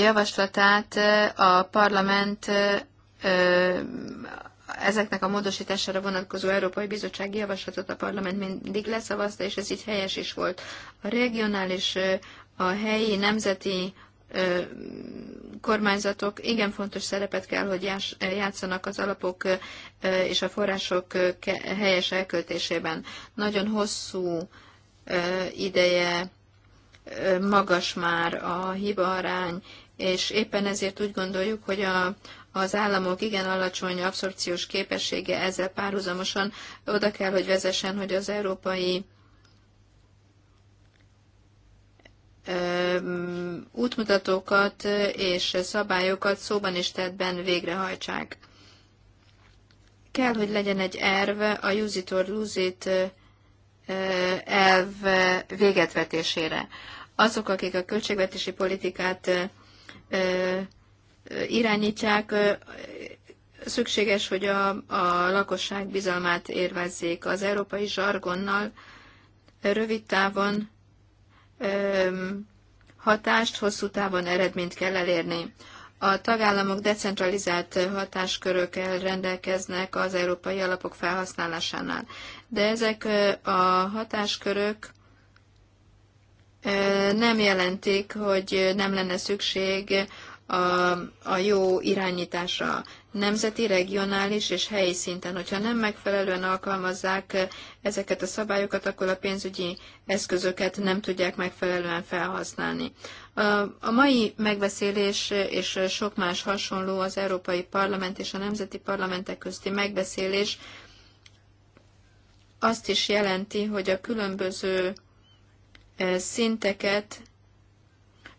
javaslatát a parlament ezeknek a módosítására vonatkozó Európai Bizottsági Javaslatot a parlament mindig leszavazta, és ez így helyes is volt. A regionális, a helyi, nemzeti kormányzatok igen fontos szerepet kell, hogy játszanak az alapok és a források helyes elköltésében. Nagyon hosszú ideje magas már a hiba arány, és éppen ezért úgy gondoljuk, hogy a, az államok igen alacsony abszorpciós képessége ezzel párhuzamosan oda kell, hogy vezessen, hogy az európai útmutatókat és szabályokat szóban is tettben végrehajtsák. Kell, hogy legyen egy erve a use it or lose it elv végetvetésére. Azok, akik a költségvetési politikát irányítják, szükséges, hogy a, a lakosság bizalmát érvezzék. Az európai zsargonnal rövid távon hatást, hosszú távon eredményt kell elérni. A tagállamok decentralizált hatáskörökkel rendelkeznek az európai alapok felhasználásánál, de ezek a hatáskörök nem jelentik, hogy nem lenne szükség a, a jó irányításra nemzeti, regionális és helyi szinten. Hogyha nem megfelelően alkalmazzák eh, ezeket a szabályokat, akkor a pénzügyi eszközöket nem tudják megfelelően felhasználni. A mai megbeszélés eh, és eh, sok más hasonló az Európai Parlament és a Nemzeti Parlamentek közti megbeszélés azt is jelenti, hogy a különböző szinteket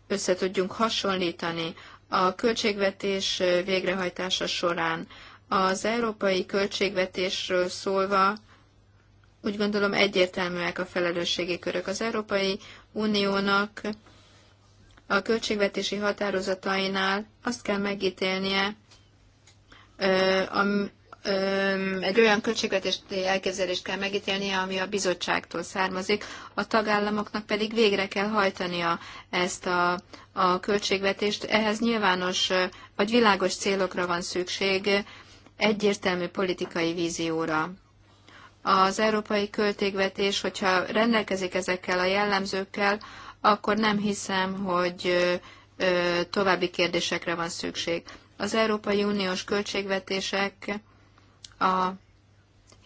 össze tudjunk hasonlítani. A költségvetés végrehajtása során az európai költségvetésről szólva úgy gondolom egyértelműek a felelősségi körök. Az Európai Uniónak a költségvetési határozatainál azt kell megítélnie, egy olyan költségvetési elképzelést kell megítélnie, ami a bizottságtól származik, a tagállamoknak pedig végre kell hajtania ezt a, a költségvetést. Ehhez nyilvános vagy világos célokra van szükség, egyértelmű politikai vízióra. Az európai költségvetés, hogyha rendelkezik ezekkel a jellemzőkkel, akkor nem hiszem, hogy további kérdésekre van szükség. Az Európai Uniós költségvetések a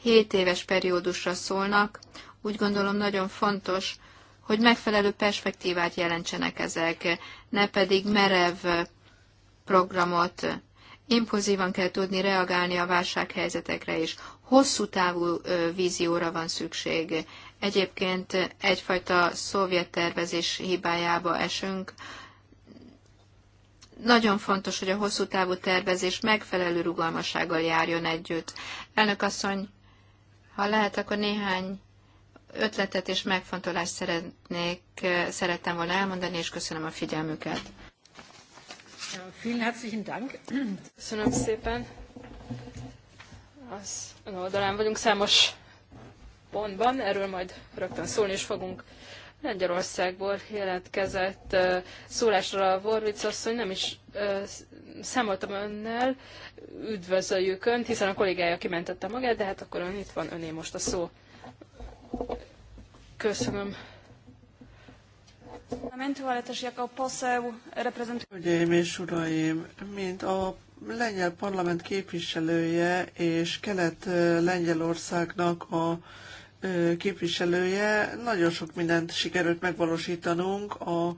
7 éves periódusra szólnak. Úgy gondolom nagyon fontos, hogy megfelelő perspektívát jelentsenek ezek, ne pedig merev programot. Impulzívan kell tudni reagálni a válsághelyzetekre is. Hosszú távú vízióra van szükség. Egyébként egyfajta szovjet tervezés hibájába esünk, nagyon fontos, hogy a hosszú távú tervezés megfelelő rugalmassággal járjon együtt. Elnök asszony, ha lehet, akkor néhány ötletet és megfontolást szeretnék, eh, szerettem volna elmondani, és köszönöm a figyelmüket. herzlichen Dank. Köszönöm szépen. Az oldalán vagyunk számos pontban, erről majd rögtön szólni is fogunk. Lengyelországból jelentkezett szólásra a Vorvic asszony, nem is számoltam önnel, üdvözöljük önt, hiszen a kollégája kimentette magát, de hát akkor ön itt van, öné most a szó. Köszönöm. Hölgyeim és uraim, mint a lengyel parlament képviselője és kelet-lengyelországnak a képviselője, nagyon sok mindent sikerült megvalósítanunk a,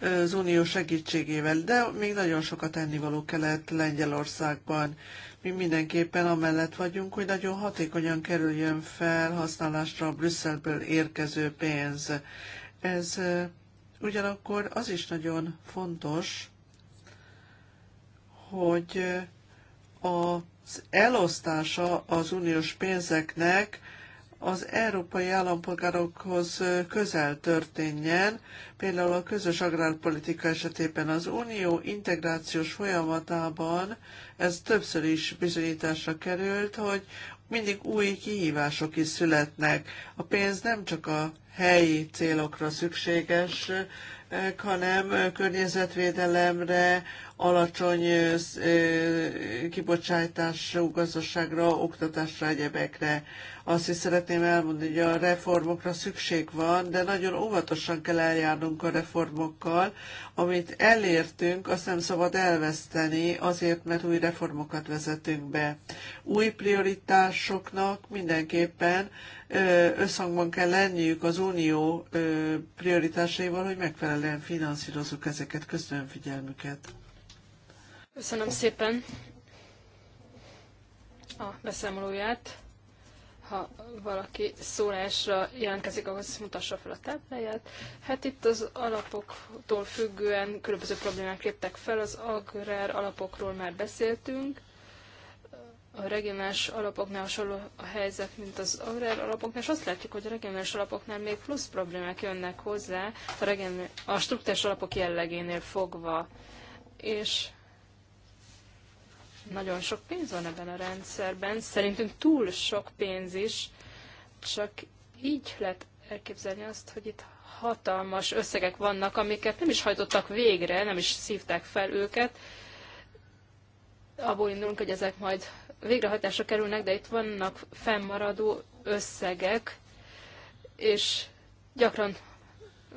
az unió segítségével, de még nagyon sokat ennivaló kelet Lengyelországban. Mi mindenképpen amellett vagyunk, hogy nagyon hatékonyan kerüljön fel használásra a Brüsszelből érkező pénz. Ez ugyanakkor az is nagyon fontos, hogy az elosztása az uniós pénzeknek az európai állampolgárokhoz közel történjen, például a közös agrárpolitika esetében az unió integrációs folyamatában ez többször is bizonyításra került, hogy mindig új kihívások is születnek. A pénz nem csak a helyi célokra szükséges, hanem környezetvédelemre, alacsony kibocsátású gazdaságra, oktatásra, egyebekre. Azt is szeretném elmondani, hogy a reformokra szükség van, de nagyon óvatosan kell eljárnunk a reformokkal. Amit elértünk, azt nem szabad elveszteni, azért, mert új reformokat vezetünk be. Új prioritásoknak mindenképpen összhangban kell lenniük az unió prioritásaival, hogy megfelelően finanszírozzuk ezeket. Köszönöm figyelmüket! Köszönöm szépen a beszámolóját. Ha valaki szólásra jelentkezik, ahhoz mutassa fel a tábláját. Hát itt az alapoktól függően különböző problémák léptek fel. Az agrár alapokról már beszéltünk. A regionális alapoknál hasonló a helyzet, mint az agrár alapoknál, és azt látjuk, hogy a regionális alapoknál még plusz problémák jönnek hozzá a, regionális, a struktúrás alapok jellegénél fogva. És nagyon sok pénz van ebben a rendszerben, szerintünk túl sok pénz is, csak így lehet elképzelni azt, hogy itt hatalmas összegek vannak, amiket nem is hajtottak végre, nem is szívták fel őket. Abból indulunk, hogy ezek majd végrehajtásra kerülnek, de itt vannak fennmaradó összegek, és gyakran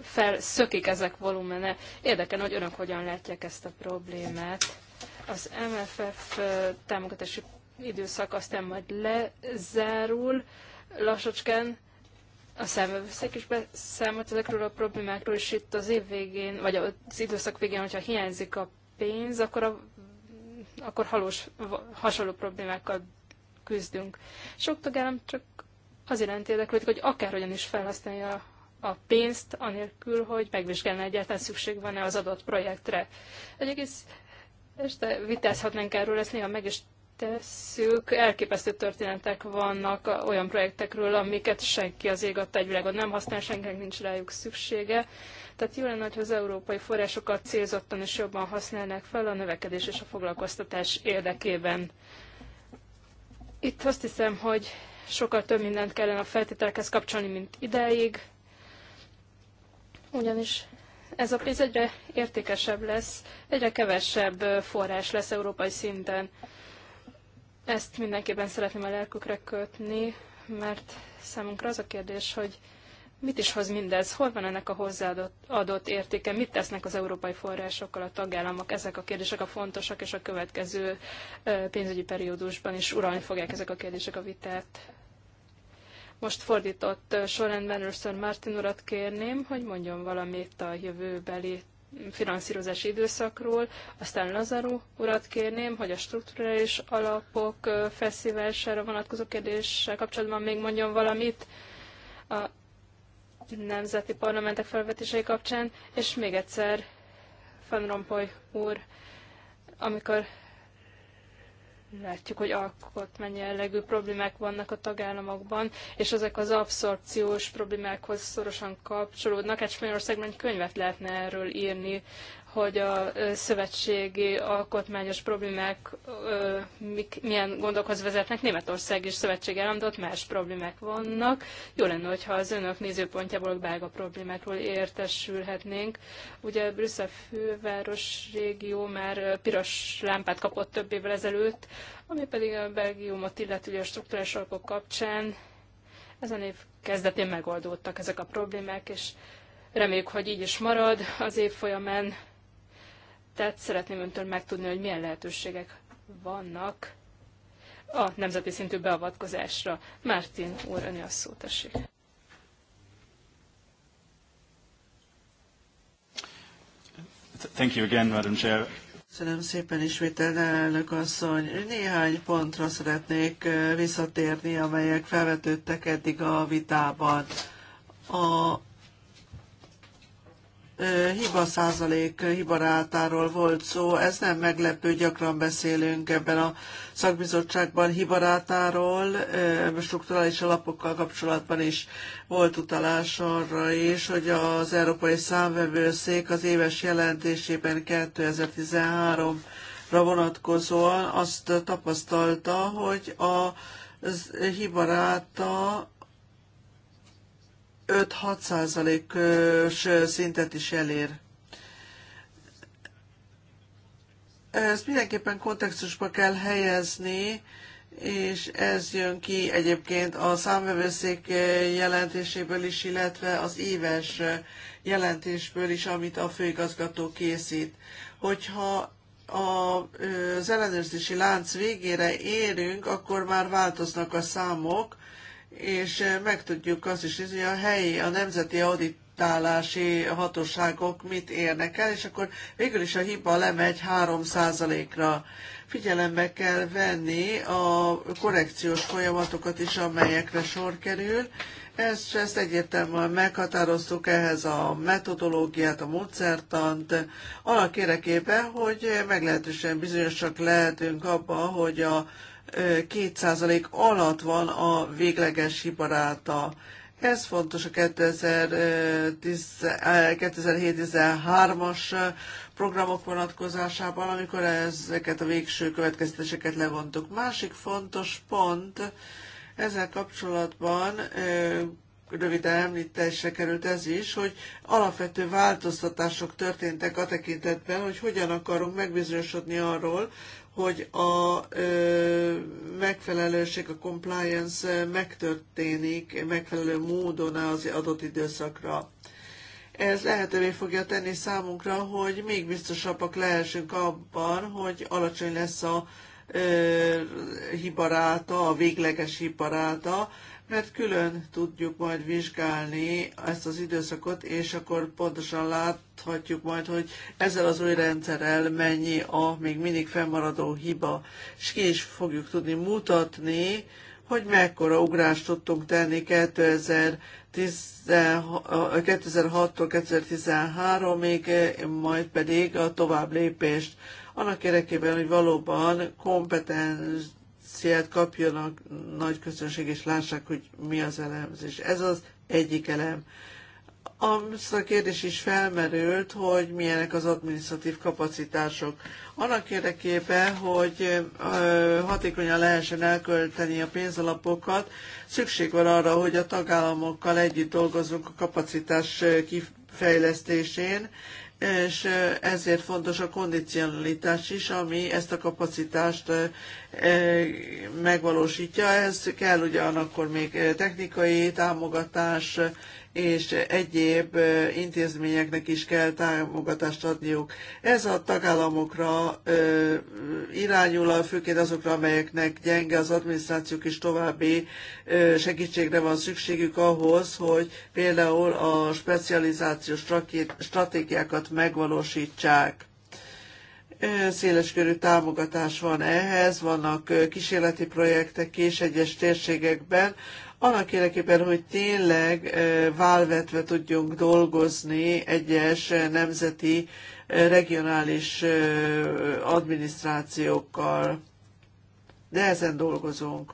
felszökik ezek volumene. Érdekel, hogy önök hogyan látják ezt a problémát. Az MFF támogatási időszak aztán majd lezárul lassacskán, a számvevőszék is beszámolt ezekről a problémákról, és itt az év végén, vagy az időszak végén, hogyha hiányzik a pénz, akkor, a, akkor halós, hasonló problémákkal küzdünk. Sok tagállam csak az iránt érdeklődik, hogy akárhogyan is felhasználja a pénzt, anélkül, hogy megvizsgálna egyáltalán szükség van-e az adott projektre. Egy egész Este vitázhatnánk erről, ezt néha meg is tesszük. Elképesztő történetek vannak olyan projektekről, amiket senki az ég adta egy világon nem használ, senkinek nincs rájuk szüksége. Tehát jó lenne, hogy az európai forrásokat célzottan és jobban használnák fel a növekedés és a foglalkoztatás érdekében. Itt azt hiszem, hogy sokkal több mindent kellene a feltételekhez kapcsolni, mint ideig, ugyanis ez a pénz egyre értékesebb lesz, egyre kevesebb forrás lesz európai szinten. Ezt mindenképpen szeretném a lelkükre kötni, mert számunkra az a kérdés, hogy mit is hoz mindez, hol van ennek a hozzáadott adott értéke, mit tesznek az európai forrásokkal a tagállamok, ezek a kérdések a fontosak, és a következő pénzügyi periódusban is uralni fogják ezek a kérdések a vitát. Most fordított sorrendben először Martin urat kérném, hogy mondjon valamit a jövőbeli finanszírozási időszakról, aztán Lazaru urat kérném, hogy a strukturális alapok feszívására vonatkozó kérdéssel kapcsolatban még mondjon valamit a nemzeti parlamentek felvetései kapcsán, és még egyszer Van Rompuy úr, amikor látjuk, hogy alkotmány jellegű problémák vannak a tagállamokban, és ezek az abszorpciós problémákhoz szorosan kapcsolódnak. Hát egy Spanyolországban könyvet lehetne erről írni hogy a szövetségi alkotmányos problémák mik, milyen gondokhoz vezetnek. Németország is szövetségi állam, de ott más problémák vannak. Jó lenne, hogyha az önök nézőpontjából a belga problémákról értesülhetnénk. Ugye Brüsszel főváros régió már piros lámpát kapott több évvel ezelőtt, ami pedig a Belgiumot illeti a struktúrás alkok kapcsán ezen év kezdetén megoldódtak ezek a problémák, és reméljük, hogy így is marad az év folyamán tehát szeretném öntől megtudni, hogy milyen lehetőségek vannak a nemzeti szintű beavatkozásra. Mártin úr, öni a szó, tessék. Thank you again, Madam Chair. Köszönöm szépen ismételne, elnök asszony. Néhány pontra szeretnék eh, visszatérni, amelyek felvetődtek eddig a vitában. A hiba százalék hibarátáról volt szó, ez nem meglepő, gyakran beszélünk ebben a szakbizottságban hibarátáról, strukturális alapokkal kapcsolatban is volt utalás arra is, hogy az Európai Számvevőszék az éves jelentésében 2013 ra vonatkozóan azt tapasztalta, hogy a hibaráta 5-6 százalékos szintet is elér. Ezt mindenképpen kontextusba kell helyezni, és ez jön ki egyébként a számvevőszék jelentéséből is, illetve az éves jelentésből is, amit a főigazgató készít. Hogyha az ellenőrzési lánc végére érünk, akkor már változnak a számok, és eh, meg tudjuk azt is nézni, hogy a helyi, a nemzeti auditálási hatóságok mit érnek el, és akkor végül is a hiba lemegy 3%-ra. Figyelembe kell venni a korrekciós folyamatokat is, amelyekre sor kerül, ezt, ezt egyértelműen meghatároztuk ehhez a metodológiát, a módszertant, annak érdekében, hogy meglehetősen bizonyosak lehetünk abban, hogy a 2% alatt van a végleges hibaráta. Ez fontos a 2007-13-as eh, programok vonatkozásában, amikor ezeket a végső következtetéseket levontuk. Másik fontos pont ezzel kapcsolatban eh, röviden említésre került ez is, hogy alapvető változtatások történtek a tekintetben, hogy hogyan akarunk megbizonyosodni arról, hogy a ö, megfelelőség, a compliance megtörténik megfelelő módon az adott időszakra. Ez lehetővé fogja tenni számunkra, hogy még biztosabbak lehessünk abban, hogy alacsony lesz a ö, hibaráta, a végleges hibaráta, mert külön tudjuk majd vizsgálni ezt az időszakot, és akkor pontosan láthatjuk majd, hogy ezzel az új rendszerrel mennyi a még mindig fennmaradó hiba, és ki is fogjuk tudni mutatni, hogy mekkora ugrást tudtunk tenni 2006-tól 2013-ig, majd pedig a tovább lépést annak érdekében, hogy valóban kompetens információt kapjanak nagy közönség, és lássák, hogy mi az elemzés. Ez az egyik elem. Az a kérdés is felmerült, hogy milyenek az adminisztratív kapacitások. Annak érdekében, hogy hatékonyan lehessen elkölteni a pénzalapokat, szükség van arra, hogy a tagállamokkal együtt dolgozunk a kapacitás kifejlesztésén, és ezért fontos a kondicionalitás is, ami ezt a kapacitást megvalósítja. Ez kell ugyanakkor még technikai támogatás, és egyéb intézményeknek is kell támogatást adniuk. Ez a tagállamokra irányul, főként azokra, amelyeknek gyenge az adminisztrációk és további segítségre van szükségük ahhoz, hogy például a specializációs stratégiákat megvalósítsák széleskörű támogatás van ehhez, vannak kísérleti projektek is egyes térségekben, annak érdekében, hogy tényleg válvetve tudjunk dolgozni egyes nemzeti, regionális adminisztrációkkal. De ezen dolgozunk.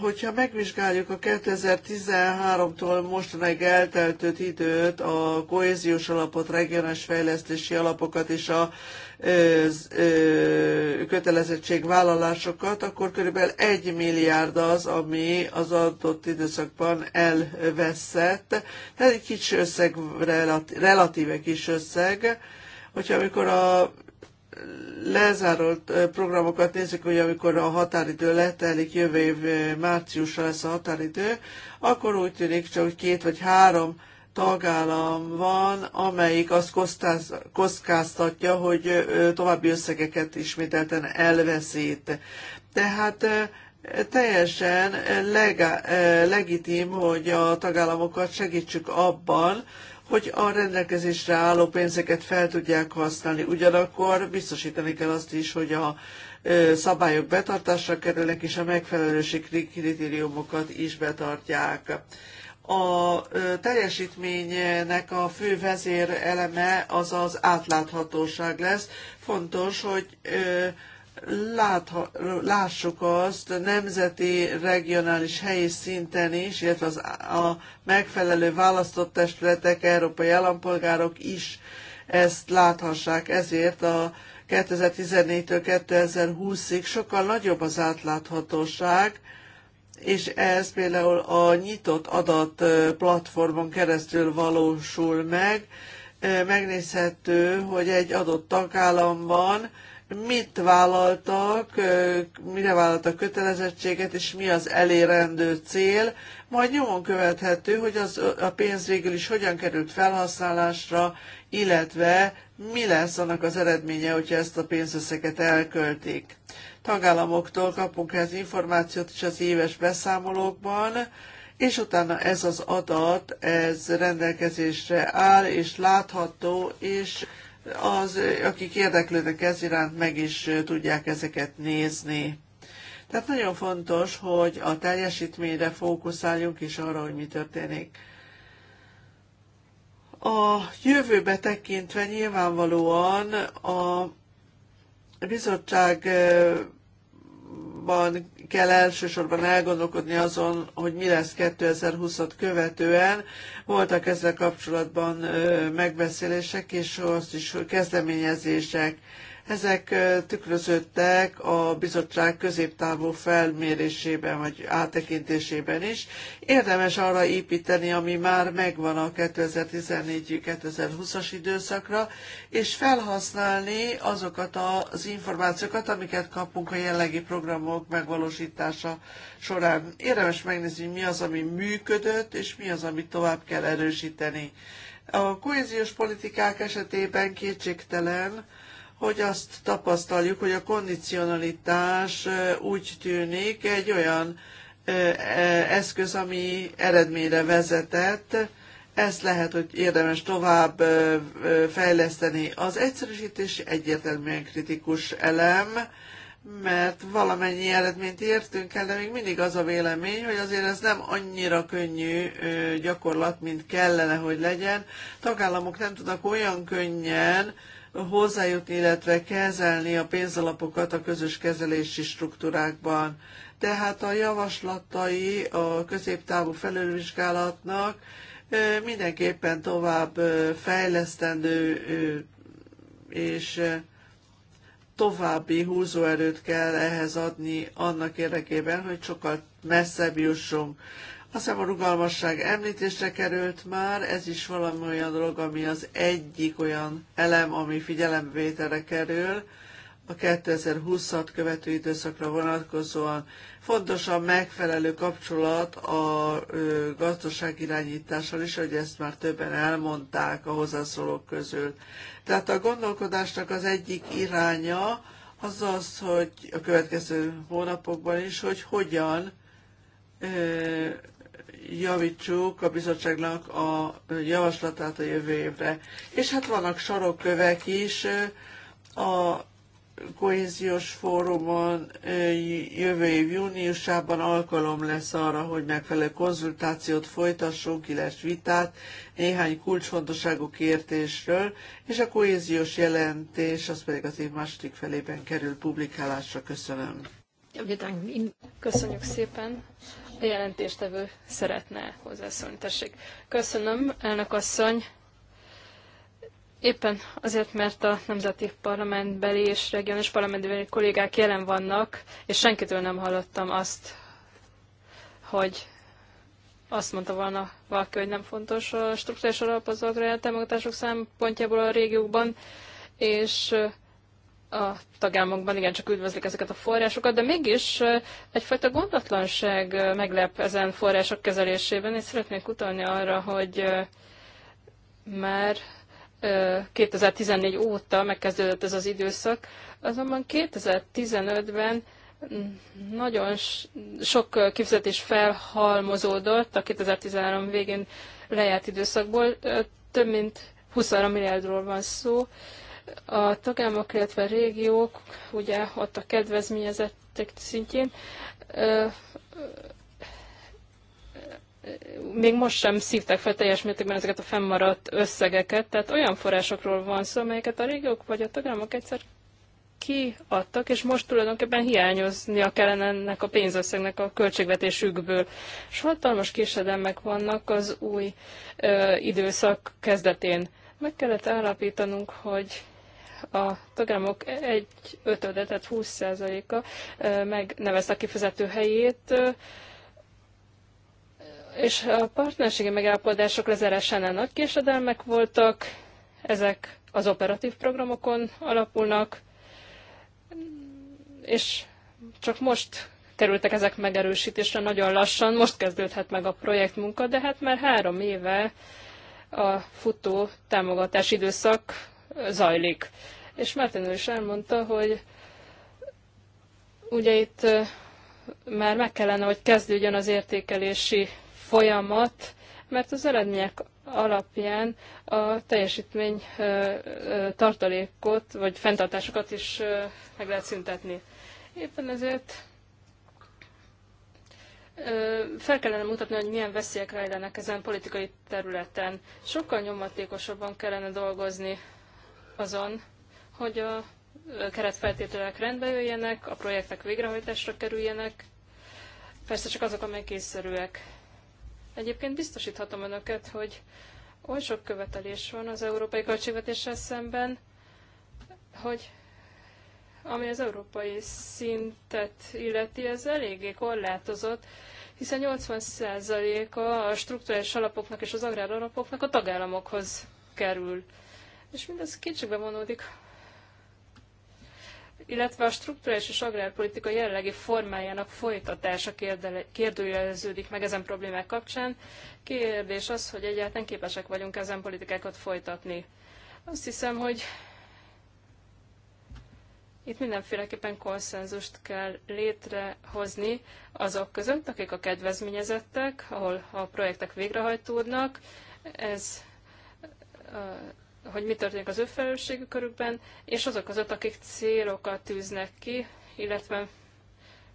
hogyha megvizsgáljuk a 2013-tól mostanáig elteltött időt, a kohéziós alapot, regionális fejlesztési alapokat és a kötelezettségvállalásokat, akkor körülbelül 1 milliárd az, ami az adott időszakban elveszett. Tehát egy kis összeg, relatíve kis összeg, hogyha amikor a lezárolt programokat nézzük, hogy amikor a határidő letelik, jövő év márciusra lesz a határidő, akkor úgy tűnik csak két vagy három tagállam van, amelyik azt kockáztatja, hogy további összegeket ismételten elveszít. Tehát teljesen legá- legitim, hogy a tagállamokat segítsük abban, hogy a rendelkezésre álló pénzeket fel tudják használni. Ugyanakkor biztosítani kell azt is, hogy a szabályok betartásra kerülnek, és a megfelelőségi kritériumokat is betartják a teljesítménynek a fő vezér eleme az az átláthatóság lesz. Fontos, hogy látha, lássuk azt nemzeti, regionális, helyi szinten is, illetve az, a megfelelő választott testületek, európai állampolgárok is ezt láthassák. Ezért a 2014-től 2020-ig sokkal nagyobb az átláthatóság, és ez például a nyitott adat platformon keresztül valósul meg. Megnézhető, hogy egy adott tagállamban mit vállaltak, mire vállaltak kötelezettséget, és mi az elérendő cél, majd nyomon követhető, hogy az, a pénz végül is hogyan került felhasználásra, illetve mi lesz annak az eredménye, hogyha ezt a pénzösszeget elköltik tagállamoktól kapunk ez információt is az éves beszámolókban, és utána ez az adat, ez rendelkezésre áll, és látható, és az, akik érdeklődnek ez iránt, meg is tudják ezeket nézni. Tehát nagyon fontos, hogy a teljesítményre fókuszáljunk, és arra, hogy mi történik. A jövőbe tekintve nyilvánvalóan a bizottságban kell elsősorban elgondolkodni azon, hogy mi lesz 2020-at követően. Voltak ezzel kapcsolatban megbeszélések és azt is kezdeményezések. Ezek tükröződtek a bizottság középtávú felmérésében vagy áttekintésében is. Érdemes arra építeni, ami már megvan a 2014-2020-as időszakra, és felhasználni azokat az információkat, amiket kapunk a jelenlegi programok megvalósítása során. Érdemes megnézni, mi az, ami működött, és mi az, amit tovább kell erősíteni. A kohéziós politikák esetében kétségtelen, hogy azt tapasztaljuk, hogy a kondicionalitás úgy tűnik egy olyan e, eszköz, ami eredményre vezetett, ezt lehet, hogy érdemes tovább fejleszteni. Az egyszerűsítés egyértelműen kritikus elem, mert valamennyi eredményt értünk el, de még mindig az a vélemény, hogy azért ez nem annyira könnyű gyakorlat, mint kellene, hogy legyen. Tagállamok nem tudnak olyan könnyen hozzájutni, illetve kezelni a pénzalapokat a közös kezelési struktúrákban. Tehát a javaslatai a középtávú felülvizsgálatnak mindenképpen tovább fejlesztendő és további húzóerőt kell ehhez adni annak érdekében, hogy sokkal messzebb jussunk. Azt hiszem a rugalmasság említésre került már, ez is valami olyan dolog, ami az egyik olyan elem, ami figyelembevételre kerül, a 2020 követő időszakra vonatkozóan. Fontos a megfelelő kapcsolat a gazdaság irányítással is, hogy ezt már többen elmondták a hozzászólók közül. Tehát a gondolkodásnak az egyik iránya az az, hogy a következő hónapokban is, hogy hogyan javítsuk a bizottságnak a javaslatát a jövő évre. És hát vannak sarokkövek is a kohéziós fórumon jövő év júniusában alkalom lesz arra, hogy megfelelő konzultációt folytassunk, illetve vitát néhány kulcsfontosságú kérdésről, és a kohéziós jelentés az pedig az év második felében kerül publikálásra. Köszönöm. Köszönjük szépen jelentéstevő szeretne hozzászólni. Tessék. Köszönöm, elnök asszony. Éppen azért, mert a nemzeti parlamentbeli és regionális parlamentbeli kollégák jelen vannak, és senkitől nem hallottam azt, hogy azt mondta volna valaki, hogy nem fontos a struktúrás alap az agrár támogatások szempontjából a régiókban, és a tagállamokban igencsak üdvözlik ezeket a forrásokat, de mégis egyfajta gondatlanság meglep ezen források kezelésében, és szeretnék utalni arra, hogy már 2014 óta megkezdődött ez az időszak, azonban 2015-ben nagyon sok kifizetés felhalmozódott a 2013 végén lejárt időszakból, több mint 23 milliárdról van szó, a tagállamok, illetve a régiók, ugye ott a kedvezményezettek szintjén, még most sem szívták fel teljes mértékben ezeket a fennmaradt összegeket, tehát olyan forrásokról van szó, amelyeket a régiók vagy a tagállamok egyszer kiadtak, és most tulajdonképpen hiányoznia kellene ennek a pénzösszegnek a költségvetésükből. És hatalmas késedelmek vannak az új ö, időszak kezdetén. Meg kellett állapítanunk, hogy a tagállamok egy ötöde, tehát 20%-a megnevezte a kifizető helyét, és a partnerségi megállapodások lezeresen nagy késedelmek voltak, ezek az operatív programokon alapulnak, és csak most kerültek ezek megerősítésre nagyon lassan, most kezdődhet meg a projekt munka, de hát már három éve a futó támogatás időszak zajlik. És Márten is elmondta, hogy ugye itt már meg kellene, hogy kezdődjön az értékelési folyamat, mert az eredmények alapján a teljesítmény tartalékot vagy fenntartásokat is meg lehet szüntetni. Éppen ezért fel kellene mutatni, hogy milyen veszélyek rejlenek ezen politikai területen. Sokkal nyomatékosabban kellene dolgozni azon, hogy a keretfeltételek rendbe jöjjenek, a projektek végrehajtásra kerüljenek, persze csak azok, amelyek készszerűek. Egyébként biztosíthatom önöket, hogy oly sok követelés van az európai költségvetéssel szemben, hogy ami az európai szintet illeti, ez eléggé korlátozott, hiszen 80%-a a, a struktúrális alapoknak és az agrár alapoknak a tagállamokhoz kerül. És mindez kétségbe vonódik, illetve a strukturális és agrárpolitika jelenlegi formájának folytatása kérdőjeleződik meg ezen problémák kapcsán. Kérdés az, hogy egyáltalán képesek vagyunk ezen politikákat folytatni. Azt hiszem, hogy itt mindenféleképpen konszenzust kell létrehozni azok között, akik a kedvezményezettek, ahol a projektek végrehajtódnak. Ez hogy mi történik az ő felelősségük körükben, és azok között, akik célokat tűznek ki, illetve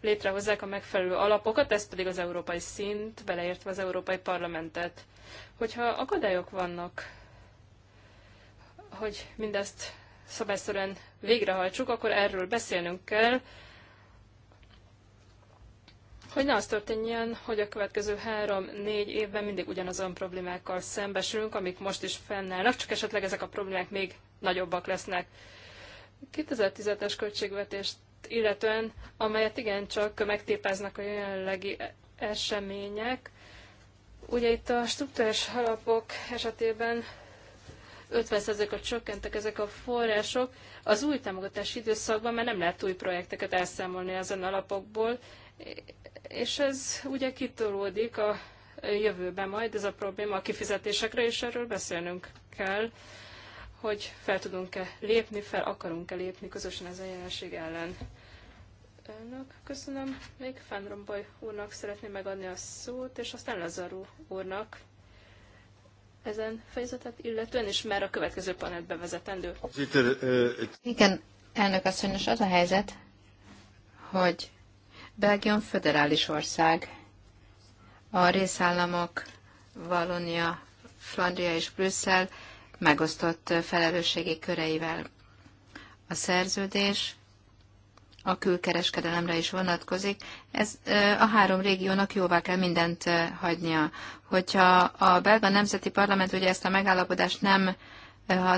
létrehozzák a megfelelő alapokat, ez pedig az európai szint, beleértve az európai parlamentet. Hogyha akadályok vannak, hogy mindezt szabályszerűen végrehajtsuk, akkor erről beszélnünk kell, hogy ne az történjen, hogy a következő három-négy évben mindig ugyanazon problémákkal szembesülünk, amik most is fennállnak, csak esetleg ezek a problémák még nagyobbak lesznek. 2010-es költségvetést illetően, amelyet igencsak megtépáznak a jelenlegi események. Ugye itt a struktúrás alapok esetében 50%-ot csökkentek ezek a források. Az új támogatási időszakban már nem lehet új projekteket elszámolni ezen alapokból, és ez ugye kitolódik a jövőben majd ez a probléma a kifizetésekre, és erről beszélnünk kell, hogy fel tudunk-e lépni, fel akarunk-e lépni közösen a jelenség ellen. Önök, köszönöm. Még Fánromboly úrnak szeretném megadni a szót, és aztán Lazaró úrnak ezen fejezetet illetően, és már a következő panelt bevezetendő. Igen, elnök asszonyos, az a helyzet, hogy Belgium föderális ország. A részállamok Valonia, Flandria és Brüsszel megosztott felelősségi köreivel. A szerződés a külkereskedelemre is vonatkozik. Ez a három régiónak jóvá kell mindent hagynia. Hogyha a belga nemzeti parlament ugye ezt a megállapodást nem ha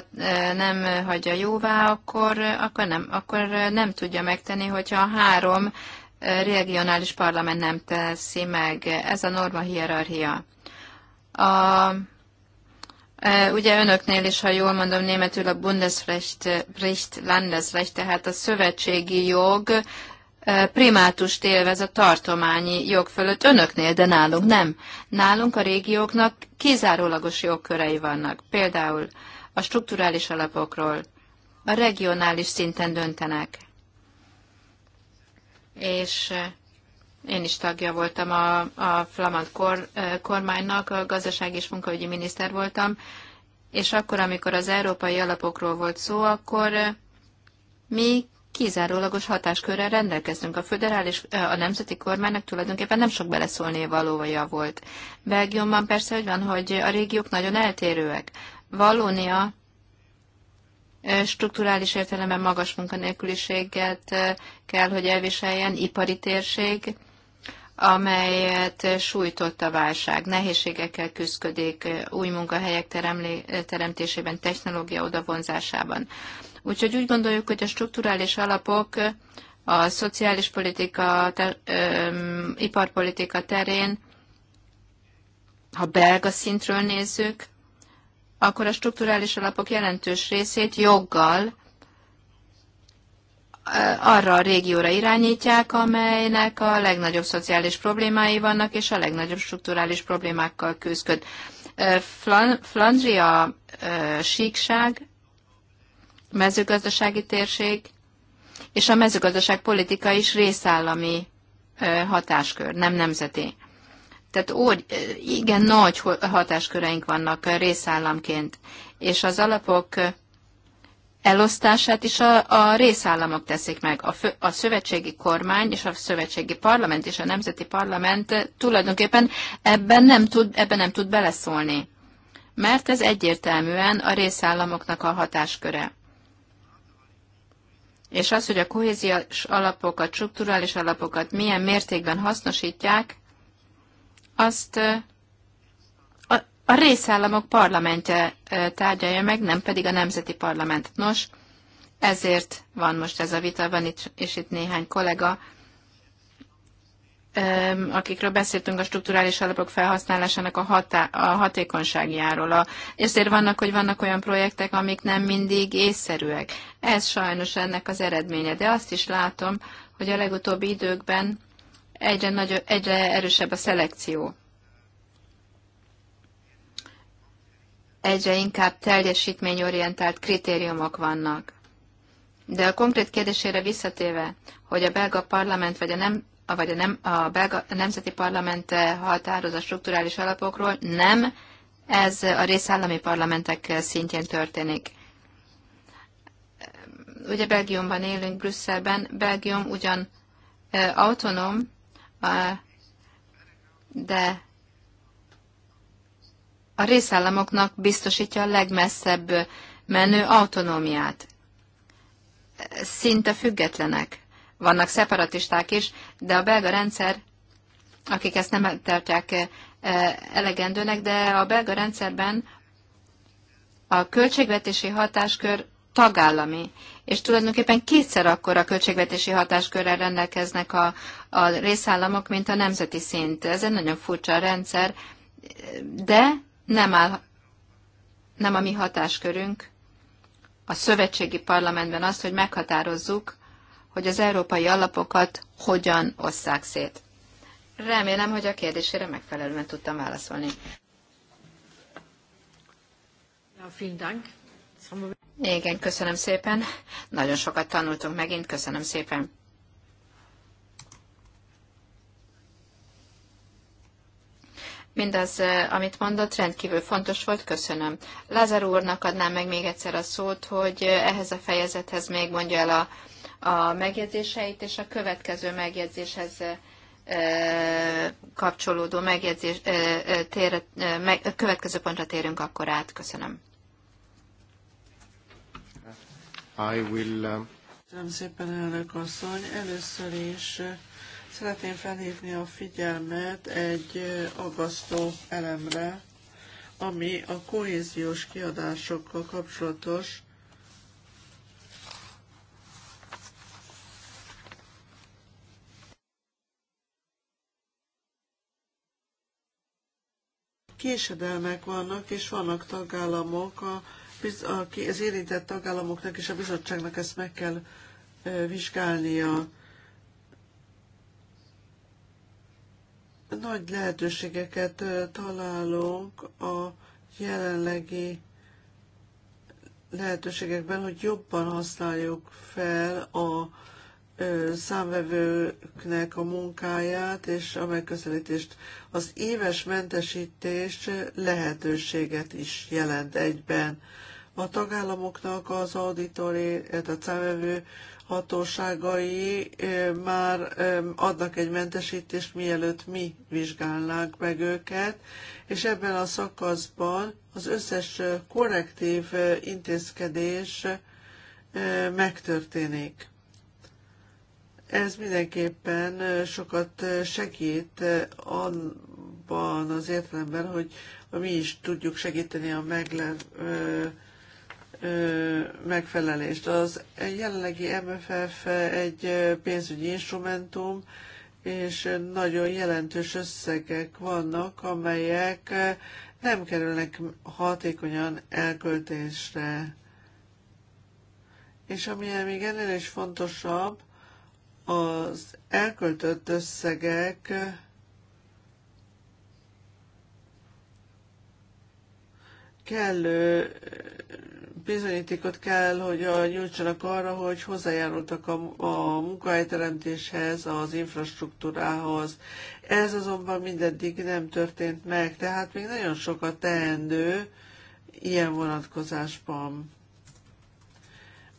nem hagyja jóvá, akkor, akkor, nem, akkor nem tudja megtenni, hogyha a három regionális parlament nem teszi meg. Ez a norma hierarchia. A, e, ugye önöknél is, ha jól mondom, németül a Bundesrecht, Recht, Landesrecht, tehát a szövetségi jog e, primátust élvez a tartományi jog fölött önöknél, de nálunk nem. Nálunk a régióknak kizárólagos jogkörei vannak. Például a strukturális alapokról a regionális szinten döntenek és eh, én is tagja voltam a, a flamand kor, eh, kormánynak, a gazdaság és munkaügyi miniszter voltam, és akkor, amikor az európai alapokról volt szó, akkor eh, mi kizárólagos hatáskörrel rendelkeztünk. A föderális, a nemzeti kormánynak tulajdonképpen nem sok beleszólné valója volt. Belgiumban persze úgy van, hogy a régiók nagyon eltérőek. Valónia strukturális értelemben magas munkanélküliséget kell, hogy elviseljen, ipari térség, amelyet sújtott a válság. Nehézségekkel küzdködik új munkahelyek teremtésében, technológia odavonzásában. Úgyhogy úgy gondoljuk, hogy a strukturális alapok a szociális politika, ter, ö, iparpolitika terén, ha belga szintről nézzük, akkor a strukturális alapok jelentős részét joggal arra a régióra irányítják, amelynek a legnagyobb szociális problémái vannak, és a legnagyobb strukturális problémákkal küzdköd. Flandria síkság, mezőgazdasági térség, és a mezőgazdaság politika is részállami hatáskör, nem nemzeti. Tehát úgy, igen nagy hatásköreink vannak részállamként, és az alapok elosztását is a, a részállamok teszik meg. A, fő, a szövetségi kormány és a szövetségi parlament és a nemzeti parlament tulajdonképpen ebben nem tud, ebben nem tud beleszólni, mert ez egyértelműen a részállamoknak a hatásköre. És az, hogy a kohéziós alapokat, strukturális alapokat milyen mértékben hasznosítják, azt a, a részállamok parlamentje tárgyalja meg, nem pedig a nemzeti parlament. Nos, ezért van most ez a vita, van itt, és itt néhány kollega, akikről beszéltünk a strukturális alapok felhasználásának a, hatá- a hatékonyságjáról. A, ezért vannak, hogy vannak olyan projektek, amik nem mindig észszerűek. Ez sajnos ennek az eredménye, de azt is látom, hogy a legutóbbi időkben egyre, nagy, egyre erősebb a szelekció. Egyre inkább teljesítményorientált kritériumok vannak. De a konkrét kérdésére visszatéve, hogy a belga parlament vagy a nem vagy a, nem, a belga, a nemzeti parlament határoz a strukturális alapokról, nem, ez a részállami parlamentek szintjén történik. Ugye Belgiumban élünk, Brüsszelben. Belgium ugyan autonóm, de a részállamoknak biztosítja a legmesszebb menő autonómiát. Szinte függetlenek. Vannak szeparatisták is, de a belga rendszer, akik ezt nem tartják eh, elegendőnek, de a belga rendszerben a költségvetési hatáskör tagállami, és tulajdonképpen kétszer akkor a költségvetési hatáskörrel rendelkeznek a, a részállamok, mint a nemzeti szint. Ez egy nagyon furcsa rendszer, de nem, áll, nem a mi hatáskörünk a szövetségi parlamentben azt, hogy meghatározzuk, hogy az európai alapokat hogyan osszák szét. Remélem, hogy a kérdésére megfelelően tudtam válaszolni. Igen, köszönöm szépen. Nagyon sokat tanultunk megint, köszönöm szépen. Mindaz, eh, amit mondott, rendkívül fontos volt, köszönöm. Lázár úrnak adnám meg még egyszer a szót, hogy eh, ehhez a fejezethez még mondja el a, a megjegyzéseit, és a következő megjegyzéshez eh, kapcsolódó megjegyzés, tér, meg, következő pontra térünk akkor át. Köszönöm. I will, uh... Köszönöm szépen, elnök asszony. Először is Szeretném felhívni a figyelmet egy aggasztó elemre, ami a kohéziós kiadásokkal kapcsolatos, késedelmek vannak, és vannak tagállamok, a, az érintett tagállamoknak és a bizottságnak ezt meg kell vizsgálnia. nagy lehetőségeket találunk a jelenlegi lehetőségekben, hogy jobban használjuk fel a számvevőknek a munkáját és a megközelítést. Az éves mentesítés lehetőséget is jelent egyben. A tagállamoknak az auditori, tehát a számvevő hatóságai már adnak egy mentesítést, mielőtt mi vizsgálnánk meg őket, és ebben a szakaszban az összes korrektív intézkedés megtörténik. Ez mindenképpen sokat segít abban az értelemben, hogy mi is tudjuk segíteni a meglevő megfelelést. Az jelenlegi MFF egy pénzügyi instrumentum, és nagyon jelentős összegek vannak, amelyek nem kerülnek hatékonyan elköltésre. És ami még ennél is fontosabb, az elköltött összegek kellő bizonyítékot kell, hogy nyújtsanak arra, hogy hozzájárultak a, a munkahelyteremtéshez, az infrastruktúrához. Ez azonban mindeddig nem történt meg, tehát még nagyon sok a teendő ilyen vonatkozásban.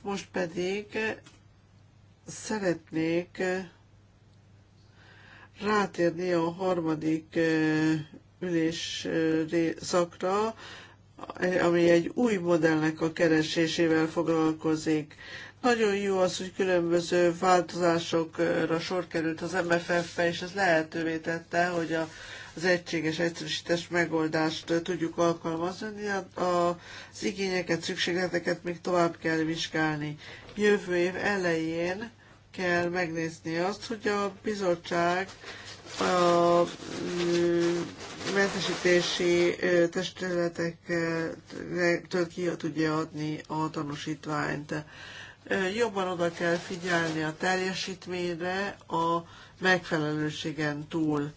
Most pedig szeretnék rátérni a harmadik eh, ülés eh, szakra, ami egy új modellnek a keresésével foglalkozik. Nagyon jó az, hogy különböző változásokra sor került az MFF-be, és ez lehetővé tette, hogy a, az egységes, egyszerűsítés megoldást tudjuk alkalmazni, az igényeket, szükségleteket még tovább kell vizsgálni. Jövő év elején kell megnézni azt, hogy a bizottság a mm, mentesítési testületektől ki tudja adni a tanúsítványt. Jobban oda kell figyelni a teljesítményre a megfelelőségen túl.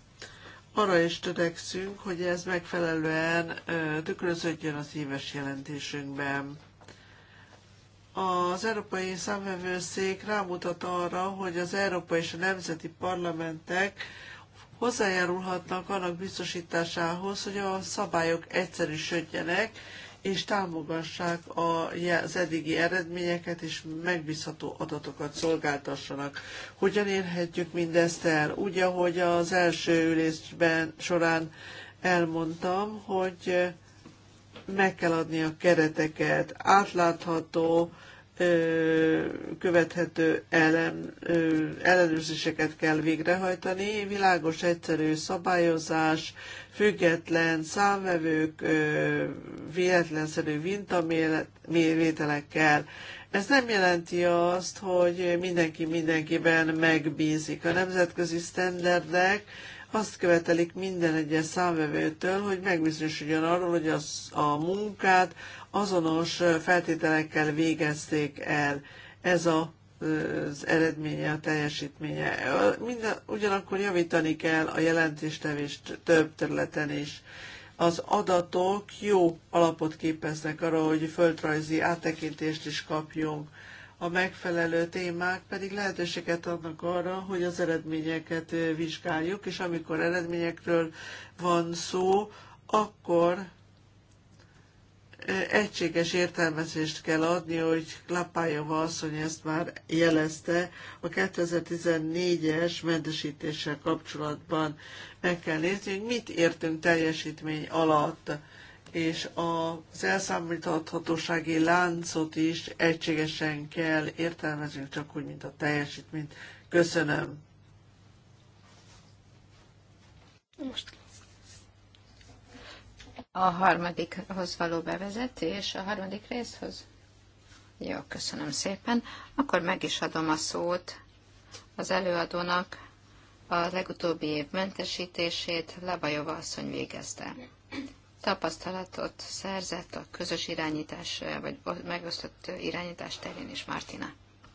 Arra is törekszünk, hogy ez megfelelően tükröződjön az éves jelentésünkben. Az Európai Számvevőszék rámutat arra, hogy az Európai és a Nemzeti Parlamentek hozzájárulhatnak annak biztosításához, hogy a szabályok egyszerűsödjenek, és támogassák az eddigi eredményeket, és megbízható adatokat szolgáltassanak. Hogyan érhetjük mindezt el? Úgy, ahogy az első ülésben során elmondtam, hogy meg kell adni a kereteket, átlátható, követhető ellen, ellenőrzéseket kell végrehajtani, világos, egyszerű szabályozás, független számvevők, véletlenszerű vintamérételekkel. Ez nem jelenti azt, hogy mindenki mindenkiben megbízik. A nemzetközi sztenderdek azt követelik minden egyes számvevőtől, hogy megbizonyosodjon arról, hogy az, a munkát, azonos feltételekkel végezték el. Ez a az eredménye, a teljesítménye. Minden, ugyanakkor javítani kell a jelentéstevést több területen is. Az adatok jó alapot képeznek arra, hogy földrajzi áttekintést is kapjunk. A megfelelő témák pedig lehetőséget adnak arra, hogy az eredményeket vizsgáljuk, és amikor eredményekről van szó, akkor egységes értelmezést kell adni, hogy Klapájova asszony ezt már jelezte a 2014-es mentesítéssel kapcsolatban. Meg kell nézni, hogy mit értünk teljesítmény alatt, és az elszámíthatósági láncot is egységesen kell értelmezni, csak úgy, mint a teljesítményt. Köszönöm. Most a harmadikhoz való bevezetés, a harmadik részhoz? Jó, köszönöm szépen. Akkor meg is adom a szót az előadónak. A legutóbbi év mentesítését Labajova asszony végezte. Tapasztalatot szerzett a közös irányítás, vagy megosztott irányítás terén is, Martina.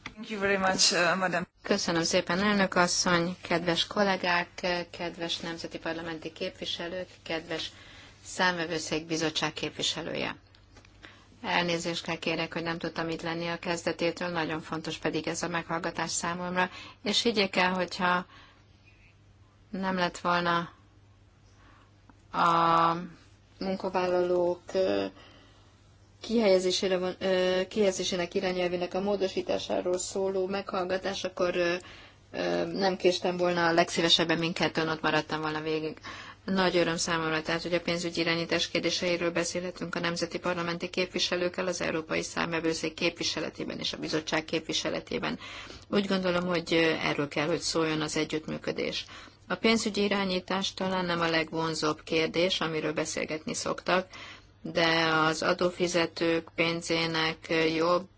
Thank you very much, uh, madam. Köszönöm szépen, elnök asszony, kedves kollégák, kedves nemzeti parlamenti képviselők, kedves számvevőszék bizottság képviselője. Elnézést kell kérek, hogy nem tudtam itt lenni a kezdetétől, nagyon fontos pedig ez a meghallgatás számomra, és higgyék el, hogyha nem lett volna a munkavállalók kihelyezésének irányelvének a módosításáról szóló meghallgatás, akkor nem késtem volna, a legszívesebben mindkettőn ott maradtam volna végig. Nagy öröm számomra, tehát, hogy a pénzügyi irányítás kérdéseiről beszélhetünk a nemzeti parlamenti képviselőkkel, az Európai Számvevőszék képviseletében és a bizottság képviseletében. Úgy gondolom, hogy erről kell, hogy szóljon az együttműködés. A pénzügyi irányítás talán nem a legvonzóbb kérdés, amiről beszélgetni szoktak, de az adófizetők pénzének jobb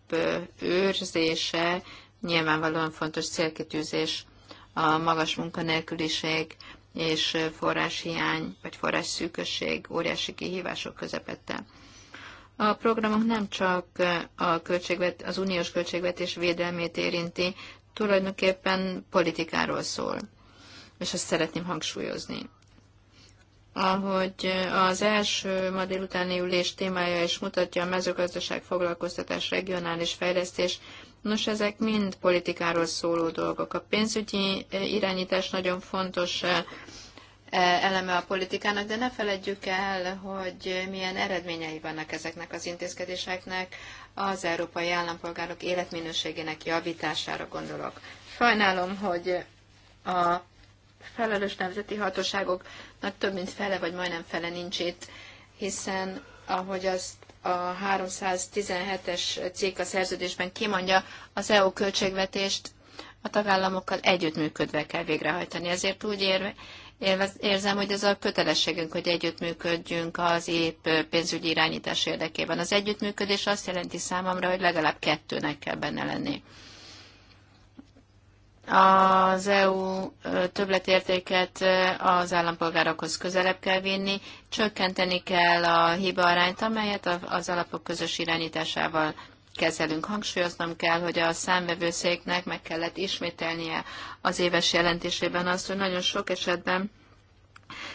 őrzése nyilvánvalóan fontos célkitűzés a magas munkanélküliség és forráshiány vagy forrásszűkösség óriási kihívások közepette. A programok nem csak a költségvet, az uniós költségvetés védelmét érinti, tulajdonképpen politikáról szól, és ezt szeretném hangsúlyozni. Ahogy az első ma délutáni ülés témája is mutatja, a mezőgazdaság, foglalkoztatás, regionális fejlesztés Nos, ezek mind politikáról szóló dolgok. A pénzügyi eh, irányítás nagyon fontos eh, eh, eleme a politikának, de ne feledjük el, hogy milyen eredményei vannak ezeknek az intézkedéseknek az európai állampolgárok életminőségének javítására gondolok. Sajnálom, hogy a felelős nemzeti hatóságoknak több mint fele, vagy majdnem fele nincs itt, hiszen ahogy azt a 317-es cég a szerződésben kimondja, az EU költségvetést a tagállamokkal együttműködve kell végrehajtani. Ezért úgy ér, érzem, hogy ez a kötelességünk, hogy együttműködjünk az épp pénzügyi irányítás érdekében. Az együttműködés azt jelenti számomra, hogy legalább kettőnek kell benne lenni az EU többletértéket az állampolgárokhoz közelebb kell vinni, csökkenteni kell a hiba arányt, amelyet az alapok közös irányításával kezelünk. Hangsúlyoznom kell, hogy a számvevőszéknek meg kellett ismételnie az éves jelentésében azt, hogy nagyon sok esetben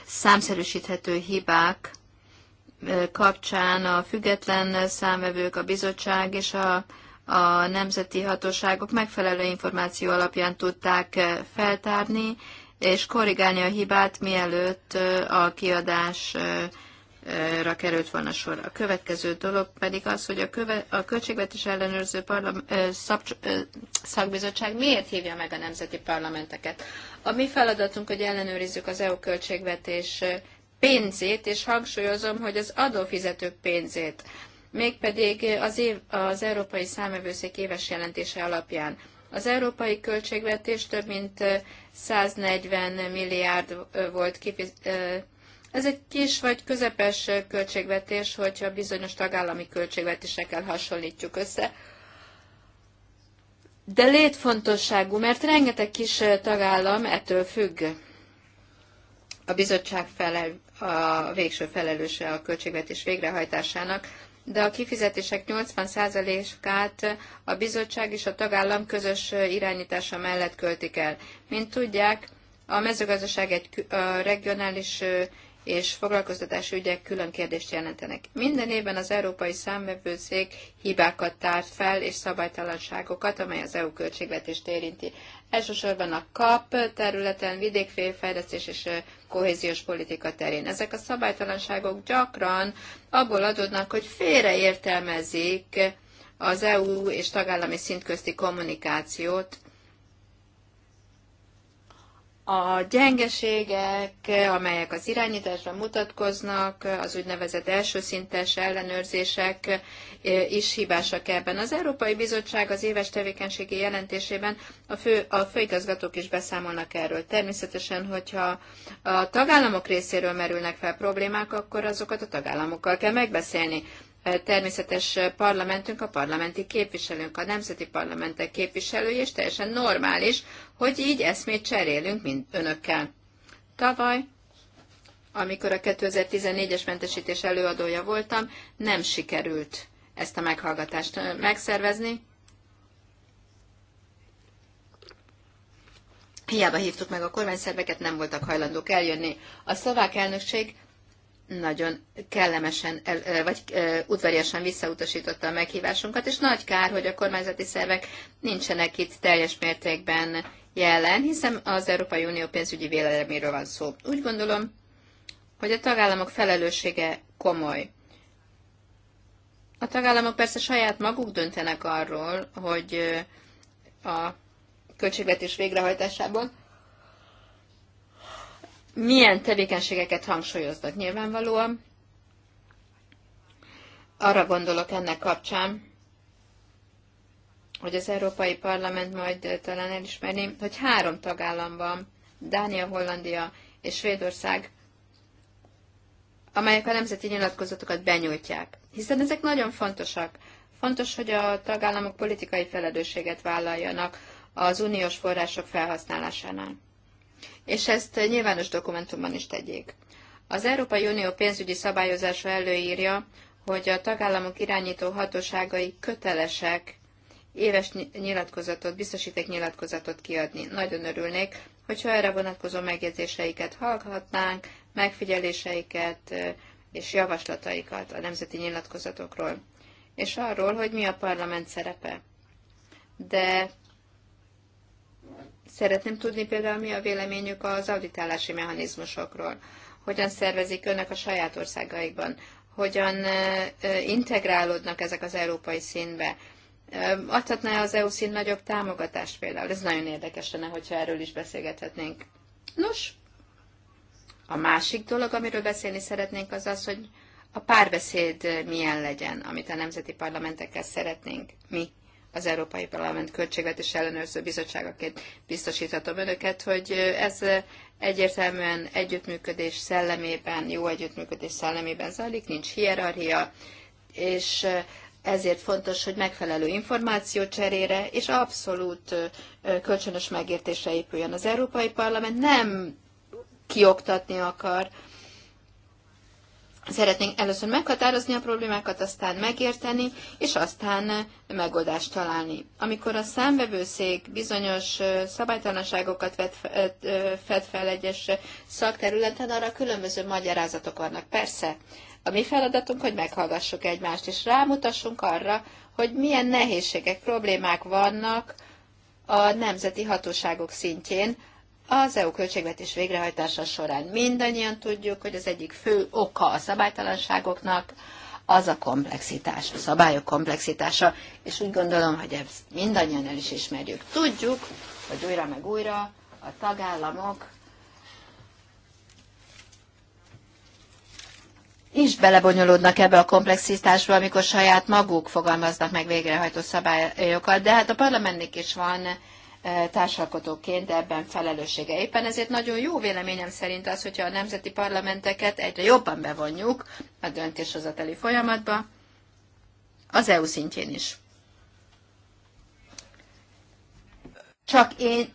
számszerűsíthető hibák kapcsán a független számvevők, a bizottság és a a nemzeti hatóságok megfelelő információ alapján tudták eh, feltárni, és korrigálni a hibát, mielőtt eh, a kiadásra eh, került volna sor. A következő dolog pedig az, hogy a, köve, a Költségvetés Ellenőrző parlam, szab, Szakbizottság miért hívja meg a nemzeti parlamenteket. A mi feladatunk, hogy ellenőrizzük az EU költségvetés pénzét, és hangsúlyozom, hogy az adófizetők pénzét mégpedig az, év, az Európai Számövőszék éves jelentése alapján. Az európai költségvetés több mint 140 milliárd volt kifizetve. Ez egy kis vagy közepes költségvetés, hogyha bizonyos tagállami költségvetésekkel hasonlítjuk össze. De létfontosságú, mert rengeteg kis tagállam ettől függ. A bizottság felel, a végső felelőse a költségvetés végrehajtásának, de a kifizetések 80%-át a bizottság és a tagállam közös irányítása mellett költik el. Mint tudják, a mezőgazdaság egy a regionális és foglalkoztatási ügyek külön kérdést jelentenek. Minden évben az Európai Számvevőszék hibákat tárt fel és szabálytalanságokat, amely az EU költségvetést érinti. Elsősorban a KAP területen vidékfélfejlesztés és kohéziós politika terén. Ezek a szabálytalanságok gyakran abból adódnak, hogy félreértelmezik az EU és tagállami szintközti kommunikációt, a gyengeségek, amelyek az irányításban mutatkoznak, az úgynevezett elsőszintes ellenőrzések e, is hibásak ebben. Az Európai Bizottság az éves tevékenységi jelentésében a, fő, a főigazgatók is beszámolnak erről. Természetesen, hogyha a tagállamok részéről merülnek fel problémák, akkor azokat a tagállamokkal kell megbeszélni természetes parlamentünk, a parlamenti képviselőnk, a nemzeti parlamentek képviselői, és teljesen normális, hogy így eszmét cserélünk, mint önökkel. Tavaly, amikor a 2014-es mentesítés előadója voltam, nem sikerült ezt a meghallgatást megszervezni. Hiába hívtuk meg a kormányszerveket, nem voltak hajlandók eljönni. A szlovák elnökség nagyon kellemesen, vagy udvariasan visszautasította a meghívásunkat, és nagy kár, hogy a kormányzati szervek nincsenek itt teljes mértékben jelen, hiszen az Európai Unió pénzügyi véleményről van szó. Úgy gondolom, hogy a tagállamok felelőssége komoly. A tagállamok persze saját maguk döntenek arról, hogy a költségvetés végrehajtásában milyen tevékenységeket hangsúlyoznak nyilvánvalóan. Arra gondolok ennek kapcsán, hogy az Európai Parlament majd talán elismerni, hogy három tagállamban, Dánia, Hollandia és Svédország, amelyek a nemzeti nyilatkozatokat benyújtják. Hiszen ezek nagyon fontosak. Fontos, hogy a tagállamok politikai felelősséget vállaljanak az uniós források felhasználásánál és ezt nyilvános dokumentumban is tegyék. Az Európai Unió pénzügyi szabályozása előírja, hogy a tagállamok irányító hatóságai kötelesek éves nyilatkozatot, biztosíték nyilatkozatot kiadni. Nagyon örülnék, hogyha erre vonatkozó megjegyzéseiket hallhatnánk, megfigyeléseiket és javaslataikat a nemzeti nyilatkozatokról, és arról, hogy mi a parlament szerepe. De Szeretném tudni például, mi a véleményük az auditálási mechanizmusokról. Hogyan szervezik önök a saját országaikban? Hogyan integrálódnak ezek az európai színbe? Adhatná az EU szín nagyobb támogatást például? Ez nagyon érdekes lenne, hogyha erről is beszélgethetnénk. Nos, a másik dolog, amiről beszélni szeretnénk, az az, hogy a párbeszéd milyen legyen, amit a nemzeti parlamentekkel szeretnénk mi az Európai Parlament Költségvetés Ellenőrző Bizottságaként biztosíthatom önöket, hogy ez egyértelműen együttműködés szellemében, jó együttműködés szellemében zajlik, nincs hierarchia, és ezért fontos, hogy megfelelő információ cserére és abszolút kölcsönös megértésre épüljön. Az Európai Parlament nem kioktatni akar, Szeretnénk először meghatározni a problémákat, aztán megérteni, és aztán megoldást találni. Amikor a számvevőszék bizonyos szabálytalanságokat fed fel egyes szakterületen, arra különböző magyarázatok vannak. Persze, a mi feladatunk, hogy meghallgassuk egymást, és rámutassunk arra, hogy milyen nehézségek, problémák vannak a nemzeti hatóságok szintjén, az EU költségvetés végrehajtása során mindannyian tudjuk, hogy az egyik fő oka a szabálytalanságoknak az a komplexitás, a szabályok komplexitása, és úgy gondolom, hogy ezt mindannyian el is ismerjük. Tudjuk, hogy újra meg újra a tagállamok is belebonyolódnak ebbe a komplexitásba, amikor saját maguk fogalmaznak meg végrehajtó szabályokat, de hát a parlamentnek is van társalkotóként ebben felelőssége. Éppen ezért nagyon jó véleményem szerint az, hogyha a nemzeti parlamenteket egyre jobban bevonjuk a döntéshozatali folyamatba, az EU szintjén is. Csak én...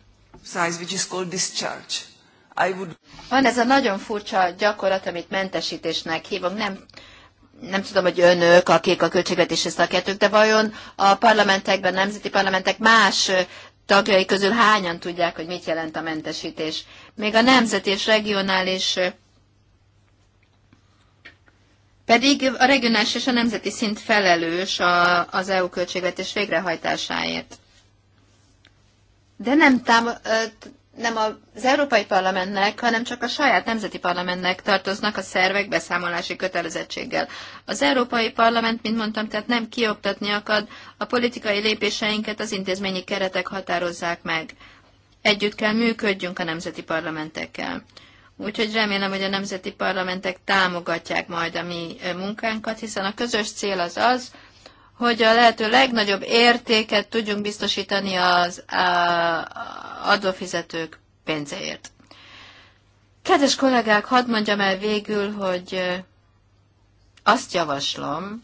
Van ez a nagyon furcsa gyakorlat, amit mentesítésnek hívom. nem nem tudom, hogy önök, akik a költségvetési szakértők, de vajon a parlamentekben, nemzeti parlamentek más tagjai közül hányan tudják, hogy mit jelent a mentesítés. Még a nemzeti és regionális pedig a regionális és a nemzeti szint felelős a, az EU költségvetés végrehajtásáért. De nem tám- nem az Európai Parlamentnek, hanem csak a saját nemzeti parlamentnek tartoznak a szervek beszámolási kötelezettséggel. Az Európai Parlament, mint mondtam, tehát nem kioktatni akad, a politikai lépéseinket az intézményi keretek határozzák meg. Együtt kell működjünk a nemzeti parlamentekkel. Úgyhogy remélem, hogy a nemzeti parlamentek támogatják majd a mi munkánkat, hiszen a közös cél az az, hogy a lehető legnagyobb értéket tudjunk biztosítani az adófizetők pénzeért. Kedves kollégák, hadd mondjam el végül, hogy azt javaslom,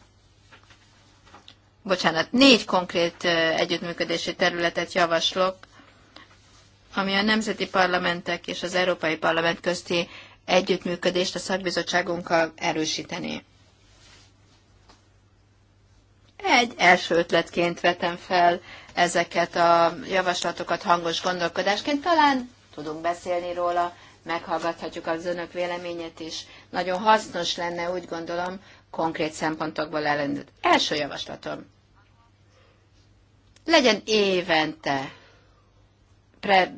bocsánat, négy konkrét együttműködési területet javaslok, ami a nemzeti parlamentek és az Európai Parlament közti együttműködést a szakbizottságunkkal erősíteni. Egy első ötletként vetem fel ezeket a javaslatokat hangos gondolkodásként. Talán tudunk beszélni róla, meghallgathatjuk az önök véleményét is. Nagyon hasznos lenne, úgy gondolom, konkrét szempontokból ellenőrizni. Első javaslatom. Legyen évente pre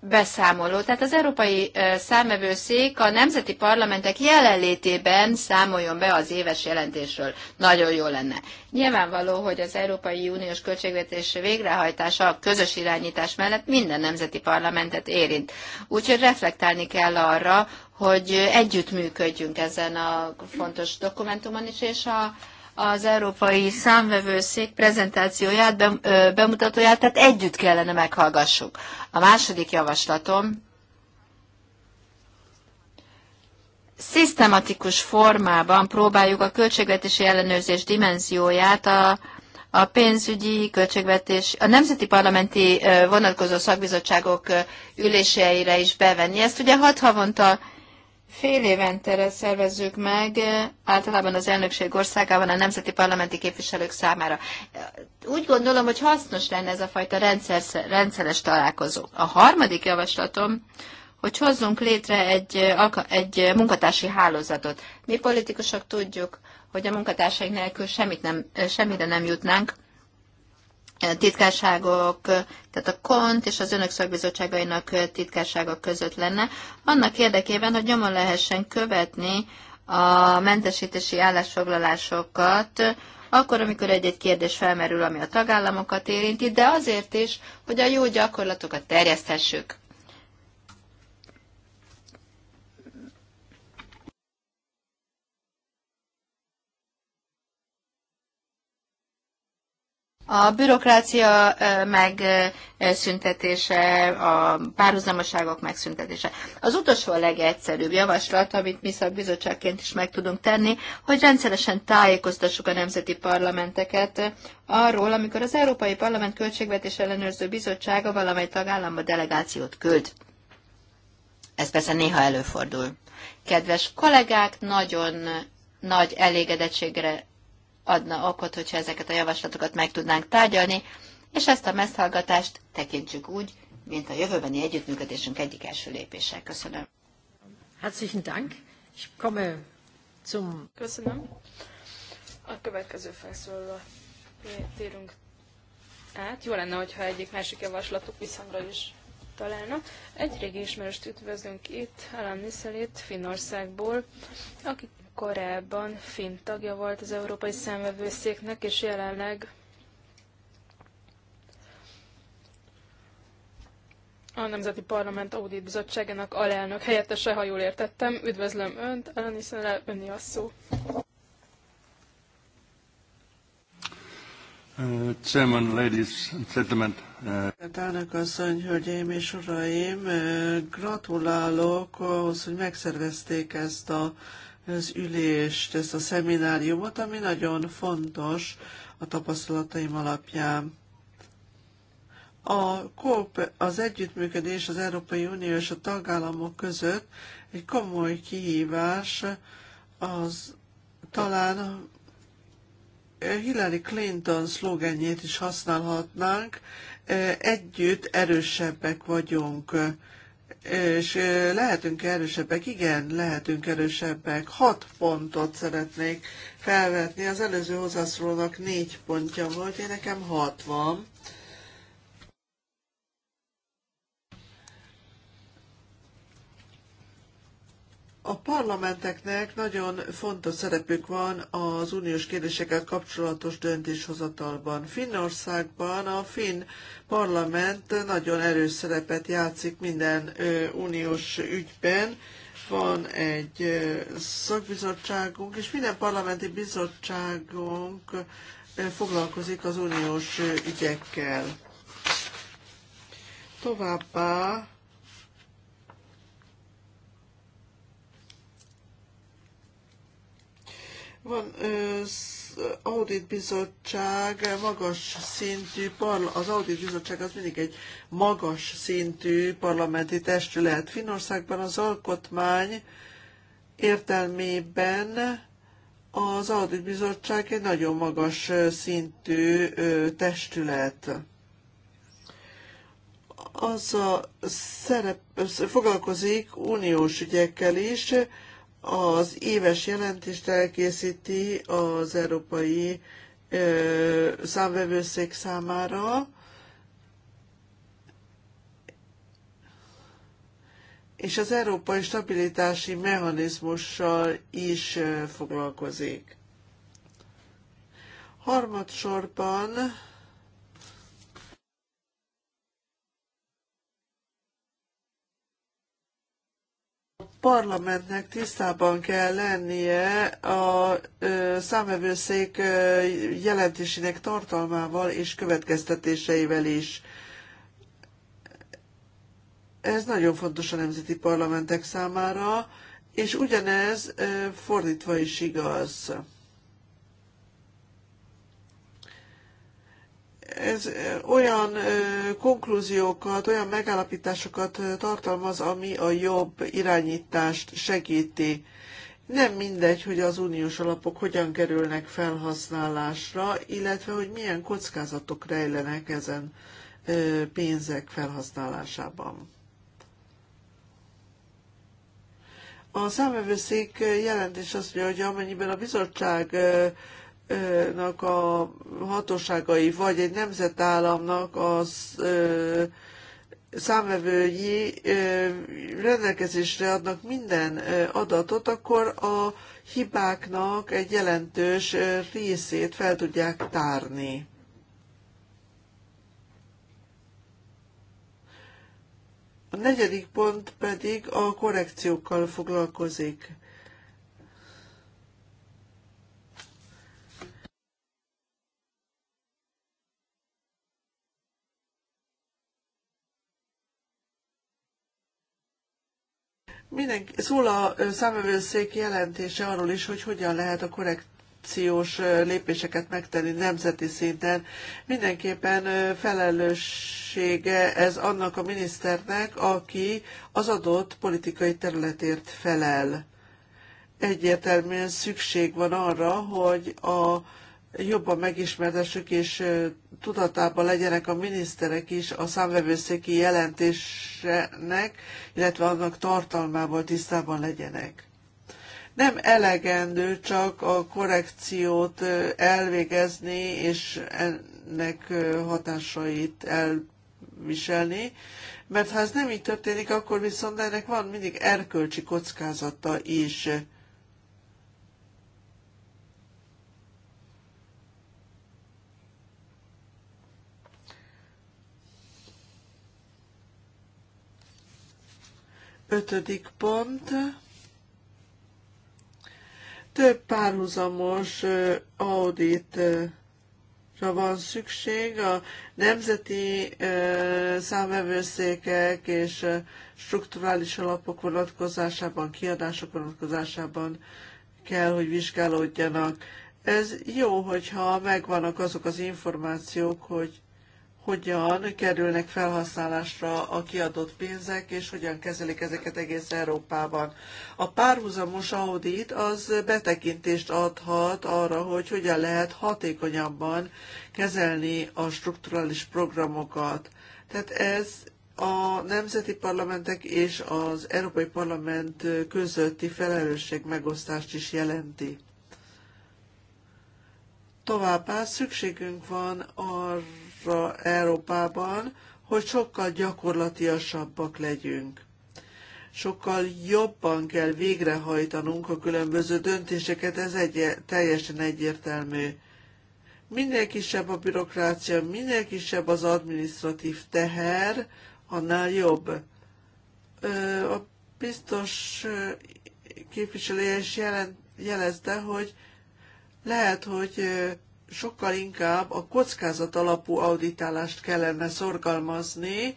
beszámoló. Tehát az Európai Számvevőszék a nemzeti parlamentek jelenlétében számoljon be az éves jelentésről. Nagyon jó lenne. Nyilvánvaló, hogy az Európai Uniós költségvetés végrehajtása a közös irányítás mellett minden nemzeti parlamentet érint. Úgyhogy reflektálni kell arra, hogy együttműködjünk ezen a fontos dokumentumon is, és a az Európai Számvevőszék prezentációját, bemutatóját, tehát együtt kellene meghallgassuk. A második javaslatom, szisztematikus formában próbáljuk a költségvetési ellenőrzés dimenzióját a, a pénzügyi költségvetés, a nemzeti parlamenti vonatkozó szakbizottságok üléseire is bevenni. Ezt ugye hat havonta Fél évente szervezzük meg, eh, általában az elnökség országában a nemzeti parlamenti képviselők számára. Úgy gondolom, hogy hasznos lenne ez a fajta rendszer, rendszeres találkozó. A harmadik javaslatom, hogy hozzunk létre egy, eh, egy munkatársi hálózatot. Mi politikusok tudjuk, hogy a munkatársaink nélkül semmit nem, eh, semmire nem jutnánk, titkárságok, tehát a KONT és az önök szakbizottságainak titkársága között lenne, annak érdekében, hogy nyomon lehessen követni a mentesítési állásfoglalásokat, akkor, amikor egy-egy kérdés felmerül, ami a tagállamokat érinti, de azért is, hogy a jó gyakorlatokat terjeszthessük. A bürokrácia megszüntetése, a párhuzamoságok megszüntetése. Az utolsó a legegyszerűbb javaslat, amit mi szakbizottságként is meg tudunk tenni, hogy rendszeresen tájékoztassuk a nemzeti parlamenteket arról, amikor az Európai Parlament Költségvetés Ellenőrző Bizottsága valamely tagállamba delegációt küld. Ez persze néha előfordul. Kedves kollégák, nagyon nagy elégedettségre adna okot, hogyha ezeket a javaslatokat meg tudnánk tárgyalni, és ezt a meghallgatást tekintsük úgy, mint a jövőbeni együttműködésünk egyik első lépése. Köszönöm. Herzlichen Dank. Ich komme zum... Köszönöm. A következő felszólalóra térünk át. Jó lenne, hogyha egyik másik javaslatuk viszonyra is találna. Egy régi ismerőst üdvözlünk itt, Alan Niszelét Finnországból, aki korábban finn tagja volt az Európai Számvevőszéknek, és jelenleg a Nemzeti Parlament Audit Bizottságának alelnök helyettese, ha jól értettem. Üdvözlöm Önt, Ellen Iszenre, Önni a szó. Uh, chairman, ladies and gentlemen. Uh, elnök asszony, hölgyeim és uraim, uh, gratulálok ahhoz, hogy megszervezték ezt a az ülést, ezt a szemináriumot, ami nagyon fontos a tapasztalataim alapján. A COP, az együttműködés az Európai Unió és a tagállamok között egy komoly kihívás, az talán Hillary Clinton szlogenjét is használhatnánk, együtt erősebbek vagyunk és lehetünk erősebbek, igen, lehetünk erősebbek. Hat pontot szeretnék felvetni. Az előző hozzászólónak négy pontja volt, én nekem hat van. A parlamenteknek nagyon fontos szerepük van az uniós kérdésekkel kapcsolatos döntéshozatalban. Finnországban a finn parlament nagyon erős szerepet játszik minden uniós ügyben. Van egy szakbizottságunk, és minden parlamenti bizottságunk foglalkozik az uniós ügyekkel. Továbbá Van auditbizottság, magas szintű, parla, az auditbizottság az mindig egy magas szintű parlamenti testület. Finországban az alkotmány értelmében az auditbizottság egy nagyon magas szintű testület. Az a szerep, foglalkozik uniós ügyekkel is, az éves jelentést elkészíti az Európai ö, Számvevőszék számára, és az Európai Stabilitási Mechanizmussal is foglalkozik. Harmadsorban parlamentnek tisztában kell lennie a számvevőszék jelentésének tartalmával és következtetéseivel is. Ez nagyon fontos a nemzeti parlamentek számára, és ugyanez fordítva is igaz. ez olyan konklúziókat, olyan megállapításokat tartalmaz, ami a jobb irányítást segíti. Nem mindegy, hogy az uniós alapok hogyan kerülnek felhasználásra, illetve hogy milyen kockázatok rejlenek ezen pénzek felhasználásában. A számvevőszék jelentés azt mondja, hogy amennyiben a bizottság nak a hatóságai, vagy egy nemzetállamnak az ö, számvevői rendelkezésre adnak minden adatot, akkor a hibáknak egy jelentős részét fel tudják tárni. A negyedik pont pedig a korrekciókkal foglalkozik. Mindenki, szól a számövőszék jelentése arról is, hogy hogyan lehet a korrekciós lépéseket megtenni nemzeti szinten. Mindenképpen felelőssége ez annak a miniszternek, aki az adott politikai területért felel. Egyértelműen szükség van arra, hogy a jobban megismertessük és tudatában legyenek a miniszterek is a számvevőszéki jelentésnek, illetve annak tartalmával tisztában legyenek. Nem elegendő csak a korrekciót elvégezni és ennek hatásait elviselni, mert ha ez nem így történik, akkor viszont ennek van mindig erkölcsi kockázata is Ötödik pont. Több párhuzamos audit van szükség, a nemzeti számvevőszékek és strukturális alapok vonatkozásában, kiadások vonatkozásában kell, hogy vizsgálódjanak. Ez jó, hogyha megvannak azok az információk, hogy hogyan kerülnek felhasználásra a kiadott pénzek, és hogyan kezelik ezeket egész Európában. A párhuzamos audit az betekintést adhat arra, hogy hogyan lehet hatékonyabban kezelni a strukturális programokat. Tehát ez a nemzeti parlamentek és az Európai Parlament közötti felelősség megosztást is jelenti. Továbbá szükségünk van arra, Európa, Európában, hogy sokkal gyakorlatiasabbak legyünk. Sokkal jobban kell végrehajtanunk a különböző döntéseket, ez egy, teljesen egyértelmű. Minél kisebb a bürokrácia, minél kisebb az administratív teher, annál jobb. A biztos képviselője is jelent, jelezte, hogy lehet, hogy sokkal inkább a kockázat alapú auditálást kellene szorgalmazni,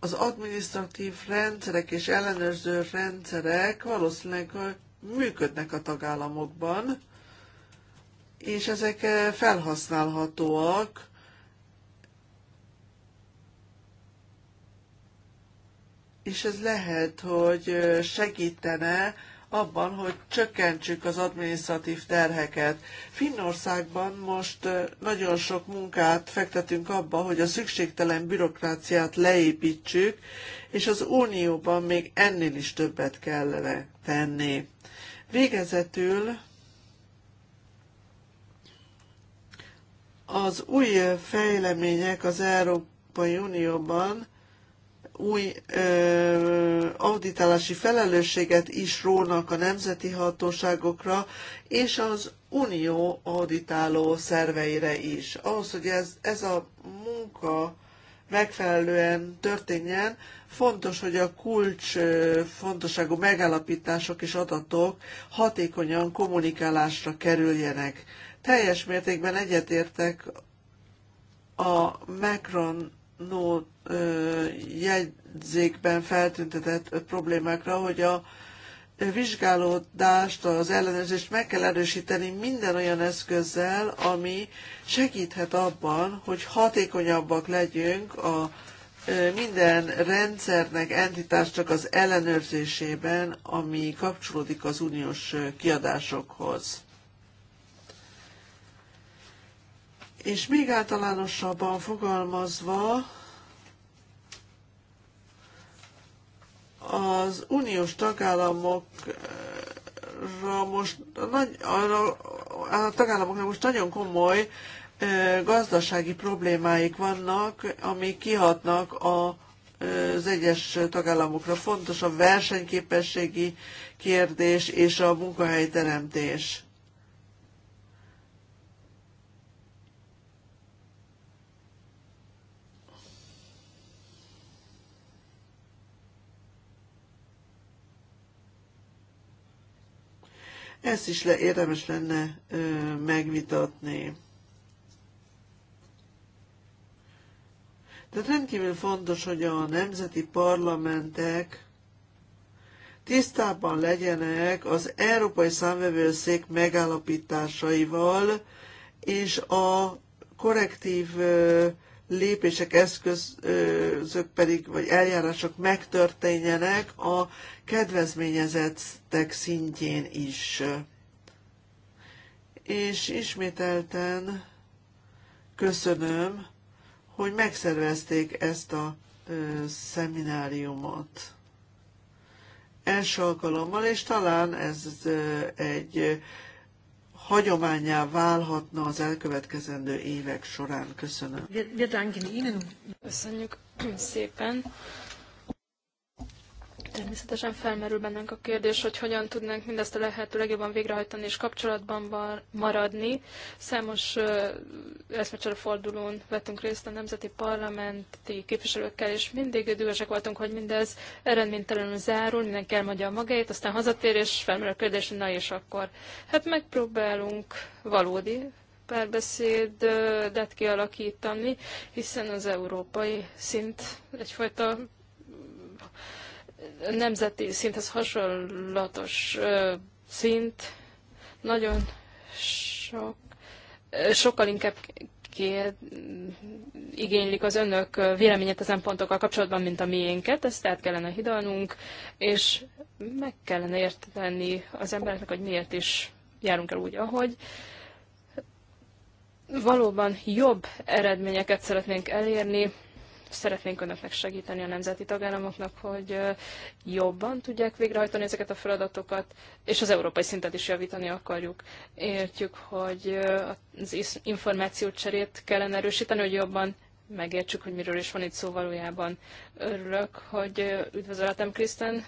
az administratív rendszerek és ellenőrző rendszerek valószínűleg működnek a tagállamokban, és ezek eh, felhasználhatóak, és ez lehet, hogy eh, segítene abban, hogy csökkentsük az adminisztratív terheket. Finnországban most nagyon sok munkát fektetünk abba, hogy a szükségtelen bürokráciát leépítsük, és az Unióban még ennél is többet kellene tenni. Végezetül az új fejlemények az Európai Unióban új ö, auditálási felelősséget is rónak a nemzeti hatóságokra, és az unió auditáló szerveire is. Ahhoz, hogy ez, ez a munka megfelelően történjen, fontos, hogy a kulcs fontosságú megállapítások és adatok hatékonyan kommunikálásra kerüljenek. Teljes mértékben egyetértek a Macron no jegyzékben feltüntetett problémákra, hogy a vizsgálódást, az ellenőrzést meg kell erősíteni minden olyan eszközzel, ami segíthet abban, hogy hatékonyabbak legyünk a minden rendszernek, entitásnak az ellenőrzésében, ami kapcsolódik az uniós kiadásokhoz. És még általánosabban fogalmazva, az uniós tagállamokra most nagy, arra, a tagállamokra most nagyon komoly gazdasági problémáik vannak, amik kihatnak a az egyes tagállamokra. Fontos a versenyképességi kérdés és a munkahelyteremtés. Ezt is le, érdemes lenne ö, megvitatni. Tehát rendkívül fontos, hogy a nemzeti parlamentek tisztában legyenek az Európai Számvevőszék megállapításaival és a korrektív lépések, eszközök pedig, vagy eljárások megtörténjenek a kedvezményezettek szintjén is. És ismételten köszönöm, hogy megszervezték ezt a szemináriumot első alkalommal, és talán ez egy hagyományá válhatna az elkövetkezendő évek során. Köszönöm. Köszönjük szépen. Természetesen felmerül bennünk a kérdés, hogy hogyan tudnánk mindezt a lehető legjobban végrehajtani és kapcsolatban maradni. Számos eszmecsere fordulón vettünk részt a nemzeti parlamenti képviselőkkel, és mindig dühösek voltunk, hogy mindez eredménytelenül zárul, mindenki elmondja a magáét, aztán hazatér, és felmerül a kérdés, hogy na és akkor. Hát megpróbálunk valódi párbeszédet kialakítani, hiszen az európai szint egyfajta nemzeti szinthez hasonlatos szint nagyon sok, sokkal inkább kér, igénylik az önök véleményet ezen pontokkal kapcsolatban, mint a miénket, ezt át kellene hidalnunk, és meg kellene érteni az embereknek, hogy miért is járunk el úgy, ahogy. Valóban jobb eredményeket szeretnénk elérni, szeretnénk önöknek segíteni a nemzeti tagállamoknak, hogy jobban tudják végrehajtani ezeket a feladatokat, és az európai szintet is javítani akarjuk. Értjük, hogy az információcserét kellene erősíteni, hogy jobban megértsük, hogy miről is van itt szó valójában. Örülök, hogy üdvözöletem Krisztán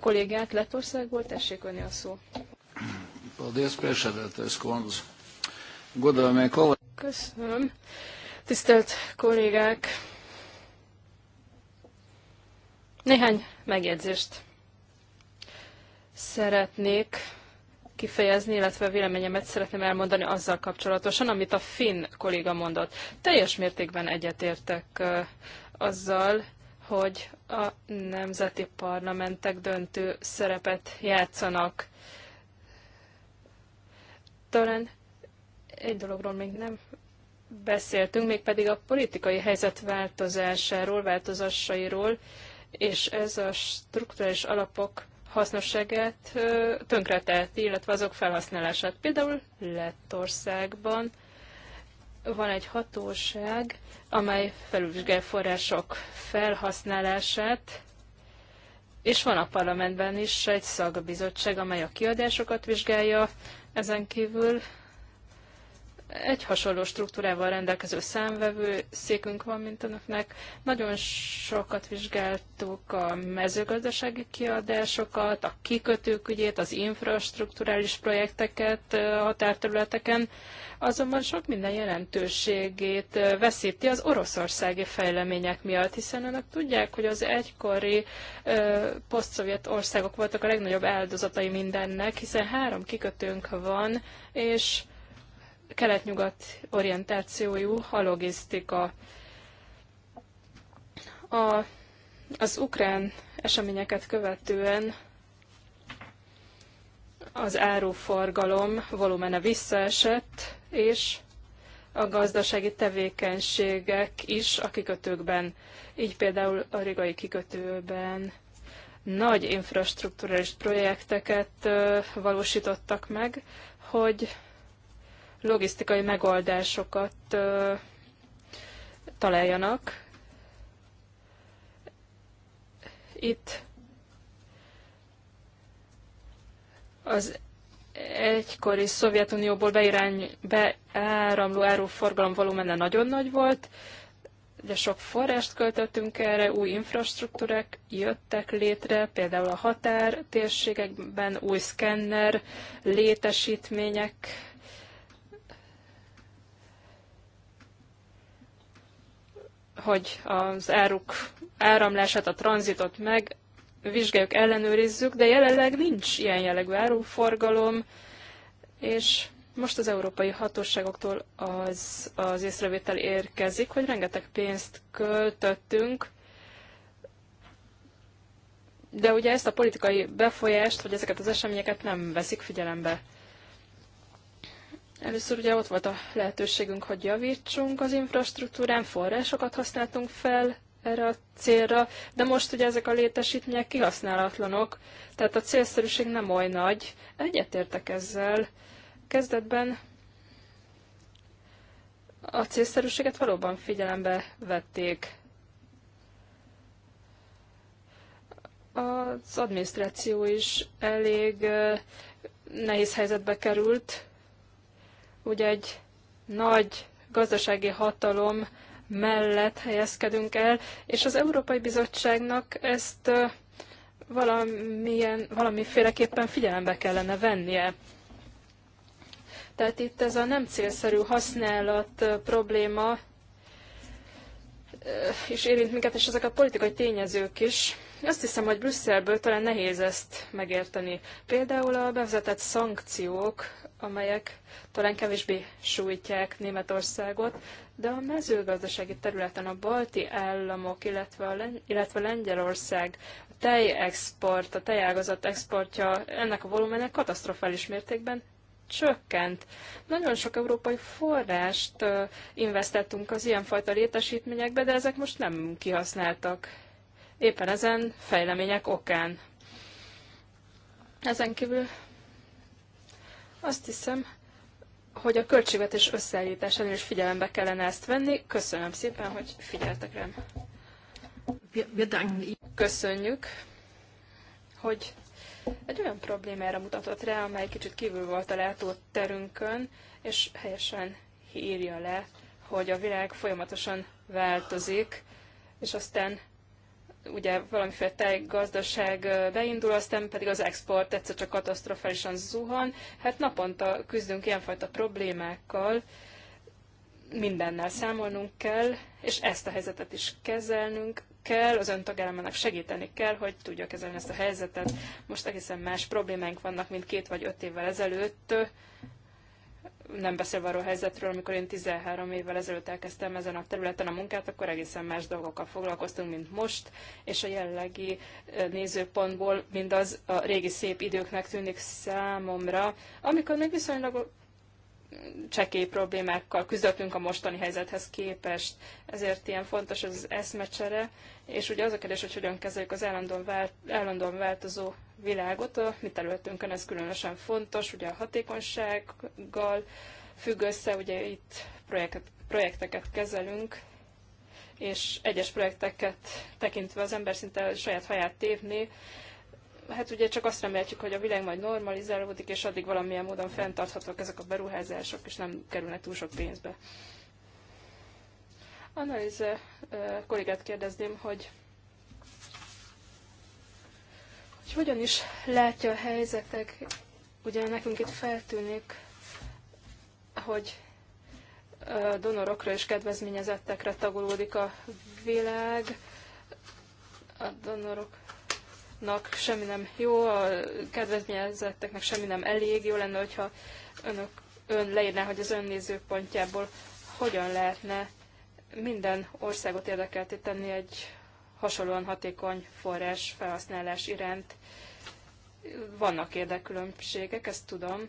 kollégát Lettországból, tessék önni a szó. Köszönöm. Tisztelt kollégák! Néhány megjegyzést szeretnék kifejezni, illetve véleményemet szeretném elmondani azzal kapcsolatosan, amit a finn kolléga mondott. Teljes mértékben egyetértek azzal, hogy a nemzeti parlamentek döntő szerepet játszanak. Talán egy dologról még nem beszéltünk, mégpedig a politikai helyzet változásáról, változásairól, és ez a strukturális alapok hasznosságát tönkreteheti, illetve azok felhasználását. Például Lettországban van egy hatóság, amely felülvizsgál források felhasználását, és van a parlamentben is egy szakbizottság, amely a kiadásokat vizsgálja, ezen kívül egy hasonló struktúrával rendelkező számvevő székünk van, mint önöknek. Nagyon sokat vizsgáltuk a mezőgazdasági kiadásokat, a kikötők ügyét, az infrastruktúrális projekteket a határterületeken, azonban sok minden jelentőségét veszíti az oroszországi fejlemények miatt, hiszen önök tudják, hogy az egykori ö, posztszovjet országok voltak a legnagyobb áldozatai mindennek, hiszen három kikötőnk van, és kelet-nyugat orientációjú halogisztika. A, az ukrán eseményeket követően az áruforgalom volumene visszaesett, és a gazdasági tevékenységek is a kikötőkben, így például a rigai kikötőben nagy infrastruktúrális projekteket valósítottak meg, hogy logisztikai megoldásokat találjanak. Itt az egykori Szovjetunióból beirány, beáramló áruforgalom volumene nagyon nagy volt, de sok forrást költöttünk erre, új infrastruktúrák jöttek létre, például a határ térségekben új szkenner létesítmények hogy az áruk áramlását, a tranzitot meg vizsgáljuk, ellenőrizzük, de jelenleg nincs ilyen jellegű áruforgalom, és most az európai hatóságoktól az, az észrevétel érkezik, hogy rengeteg pénzt költöttünk, de ugye ezt a politikai befolyást, vagy ezeket az eseményeket nem veszik figyelembe. Először ugye ott volt a lehetőségünk, hogy javítsunk az infrastruktúrán, forrásokat használtunk fel erre a célra, de most ugye ezek a létesítmények kihasználatlanok, tehát a célszerűség nem oly nagy. Egyetértek ezzel. Kezdetben a célszerűséget valóban figyelembe vették. Az adminisztráció is elég eh, nehéz helyzetbe került, Ugye egy nagy gazdasági hatalom mellett helyezkedünk el, és az Európai Bizottságnak ezt valamilyen, valamiféleképpen figyelembe kellene vennie. Tehát itt ez a nem célszerű használat probléma is érint minket, és ezek a politikai tényezők is. Azt hiszem, hogy Brüsszelből talán nehéz ezt megérteni. Például a bevezetett szankciók, amelyek talán kevésbé sújtják Németországot, de a mezőgazdasági területen a balti államok, illetve, a Len- illetve Lengyelország tejexport, a tejágazat exportja ennek a volumenek katasztrofális mértékben csökkent. Nagyon sok európai forrást investettünk az ilyenfajta létesítményekbe, de ezek most nem kihasználtak. Éppen ezen fejlemények okán. Ezen kívül azt hiszem, hogy a költségvetés összeállításán is figyelembe kellene ezt venni. Köszönöm szépen, hogy figyeltek rám. Köszönjük, hogy egy olyan problémára mutatott rá, amely kicsit kívül volt a látóterünkön, és helyesen írja le, hogy a világ folyamatosan változik, és aztán ugye valamiféle tejgazdaság beindul, aztán pedig az export egyszer csak katasztrofálisan zuhan. Hát naponta küzdünk ilyenfajta problémákkal, mindennel számolnunk kell, és ezt a helyzetet is kezelnünk kell, az ön tagállamának segíteni kell, hogy tudja kezelni ezt a helyzetet. Most egészen más problémáink vannak, mint két vagy öt évvel ezelőtt. Nem beszélve arról a helyzetről, amikor én 13 évvel ezelőtt elkezdtem ezen a területen a munkát, akkor egészen más dolgokkal foglalkoztunk, mint most, és a jellegi eh, nézőpontból mindaz a régi szép időknek tűnik számomra, amikor még viszonylag csekély problémákkal küzdöttünk a mostani helyzethez képest. Ezért ilyen fontos az eszmecsere, és ugye az a kérdés, hogy hogyan kezeljük az állandóan, vált, állandóan változó világot, a mit előttünkön ez különösen fontos, ugye a hatékonysággal függ össze, ugye itt projektet, projekteket kezelünk, és egyes projekteket tekintve az ember szinte saját haját tépni, hát ugye csak azt reméljük, hogy a világ majd normalizálódik, és addig valamilyen módon fenntarthatóak ezek a beruházások, és nem kerülnek túl sok pénzbe. Annalize kollégát kérdezném, hogy, hogy hogyan is látja a helyzetek. Ugye nekünk itt feltűnik, hogy donorokra és kedvezményezettekre tagolódik a világ, a donorok nak semmi nem jó, a kedvezményezetteknek semmi nem elég. Jó lenne, hogyha önök, ön leírná, hogy az ön nézőpontjából hogyan lehetne minden országot érdekelté tenni egy hasonlóan hatékony forrás felhasználás iránt. Vannak érdekkülönbségek, ezt tudom,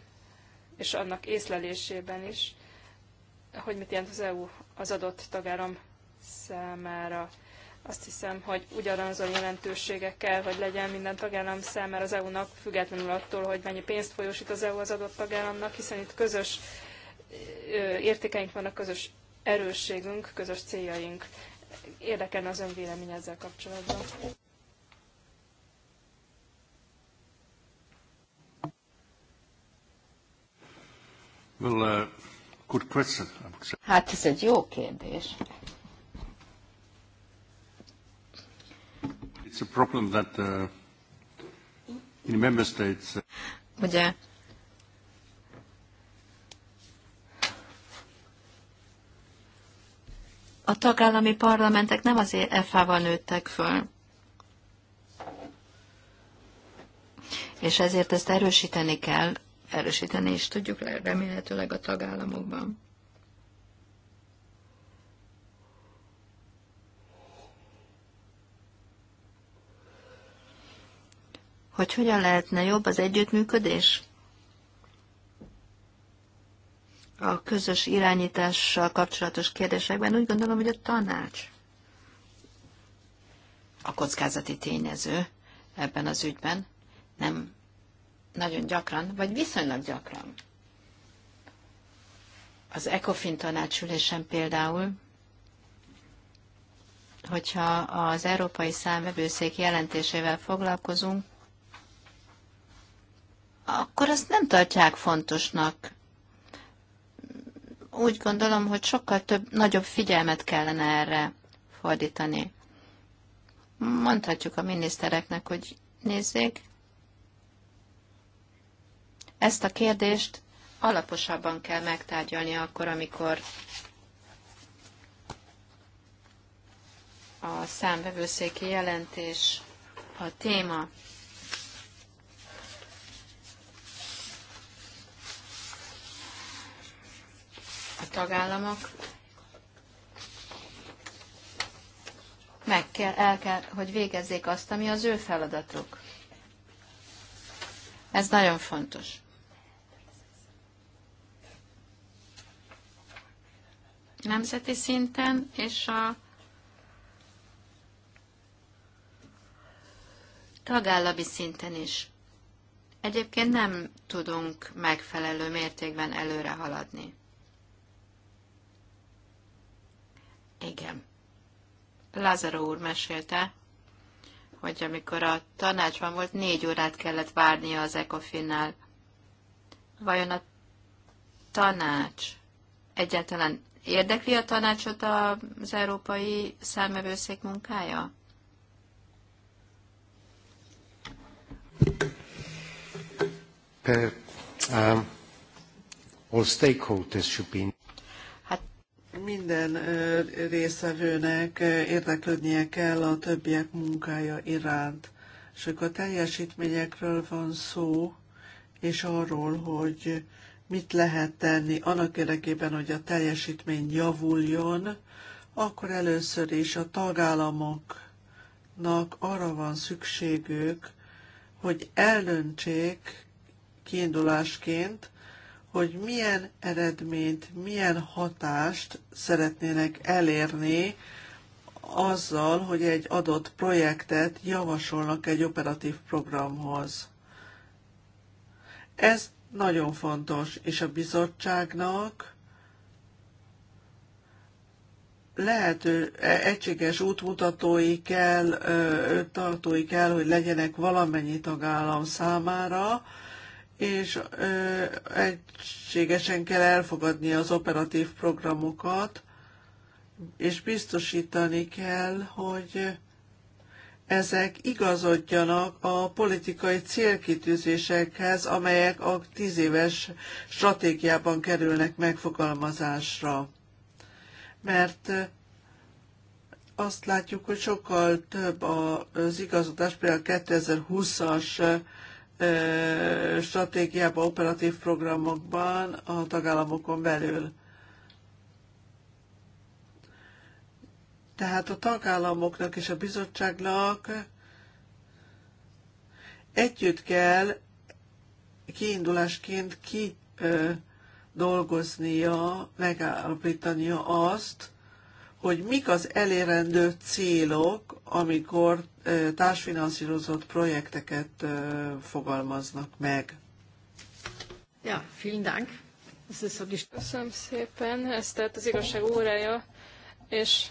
és annak észlelésében is, hogy mit jelent az EU az adott tagállam számára. Azt hiszem, hogy ugyanazon jelentősége kell, hogy legyen minden tagállam számára az EU-nak, függetlenül attól, hogy mennyi pénzt folyósít az EU az adott tagállamnak, hiszen itt közös értékeink vannak, közös erősségünk, közös céljaink. Érdekelne az ön vélemény ezzel kapcsolatban. Well, uh, good question, I would say. Hát ez egy jó kérdés. it's a problem that uh, in member states. Uh, Ugye a tagállami parlamentek nem az EFA-val nőttek föl. És ezért ezt erősíteni kell, erősíteni is tudjuk remélhetőleg a tagállamokban. hogy hogyan lehetne jobb az együttműködés a közös irányítással kapcsolatos kérdésekben. Úgy gondolom, hogy a tanács a kockázati tényező ebben az ügyben nem nagyon gyakran, vagy viszonylag gyakran. Az ECOFIN tanácsülésen például, hogyha az Európai Számvevőszék jelentésével foglalkozunk, akkor azt nem tartják fontosnak. Úgy gondolom, hogy sokkal több, nagyobb figyelmet kellene erre fordítani. Mondhatjuk a minisztereknek, hogy nézzék, ezt a kérdést alaposabban kell megtárgyalni akkor, amikor a számvevőszéki jelentés a téma. tagállamok meg kell, el kell, hogy végezzék azt, ami az ő feladatuk. Ez nagyon fontos. Nemzeti szinten és a tagállami szinten is. Egyébként nem tudunk megfelelő mértékben előre haladni. Igen. Lázaro úr mesélte, hogy amikor a tanácsban volt, négy órát kellett várnia az ECOFIN-nál. Vajon a tanács egyáltalán érdekli a tanácsot az európai számövőszék munkája? Per, um, all stakeholders should be minden részevőnek érdeklődnie kell a többiek munkája iránt. És akkor a teljesítményekről van szó, és arról, hogy mit lehet tenni annak érdekében, hogy a teljesítmény javuljon, akkor először is a tagállamoknak arra van szükségük, hogy eldöntsék kiindulásként, hogy milyen eredményt, milyen hatást szeretnének elérni azzal, hogy egy adott projektet javasolnak egy operatív programhoz. Ez nagyon fontos, és a bizottságnak lehető e, egységes útmutatói kell, tartói kell, hogy legyenek valamennyi tagállam számára, és ö, egységesen kell elfogadni az operatív programokat, és biztosítani kell, hogy ezek igazodjanak a politikai célkitűzésekhez, amelyek a tíz éves stratégiában kerülnek megfogalmazásra. Mert azt látjuk, hogy sokkal több az igazodás, például 2020-as stratégiába, operatív programokban a tagállamokon belül. Tehát a tagállamoknak és a bizottságnak együtt kell kiindulásként ki dolgoznia, megállapítania azt, hogy mik az elérendő célok, amikor társfinanszírozott projekteket fogalmaznak meg. Ja, vielen Dank. Köszönöm szépen, ez tehát az igazság órája, és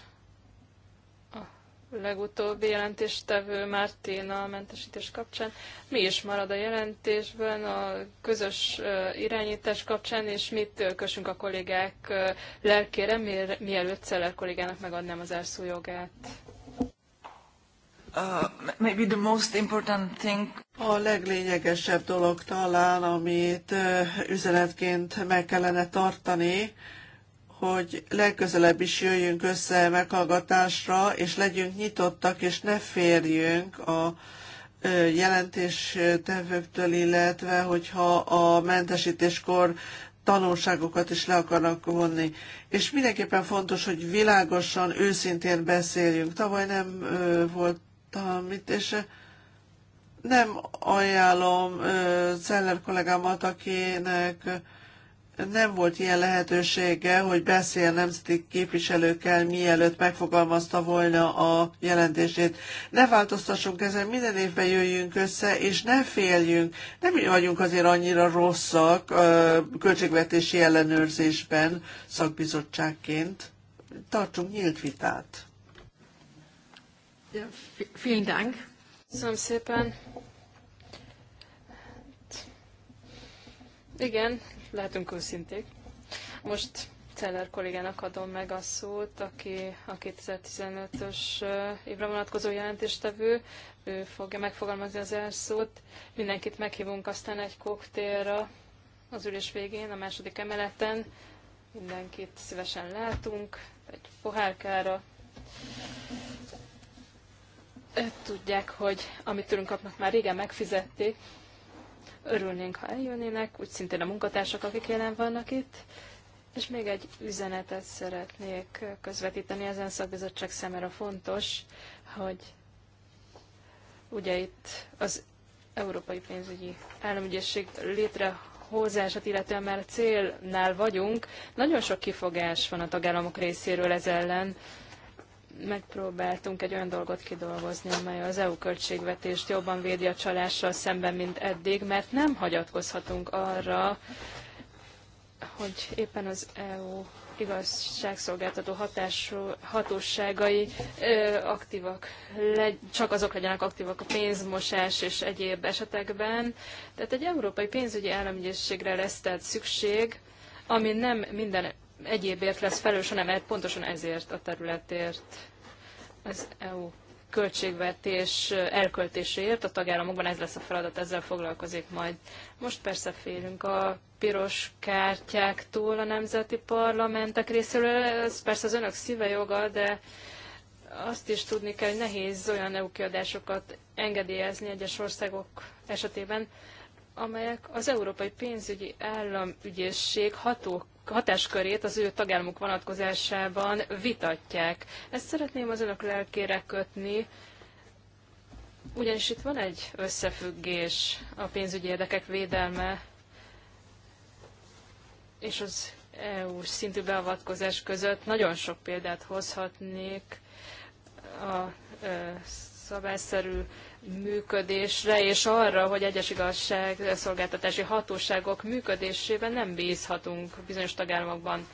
legutóbbi jelentéstevő Mártén a mentesítés kapcsán. Mi is marad a jelentésben a közös irányítás kapcsán, és mit kösünk a kollégák lelkére, mielőtt Szeller kollégának megadnám az elszójogát? Uh, maybe the most important thing. A leglényegesebb dolog talán, amit üzenetként meg kellene tartani, hogy legközelebb is jöjjünk össze meghallgatásra, és legyünk nyitottak, és ne férjünk a jelentéstevőktől, illetve hogyha a mentesítéskor tanulságokat is le akarnak vonni. És mindenképpen fontos, hogy világosan, őszintén beszéljünk. Tavaly nem ö, voltam itt, és nem ajánlom ö, Celler kollégámat, akinek ö, nem volt ilyen lehetősége, hogy beszél nemzeti képviselőkkel, mielőtt megfogalmazta volna a jelentését. Ne változtassunk ezen, minden évben jöjjünk össze, és ne féljünk. Nem vagyunk azért annyira rosszak a költségvetési ellenőrzésben szakbizottságként. Tartsunk nyílt vitát. Ja, vielen Dank. Köszönöm szépen. Igen, lehetünk őszinték. Most Celler kollégának adom meg a szót, aki a 2015-ös évre vonatkozó jelentéstevő. Ő fogja megfogalmazni az elszót. Mindenkit meghívunk aztán egy koktélra az ülés végén, a második emeleten. Mindenkit szívesen látunk, egy pohárkára. Tudják, hogy amit tőlünk kapnak, már régen megfizették, Örülnénk, ha eljönnének, úgy szintén a munkatársak, akik jelen vannak itt. És még egy üzenetet szeretnék közvetíteni ezen szakbizottság szemére fontos, hogy ugye itt az Európai Pénzügyi Államügyészség létrehozását, illetően már célnál vagyunk. Nagyon sok kifogás van a tagállamok részéről ez ellen, megpróbáltunk egy olyan dolgot kidolgozni, amely az EU költségvetést jobban védi a csalással szemben, mint eddig, mert nem hagyatkozhatunk arra, hogy éppen az EU igazságszolgáltató hatású, hatóságai ö, aktívak, le, csak azok legyenek aktívak a pénzmosás és egyéb esetekben. Tehát egy európai pénzügyi államügyészségre lesz tehát szükség, ami nem minden egyébért lesz felelős, hanem e- pontosan ezért a területért az EU költségvetés elköltéséért a tagállamokban ez lesz a feladat, ezzel foglalkozik majd. Most persze félünk a piros kártyáktól a nemzeti parlamentek részéről, ez persze az önök szíve joga, de azt is tudni kell, hogy nehéz olyan EU kiadásokat engedélyezni egyes országok esetében, amelyek az Európai Pénzügyi Államügyészség ható hatáskörét az ő tagállamok vonatkozásában vitatják. Ezt szeretném az önök lelkére kötni, ugyanis itt van egy összefüggés a pénzügyi érdekek védelme és az EU szintű beavatkozás között. Nagyon sok példát hozhatnék a szabályszerű működésre és arra, hogy egyes igazságszolgáltatási hatóságok működésében nem bízhatunk bizonyos tagállamokban.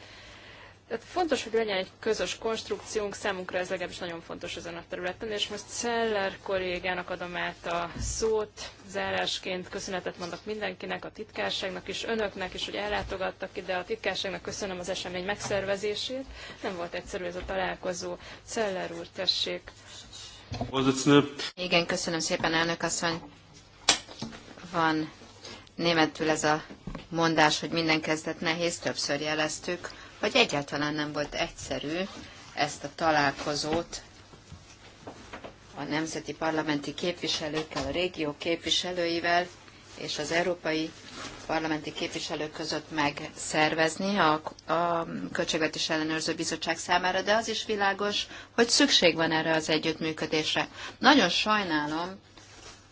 Tehát fontos, hogy legyen egy közös konstrukciónk, számunkra ez legalábbis nagyon fontos ezen a területen, és most Szeller kollégának adom át a szót, zárásként köszönetet mondok mindenkinek, a titkárságnak is, önöknek is, hogy ellátogattak ide, a titkárságnak köszönöm az esemény megszervezését, nem volt egyszerű ez a találkozó. Szeller úr, tessék! Igen, köszönöm szépen, elnök asszony. Van németül ez a mondás, hogy minden kezdet nehéz, többször jeleztük, hogy egyáltalán nem volt egyszerű ezt a találkozót a nemzeti parlamenti képviselőkkel, a régió képviselőivel és az európai parlamenti képviselők között megszervezni a, a Költségvetés Ellenőrző Bizottság számára, de az is világos, hogy szükség van erre az együttműködésre. Nagyon sajnálom,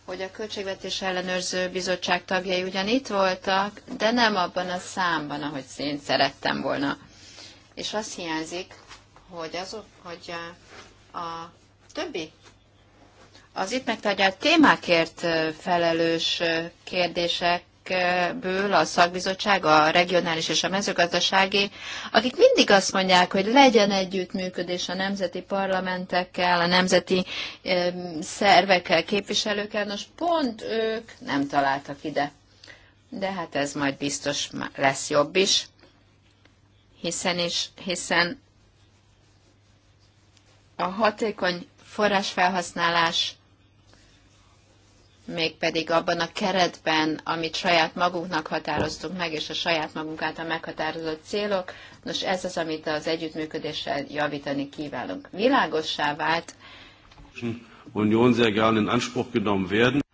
hogy a Költségvetés Ellenőrző Bizottság tagjai ugyan itt voltak, de nem abban a számban, ahogy én szerettem volna. És azt hiányzik, hogy azok, hogy a, a többi az itt megtárgyalt témákért felelős kérdések emberekből a szakbizottság, a regionális és a mezőgazdasági, akik mindig azt mondják, hogy legyen együttműködés a nemzeti parlamentekkel, a nemzeti szervekkel, képviselőkkel, nos pont ők nem találtak ide. De hát ez majd biztos lesz jobb is, hiszen is, hiszen a hatékony forrásfelhasználás mégpedig abban a keretben, amit saját magunknak határoztunk meg, és a saját magunk által meghatározott célok. Nos, ez az, amit az együttműködéssel javítani kívánunk. Világossá vált,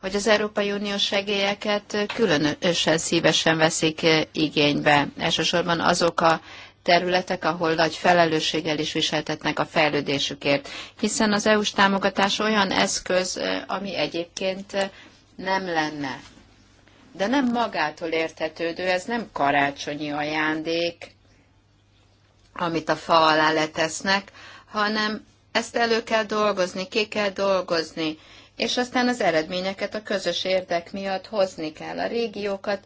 Hogy az Európai Unió segélyeket különösen szívesen veszik igénybe. Elsősorban azok a területek, ahol nagy felelősséggel is viseltetnek a fejlődésükért. Hiszen az EU-s támogatás olyan eszköz, ami egyébként nem lenne. De nem magától értetődő, ez nem karácsonyi ajándék, amit a fa alá letesznek, hanem ezt elő kell dolgozni, ki kell dolgozni, és aztán az eredményeket a közös érdek miatt hozni kell. A régiókat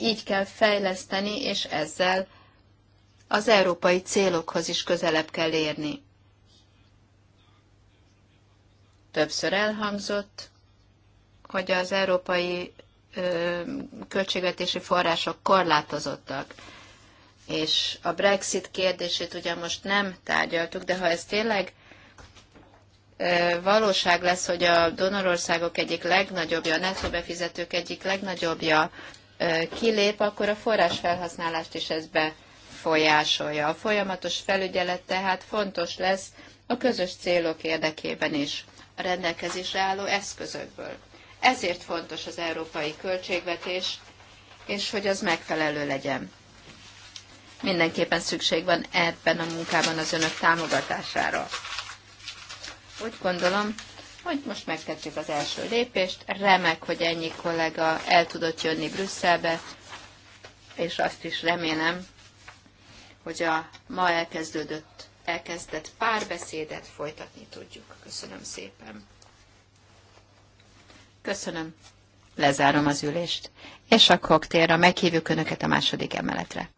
így kell fejleszteni, és ezzel az európai célokhoz is közelebb kell érni. Többször elhangzott, hogy az európai ö, költségvetési források korlátozottak, és a Brexit kérdését ugye most nem tárgyaltuk, de ha ez tényleg valóság lesz, hogy a donorországok egyik legnagyobbja, a nettó befizetők egyik legnagyobbja kilép, akkor a forrásfelhasználást is ez be befolyásolja. A folyamatos felügyelet tehát fontos lesz a közös célok érdekében is a rendelkezésre álló eszközökből. Ezért fontos az európai költségvetés, és hogy az megfelelő legyen. Mindenképpen szükség van ebben a munkában az önök támogatására. Úgy gondolom, hogy most megtettük az első lépést. Remek, hogy ennyi kollega el tudott jönni Brüsszelbe, és azt is remélem, hogy a ma elkezdődött, elkezdett párbeszédet folytatni tudjuk. Köszönöm szépen. Köszönöm. Lezárom az ülést. És a koktélra meghívjuk Önöket a második emeletre.